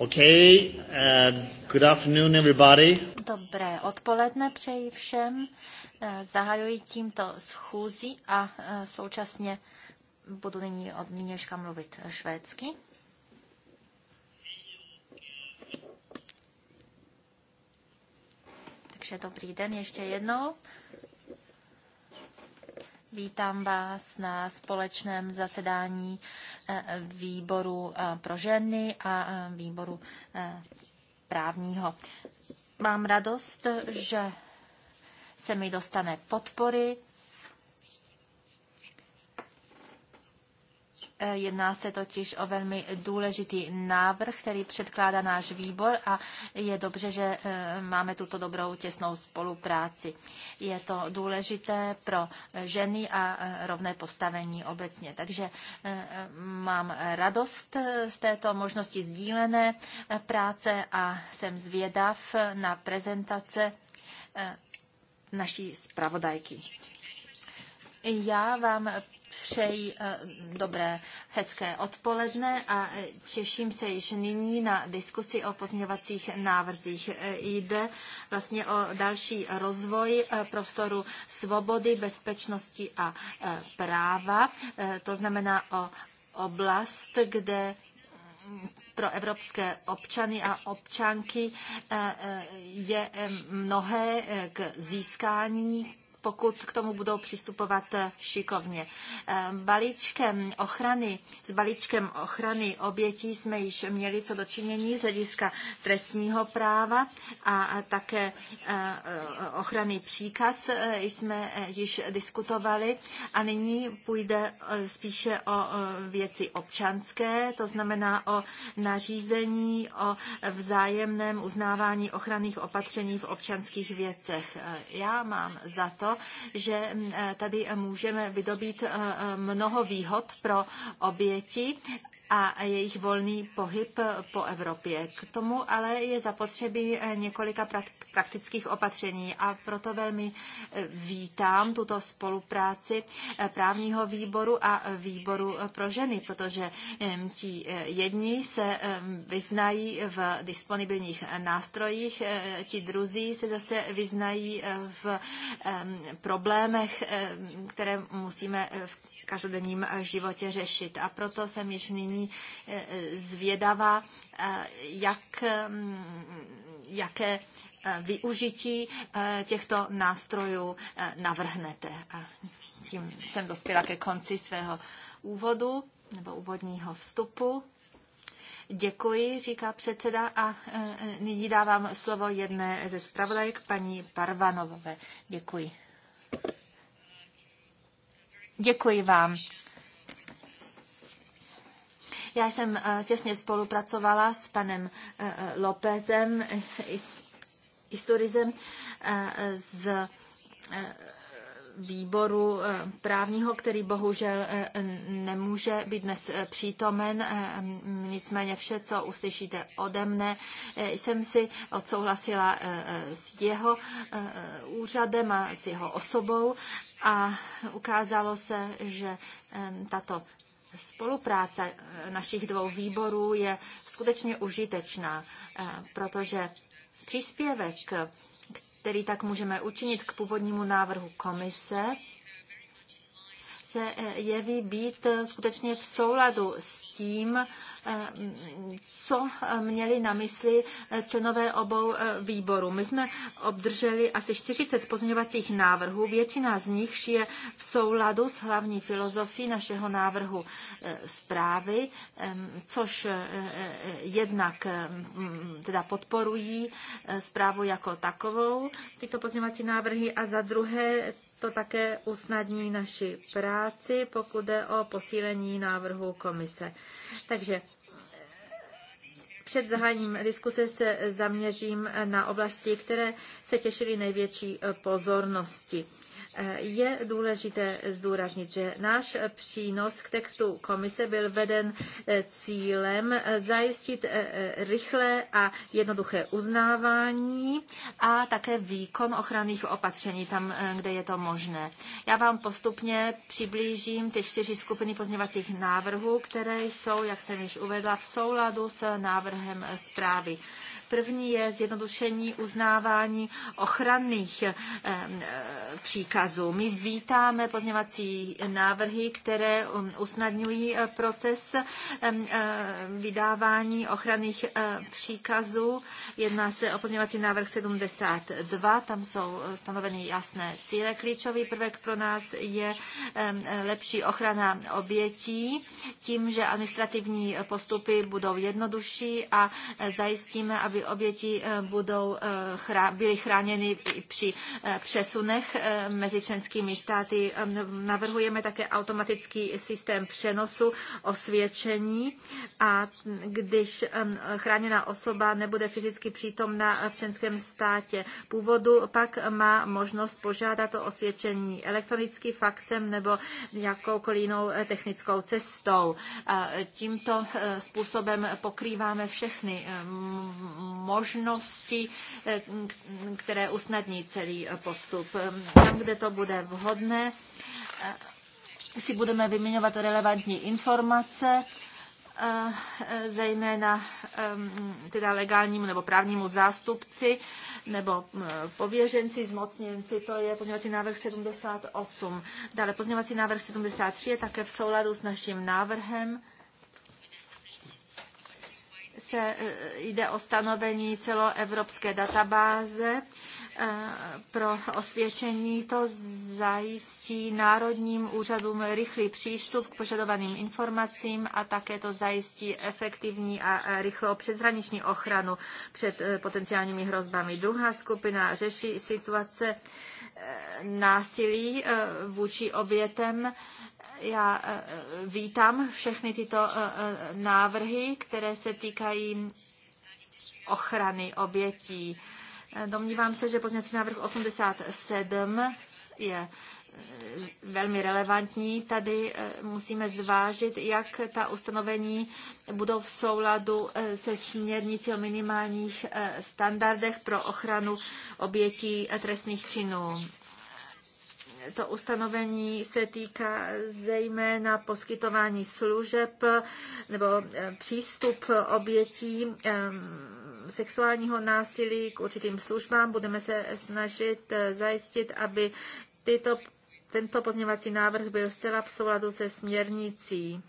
Okay, uh, good afternoon everybody. Dobré odpoledne přeji všem. Eh, zahajuji tímto schůzi a eh, současně budu nyní od nynějška mluvit švédsky. Takže dobrý den ještě jednou. Vítám vás na společném zasedání eh, výboru eh, pro ženy a eh, výboru právního. Mám radost, že se mi dostane podpory Jedná se totiž o velmi důležitý návrh, který předkládá náš výbor a je dobře, že eh, máme tuto dobrou těsnou spolupráci. Je to důležité pro ženy a eh, rovné postavení obecně. Takže eh, mám radost z této možnosti sdílené práce a jsem zvědav na prezentace naší zpravodajky. Já vám přeji eh, dobré hezké odpoledne a eh, těším se již nyní na diskusi o pozměňovacích návrzích. Eh, jde vlastně o další rozvoj prostoru svobody, bezpečnosti a práva. To znamená o oblast, kde mm, pro evropské občany a občanky je mnohé k získání, pokud k tomu budou přistupovat eh, šikovně. Ehm, balíčkem ochrany, s balíčkem ochrany obětí jsme již měli co dočinění z hlediska trestního práva a také eh, eh, ochrany příkaz jsme již diskutovali a nyní půjde spíše o věci občanské, to znamená o nařízení, o vzájemném uznávání ochranných opatření v občanských věcech. Já mám za to, že eh, tady můžeme vydobít eh, eh, mnoho výhod pro oběti a jejich volný pohyb po Evropě. K tomu ale je zapotřebí eh, několika praktických opatření a proto velmi eh, vítám tuto spolupráci eh, právního výboru a výboru pro ženy, protože ti jedni se vyznají v disponibilních nástrojích, ti druzí se zase vyznají v problémech, které musíme v každodenním eh, životě řešit. A proto jsem již nyní eh, eh, zvědavá, jak, mm, jaké využití těchto nástrojů navrhnete. A tím jsem dospěla ke konci svého úvodu nebo úvodního vstupu. Děkuji, říká předseda a nyní dávám slovo jedné ze zpravodajek, paní Parvanové. Děkuji. Děkuji vám. Já jsem eh, těsně spolupracovala s panem eh, eh, Lópezem, historizem z výboru eh, právního, který bohužel eh, nemůže být dnes eh, přítomen. Nicméně vše, co uslyšíte ode mne, jsem si odsouhlasila s jeho úřadem a s jeho osobou a ukázalo se, že tato spolupráce našich dvou výborů je skutečně užitečná, protože příspěvek který tak můžeme učinit k původnímu návrhu komise se eh, jeví být eh, skutečně v souladu s tím, eh, co měli na mysli členové obou výborů. My jsme obdrželi asi 40 pozměňovacích návrhů, většina z nich je v souladu s hlavní filozofií našeho návrhu zprávy, což jednak teda podporují zprávu jako takovou, tyto pozměňovací návrhy, a za druhé to také usnadní naši práci, pokud jde o posílení návrhu komise. Takže eh, před zahájením diskuse se zaměřím na oblasti, které se těšily největší eh, pozornosti. Je důležité zdůraznit, že náš přínos k textu komise byl veden e, cílem e, zajistit e, rychlé a jednoduché uznávání a také výkon ochranných opatření tam, kde je to možné. Já vám postupně přiblížím ty čtyři skupiny pozměňovacích návrhů, které jsou, jak jsem již uvedla, v souladu s návrhem zprávy. První je zjednodušení uznávání ochranných eh, eh, příkazů. My vítáme pozněvací návrhy, které um, usnadňují eh, proces vydávání ochranných příkazů. Jedná se o pozněvací návrh 72, tam jsou stanoveny jasné cíle. Klíčový prvek pro nás je lepší ochrana obětí tím, že administrativní postupy budou jednodušší a zajistíme, aby aby oběti eh, budou, eh, byly chráněny při eh, přesunech mezi členskými státy. Ehm, navrhujeme také automatický systém přenosu osvědčení a když ehm, chráněná osoba nebude fyzicky přítomna v členském státě původu, pak má možnost požádat o osvědčení elektronicky, faxem nebo jakoukoliv jinou technickou cestou. Tímto způsobem pokrýváme všechny ehm, možnosti, eh, které usnadní celý eh, postup. Ehm, tam, kde to bude vhodné, eh, si budeme vyměňovat relevantní informace, zejména ehm, teda legálnímu nebo právnímu zástupci nebo pověřenci, zmocněnci, to je pozměňovací návrh 78. Dále pozměňovací návrh 73 je také v souladu s naším návrhem se e, jde o stanovení celoevropské databáze e, pro osvědčení. To zajistí národním úřadům rychlý přístup k požadovaným informacím a také to zajistí efektivní a rychlou přeshraniční ochranu před e, potenciálními hrozbami. Druhá skupina řeší situace násilí vůči obětem já eh, vítám všechny tyto eh, eh, návrhy, které se týkají ochrany obětí. Domnívám se, že pozměňovací návrh 87 je velmi relevantní. Tady musíme zvážit, jak ta ustanovení budou v souladu se směrnicí o minimálních standardech pro ochranu obětí trestných činů to ustanovení se týká zejména poskytování služeb nebo eh, přístup obětí eh, sexuálního násilí k určitým službám. Budeme se snažit eh, zajistit, aby tyto, tento pozměňovací návrh byl zcela v souladu se směrnicí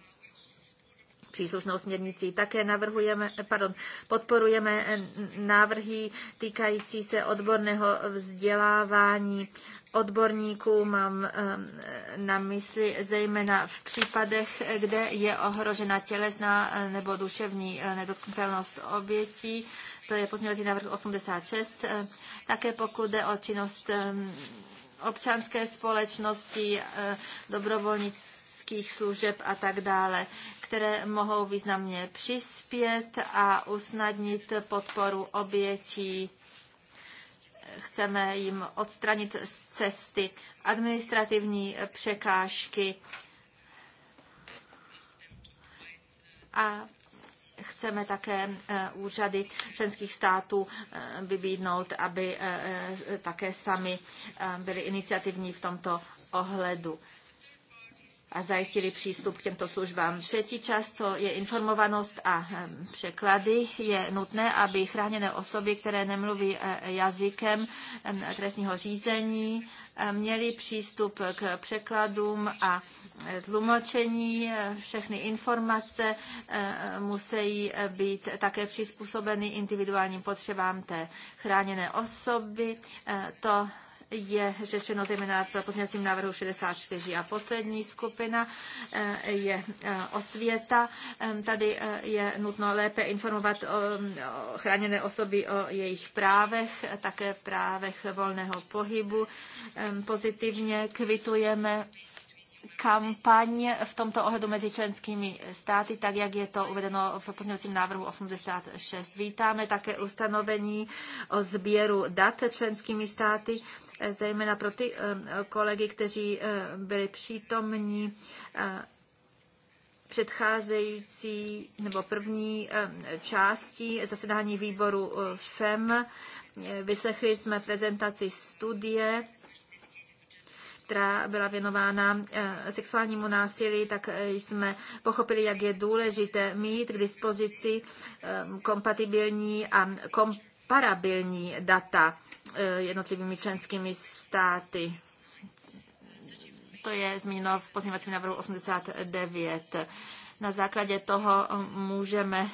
příslušnou směrnicí. Také navrhujeme, pardon, podporujeme návrhy týkající se odborného vzdělávání odborníků, mám ehm, na mysli zejména v případech, kde je ohrožena tělesná eh, nebo duševní eh, nedotknutelnost obětí, to je pozměňovací návrh 86, eh, také pokud jde o činnost ehm, občanské společnosti, dobrovolnických služeb a tak dále, které mohou významně přispět a usnadnit podporu obětí chceme jim odstranit z cesty administrativní překážky a chceme také e, úřady členských států e, vybídnout, aby e, také sami byli iniciativní v tomto ohledu a zajistili přístup k těmto službám. Třetí část, co je informovanost a eh, překlady, je nutné, aby chráněné osoby, které nemluví eh, jazykem eh, trestního řízení, měly přístup k překladům a tlumočení. Všechny informace musí být také přizpůsobeny individuálním potřebám té chráněné osoby. To je řešeno zejména v pozměňovacím návrhu 64. A poslední skupina eh, je eh, osvěta. Ehm, tady eh, je nutno lépe informovat ehm, o chráněné osoby o jejich právech, také právech volného pohybu. Ehm, pozitivně kvitujeme kampaň v tomto ohledu mezi členskými státy, tak jak je to uvedeno v pozměňovacím návrhu 86. Vítáme také ustanovení o sběru dat členskými státy, eh, zejména pro ty eh, kolegy, kteří eh, byli přítomní předcházející nebo první části zasedání výboru FEM. Vyslechli jsme prezentaci studie která byla věnována eh, sexuálnímu násilí, tak eh, jsme pochopili, jak je důležité mít k dispozici eh, kompatibilní a komparabilní data jednotlivými členskými státy. To je zmíněno v pozměňovacím návrhu 89. Na základě toho můžeme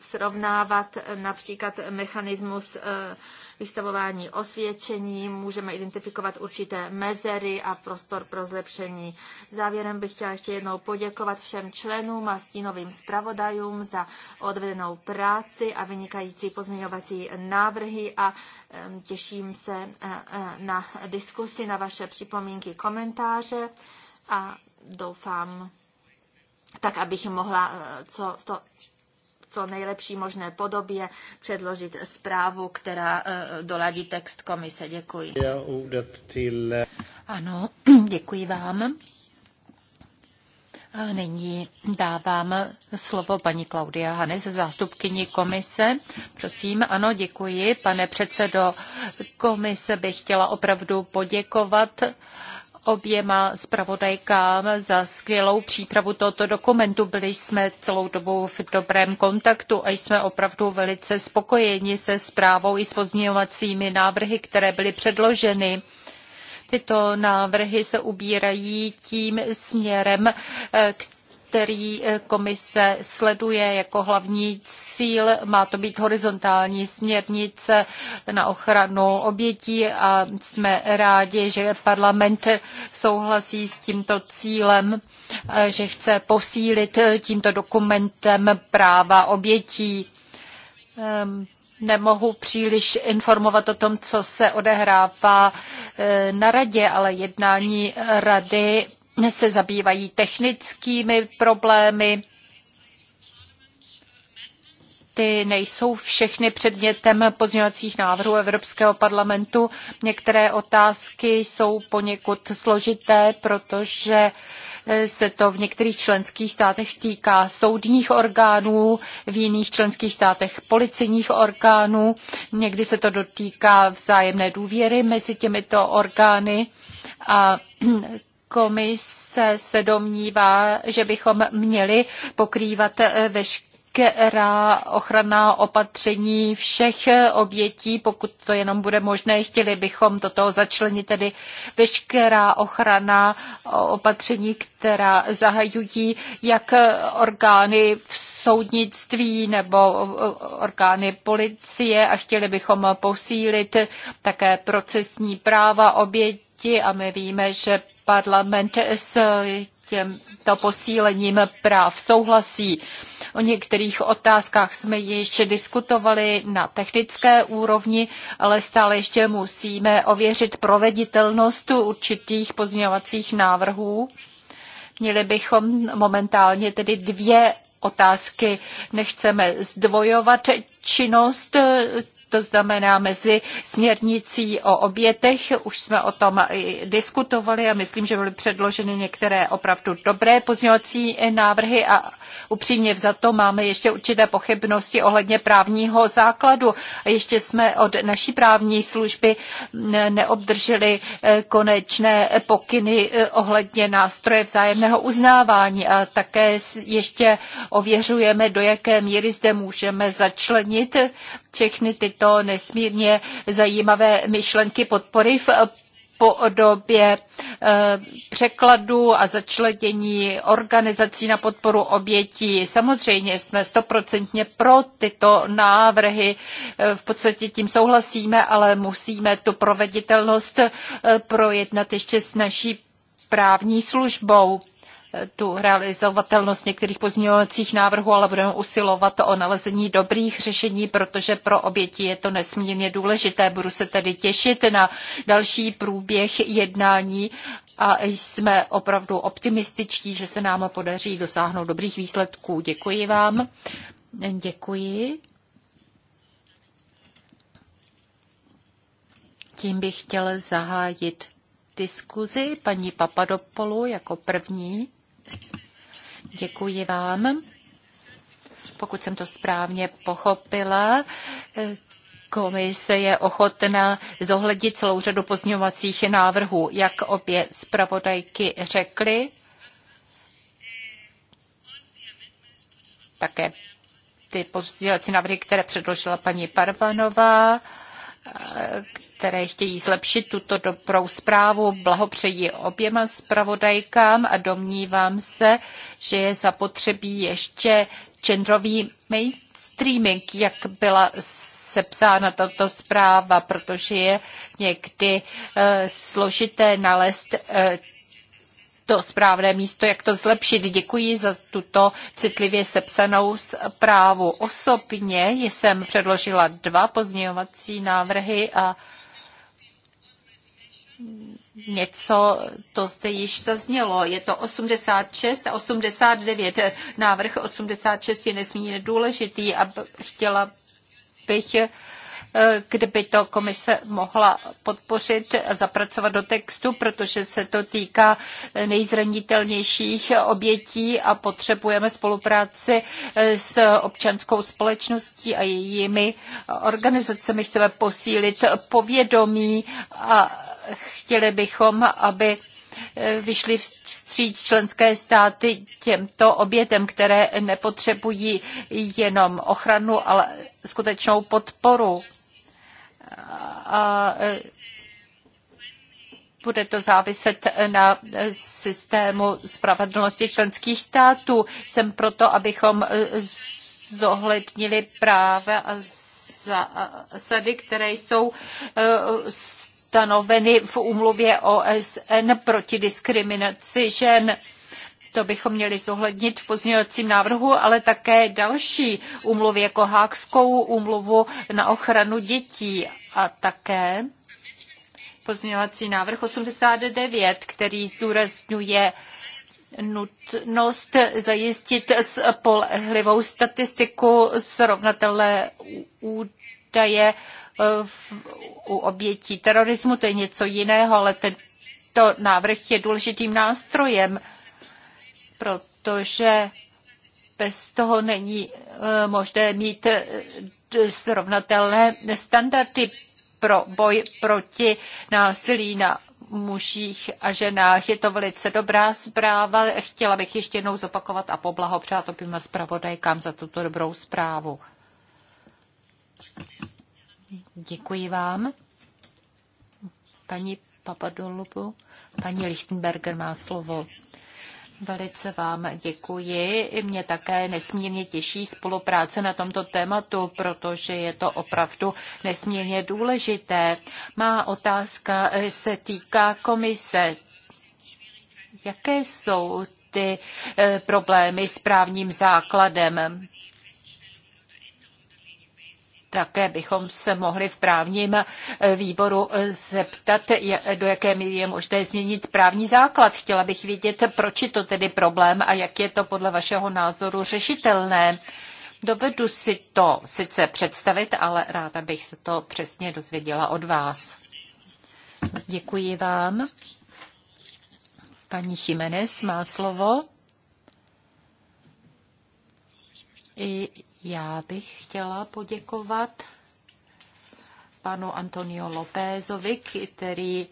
srovnávat například mechanismus eh, vystavování osvědčení, můžeme identifikovat určité mezery a prostor pro zlepšení. Závěrem bych chtěla ještě jednou poděkovat všem členům a stínovým zpravodajům za odvedenou práci a vynikající pozměňovací návrhy a těším se eh, eh, na diskusi, na vaše připomínky, komentáře a doufám, tak abych mohla co v to co nejlepší možné podobě předložit zprávu, která eh, doladí text komise. Děkuji. Eh, ano, děkuji vám. A nyní dávám slovo paní Klaudia ze zástupkyni komise. Prosím, ano, děkuji, pane předsedo. Komise bych chtěla opravdu poděkovat oběma zpravodajkám za skvělou přípravu tohoto dokumentu. Byli jsme celou dobu v dobrém kontaktu a jsme opravdu velice spokojeni se zprávou i s pozměňovacími návrhy, které byly předloženy. Tyto návrhy se ubírají tím směrem, který eh, který eh, komise sleduje jako hlavní cíl. Má to být horizontální směrnice na ochranu obětí a jsme rádi, že parlament souhlasí s tímto cílem, eh, že chce posílit eh, tímto dokumentem práva obětí ehm, nemohu příliš informovat o tom, co se odehrává na radě, ale jednání rady se zabývají technickými problémy. Ty nejsou všechny předmětem pozměňovacích návrhů Evropského parlamentu. Některé otázky jsou poněkud složité, protože se to v některých členských státech týká soudních orgánů, v jiných členských státech policejních orgánů. Někdy se to dotýká vzájemné důvěry mezi těmito orgány a komise se domnívá, že bychom měli pokrývat eh, veškeré která ochranná opatření všech eh, obětí, pokud to jenom bude možné, chtěli bychom do toho začlenit tedy veškerá ochrana eh, opatření, která zahajují jak orgány v soudnictví nebo orgány policie a chtěli bychom posílit také procesní práva obětí a my víme, že parlament s tímto posílením práv souhlasí. O některých otázkách jsme již diskutovali na technické úrovni, ale stále ještě musíme ověřit proveditelnost určitých pozměňovacích návrhů. Měli bychom momentálně tedy dvě otázky. Nechceme zdvojovat činnost to znamená mezi směrnicí o obětech. Už jsme o tom diskutovali a myslím, že byly předloženy některé opravdu dobré pozměňovací návrhy a upřímně to máme ještě určité pochybnosti ohledně právního základu. A ještě jsme od naší právní služby neobdrželi eh, konečné pokyny eh, ohledně nástroje vzájemného uznávání a také ještě ověřujeme, do jaké míry zde můžeme začlenit všechny tyto nesmírně zajímavé myšlenky podpory v eh, podobě eh, překladu a začlenění organizací na podporu obětí. Samozřejmě jsme stoprocentně pro tyto návrhy, eh, v podstatě tím souhlasíme, ale musíme tu proveditelnost projednat ještě s naší právní službou tu realizovatelnost některých pozměňovacích návrhů, ale budeme usilovat o nalezení dobrých řešení, protože pro oběti je to nesmírně důležité. Budu se tedy těšit na další průběh jednání a jsme opravdu optimističtí, že se nám podaří dosáhnout dobrých výsledků. Děkuji vám. Děkuji. Tím bych chtěl zahájit diskuzi paní Papadopolu jako první. Děkuji vám. Pokud jsem to správně pochopila, Komise je ochotna zohlednit celou řadu pozňovacích návrhů, jak obě zpravodajky řekly. Také ty pozdělací návrhy, které předložila paní Parvanová, které chtějí zlepšit tuto dobrou zprávu. Blahopřeji oběma zpravodajkám a domnívám se, že je zapotřebí ještě genderový mainstreaming, jak byla sepsána tato zpráva, protože je někdy eh, složité nalézt eh, to správné místo, jak to zlepšit. Děkuji za tuto citlivě sepsanou zprávu. Osobně jsem předložila dva pozměňovací návrhy a něco, to zde již zaznělo. Je to 86 a 89. Návrh 86 je nesmírně důležitý a chtěla bych Eh, kdyby to komise mohla podpořit a zapracovat do textu, protože se to týká nejzranitelnějších obětí a potřebujeme spolupráci eh, s občanskou společností a jejími organizacemi. Chceme posílit povědomí a chtěli bychom, aby Eh, vyšly vstříc členské státy těmto obětem, které nepotřebují jenom ochranu, ale skutečnou podporu. A bude to záviset na systému spravedlnosti členských států. Jsem proto, abychom zohlednili práva a zásady, které jsou eh, stanoveny v úmluvě OSN proti diskriminaci žen. To bychom měli zohlednit v pozměňovacím návrhu, ale také další úmluvy, jako Hákskou úmluvu na ochranu dětí a také pozměňovací návrh 89, který zdůrazňuje nutnost zajistit spolehlivou statistiku srovnatelné údaje v, u obětí terorismu, to je něco jiného, ale tento návrh je důležitým nástrojem, protože bez toho není eh, možné mít eh, srovnatelné standardy pro boj proti násilí na mužích a ženách. Je to velice dobrá zpráva. Chtěla bych ještě jednou zopakovat a poblahopřát oběma zpravodajkám za tuto dobrou zprávu. Děkuji vám. Paní Papadolubu, paní Lichtenberger má slovo. Velice vám děkuji. Mě také nesmírně těší spolupráce na tomto tématu, protože je to opravdu nesmírně důležité. Má otázka eh, se týká komise. Jaké jsou ty eh, problémy s právním základem? Také bychom se mohli v právním eh, výboru eh, zeptat, do jaké míry je možné změnit právní základ. Chtěla bych vědět, proč je to tedy problém a jak je to podle vašeho názoru řešitelné. Dovedu si to sice představit, ale ráda bych se to přesně dozvěděla od vás. Děkuji vám. Paní Jiménez má slovo. Já bych chtěla poděkovat panu Antonio Lópezovi, který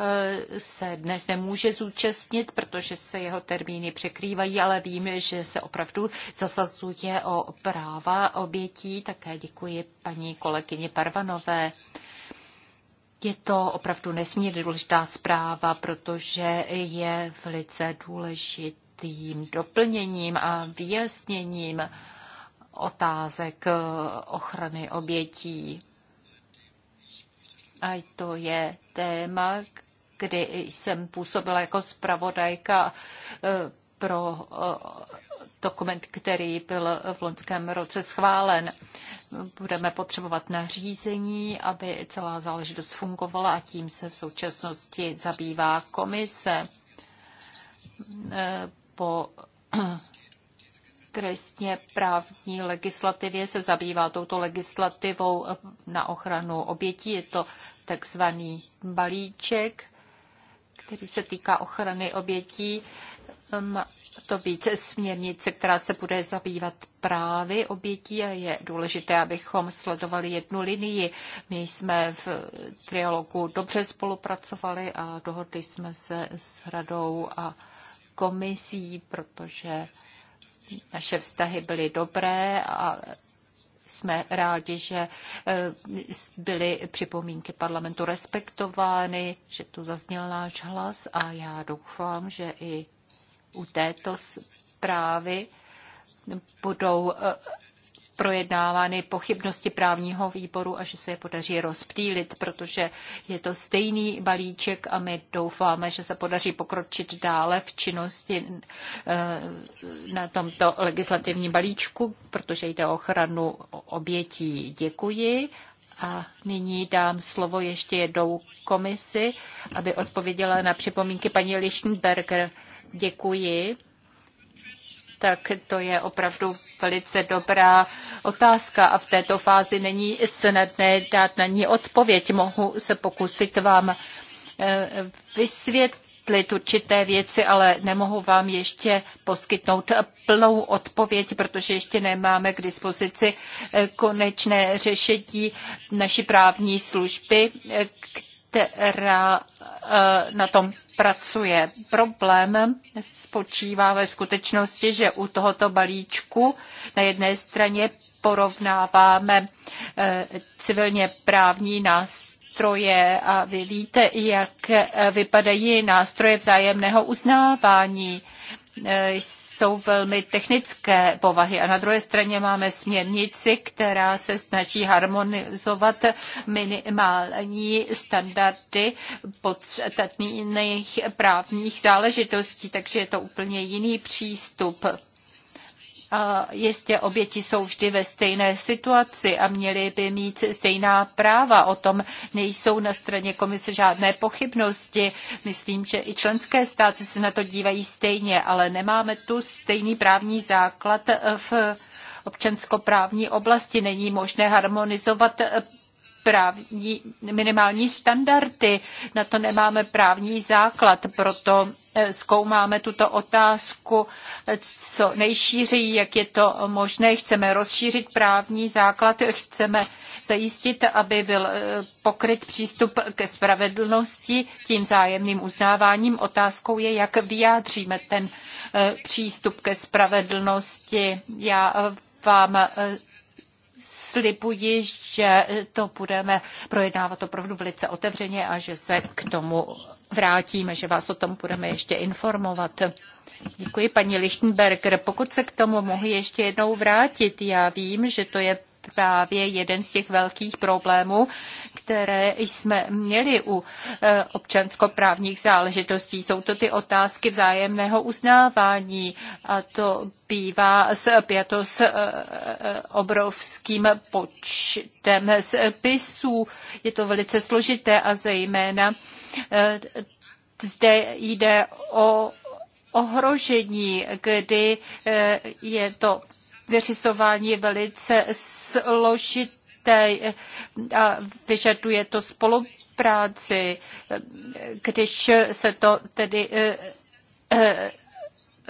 eh, se dnes nemůže zúčastnit, protože se jeho termíny překrývají, ale vím, že se opravdu zasazuje o práva obětí. Také děkuji paní kolegyně Parvanové. Je to opravdu nesmírně důležitá zpráva, protože je velice důležitým doplněním a vyjasněním otázek eh, ochrany obětí. A to je téma, kdy jsem působila jako zpravodajka eh, pro eh, dokument, který byl v loňském roce schválen. Budeme potřebovat nařízení, aby celá záležitost fungovala a tím se v současnosti zabývá komise. Po trestně právní legislativě se zabývá touto legislativou na ochranu obětí. Je to takzvaný balíček, který se týká ochrany obětí. Má to být směrnice, která se bude zabývat právy obětí a je důležité, abychom sledovali jednu linii. My jsme v trialogu dobře spolupracovali a dohodli jsme se s radou a komisí, protože naše vztahy byly dobré a jsme rádi, že eh, byly připomínky parlamentu respektovány, že tu zazněl náš hlas a já doufám, že i u této zprávy budou eh, projednávány pochybnosti právního výboru a že se je podaří rozptýlit, protože je to stejný balíček a my doufáme, že se podaří pokročit dále v činnosti eh, na tomto legislativním balíčku, protože jde o ochranu obětí. Děkuji. A nyní dám slovo ještě jednou komisi, aby odpověděla na připomínky paní Lichtenberger. Děkuji tak to je opravdu velice dobrá otázka a v této fázi není snadné dát na ní odpověď. Mohu se pokusit vám eh, vysvětlit určité věci, ale nemohu vám ještě poskytnout plnou odpověď, protože ještě nemáme k dispozici eh, konečné řešení naší právní služby, eh, která na tom pracuje. Problém spočívá ve skutečnosti, že u tohoto balíčku na jedné straně porovnáváme eh, civilně právní nás nástroje a vy víte, jak eh, vypadají nástroje vzájemného uznávání. Eh, jsou velmi technické povahy. A na druhé straně máme směrnici, která se snaží harmonizovat minimální standardy podstatných právních záležitostí, takže je to úplně jiný přístup. A jistě oběti jsou vždy ve stejné situaci a měly by mít stejná práva. O tom nejsou na straně komise žádné pochybnosti. Myslím, že i členské státy se na to dívají stejně, ale nemáme tu stejný právní základ v občanskoprávní oblasti. Není možné harmonizovat právní, minimální standardy. Na to nemáme právní základ, proto eh, zkoumáme tuto otázku eh, co nejšířejí, jak je to možné. Chceme rozšířit právní základ, chceme zajistit, aby byl eh, pokryt přístup ke spravedlnosti tím zájemným uznáváním. Otázkou je, jak vyjádříme ten přístup ke spravedlnosti. Já vám slibuji, že to budeme projednávat opravdu velice otevřeně a že se k tomu vrátíme, že vás o tom budeme ještě informovat. Děkuji, paní Lichtenberger. Pokud se k tomu mohu ještě jednou vrátit, já vím, že to je právě jeden z těch velkých problémů, které jsme měli u eh, občanskoprávních záležitostí. Jsou to ty otázky vzájemného uznávání a to bývá s s eh, eh, obrovským počtem spisů. Je to velice složité a zejména zde jde o ohrožení, kdy je to vyřizování je velice složité a vyžaduje to spolupráci, když se to tedy eh, eh,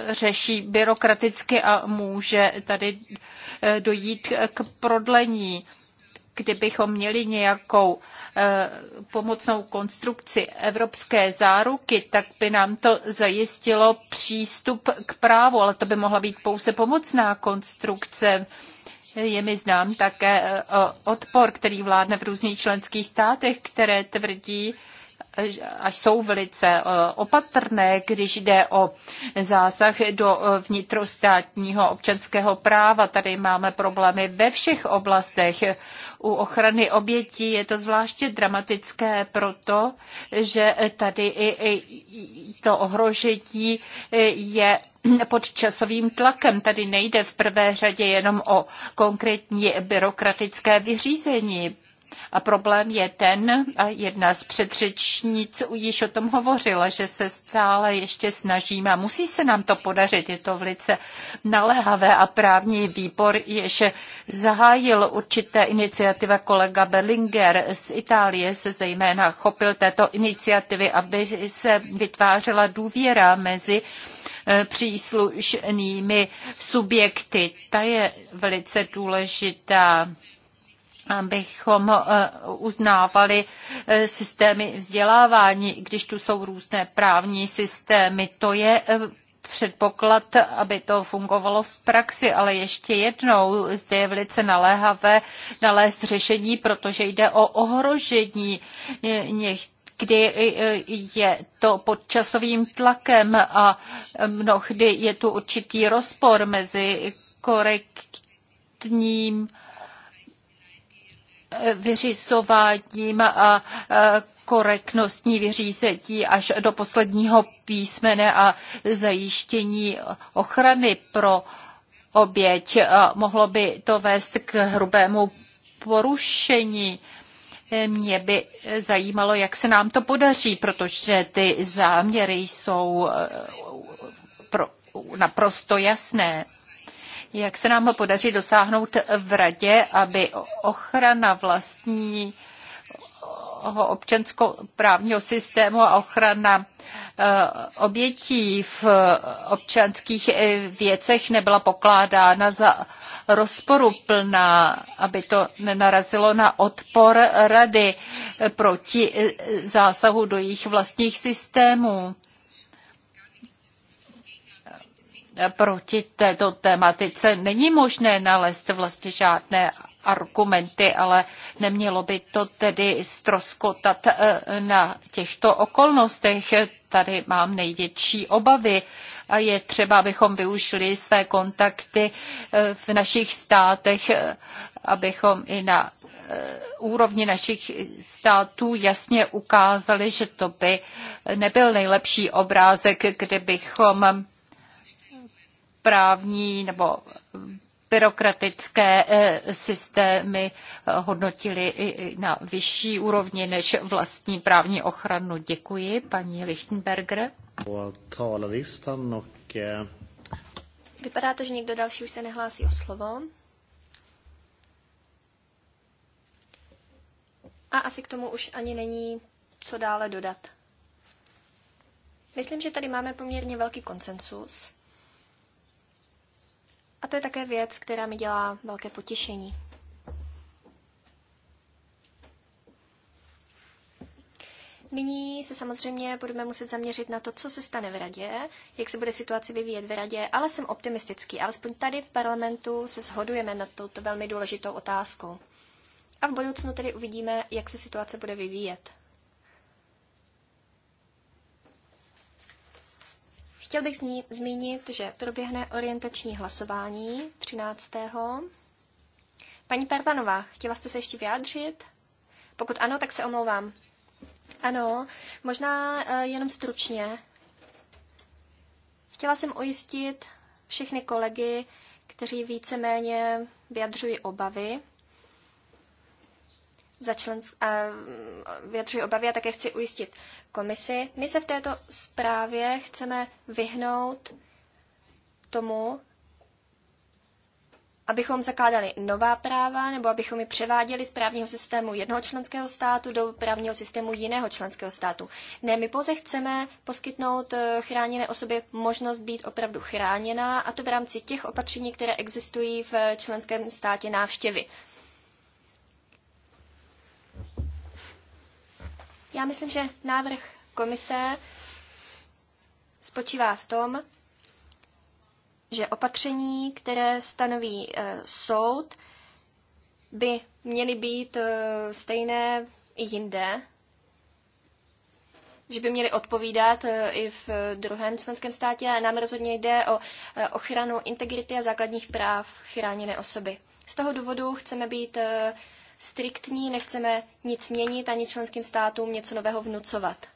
řeší byrokraticky a může tady eh, dojít k prodlení kdybychom měli nějakou eh, pomocnou konstrukci evropské záruky, tak by nám to zajistilo přístup k právu, ale to by mohla být pouze pomocná konstrukce. Je mi znám také eh, odpor, který vládne v různých členských státech, které tvrdí, a jsou velice eh, opatrné, když jde o zásah do eh, vnitrostátního občanského práva. Tady máme problémy ve všech oblastech. U ochrany obětí je to zvláště dramatické proto, že tady i to ohrožení eh, je pod časovým tlakem. Tady nejde v prvé řadě jenom o konkrétní byrokratické vyřízení. A problém je ten, a jedna z předřečnic již o tom hovořila, že se stále ještě snažíme a musí se nám to podařit. Je to velice naléhavé a právní výbor jež zahájil určité iniciativa kolega Berlinger z Itálie se zejména chopil této iniciativy, aby se vytvářela důvěra mezi eh, příslušnými subjekty. Ta je velice důležitá abychom eh, uznávali eh, systémy vzdělávání, když tu jsou různé právní systémy. To je eh, předpoklad, aby to fungovalo v praxi, ale ještě jednou zde je velice naléhavé nalézt řešení, protože jde o ohrožení některých kdy je to pod časovým tlakem a mnohdy je tu určitý rozpor mezi korektním vyřizováním a korektnostní vyřízení až do posledního písmene a zajištění ochrany pro oběť. Mohlo by to vést k hrubému porušení. Mě by zajímalo, jak se nám to podaří, protože ty záměry jsou eh, naprosto jasné. Jak se nám ho podaří dosáhnout v radě, aby ochrana vlastní občanskoprávního systému a ochrana eh, obětí v občanských eh, věcech nebyla pokládána za rozporuplná, aby to nenarazilo na odpor rady proti eh, zásahu do jejich vlastních systémů. proti této tématice. Není možné nalézt vlastně žádné argumenty, ale nemělo by to tedy stroskotat eh, na těchto okolnostech. Tady mám největší obavy a je třeba, abychom využili své kontakty eh, v našich státech, eh, abychom i na úrovni našich států jasně ukázali, že to by nebyl nejlepší obrázek, kdybychom právní nebo byrokratické eh, systémy eh, hodnotili i na vyšší úrovni než vlastní právní ochranu. Děkuji, paní Lichtenberger. Eh, Vypadá to, že někdo další už se nehlásí o slovo. A asi k tomu už ani není co dále dodat. Myslím, že tady máme poměrně velký konsensus. A to je také věc, která mi dělá velké potěšení. Nyní se samozřejmě budeme muset zaměřit na to, co se stane v radě, jak se bude situace vyvíjet v radě, ale jsem optimistický. Alespoň tady v parlamentu se shodujeme na touto velmi důležitou otázkou. A v budoucnu tedy uvidíme, jak se situace bude vyvíjet. Chtěl bych zní, zmínit, že proběhne orientační hlasování 13. Paní Pervanová, chtěla jste se ještě vyjádřit? Pokud ano, tak se omlouvám. Ano, možná uh, jenom stručně. Chtěla jsem ujistit všechny kolegy, kteří víceméně vyjadřují obavy za člensk- a vyjadřuji obavy a také chci ujistit komisi. My se v této zprávě chceme vyhnout tomu, abychom zakládali nová práva nebo abychom ji převáděli z právního systému jednoho členského státu do právního systému jiného členského státu. Ne, my pouze chceme poskytnout eh, chráněné osobě možnost být opravdu chráněná a to v rámci těch opatření, které existují v eh, členském státě návštěvy. Já myslím, že návrh komise spočívá v tom, že opatření, které stanoví e, soud, by měly být e, stejné i jinde, že by měly odpovídat e, i v druhém členském státě. A nám rozhodně jde o e, ochranu integrity a základních práv chráněné osoby. Z toho důvodu chceme být e, striktní, nechceme nic měnit ani členským státům něco nového vnucovat.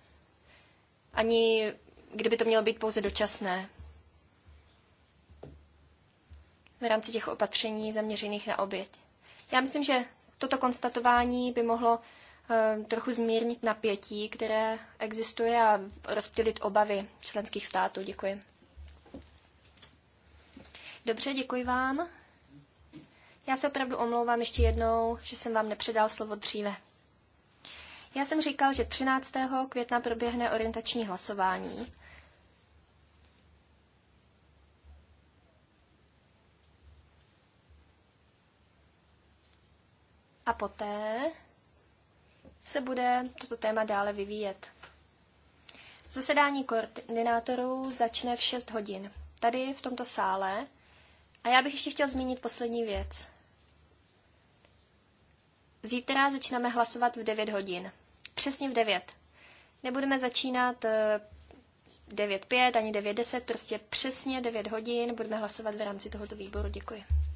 Ani kdyby to mělo být pouze dočasné. V rámci těch opatření zaměřených na oběť. Já myslím, že toto konstatování by mohlo eh, trochu zmírnit napětí, které existuje a rozptýlit obavy členských států. Děkuji. Dobře, děkuji vám. Já se opravdu omlouvám ještě jednou, že jsem vám nepředal slovo dříve. Já jsem říkal, že 13. května proběhne orientační hlasování. A poté se bude toto téma dále vyvíjet. Zasedání koordinátorů začne v 6 hodin, tady v tomto sále. A já bych ještě chtěl zmínit poslední věc. Zítra začínáme hlasovat v 9 hodin. Přesně v 9. Nebudeme začínat 9.5 eh, ani 9.10, prostě přesně 9 hodin. Budeme hlasovat v rámci tohoto výboru. Děkuji.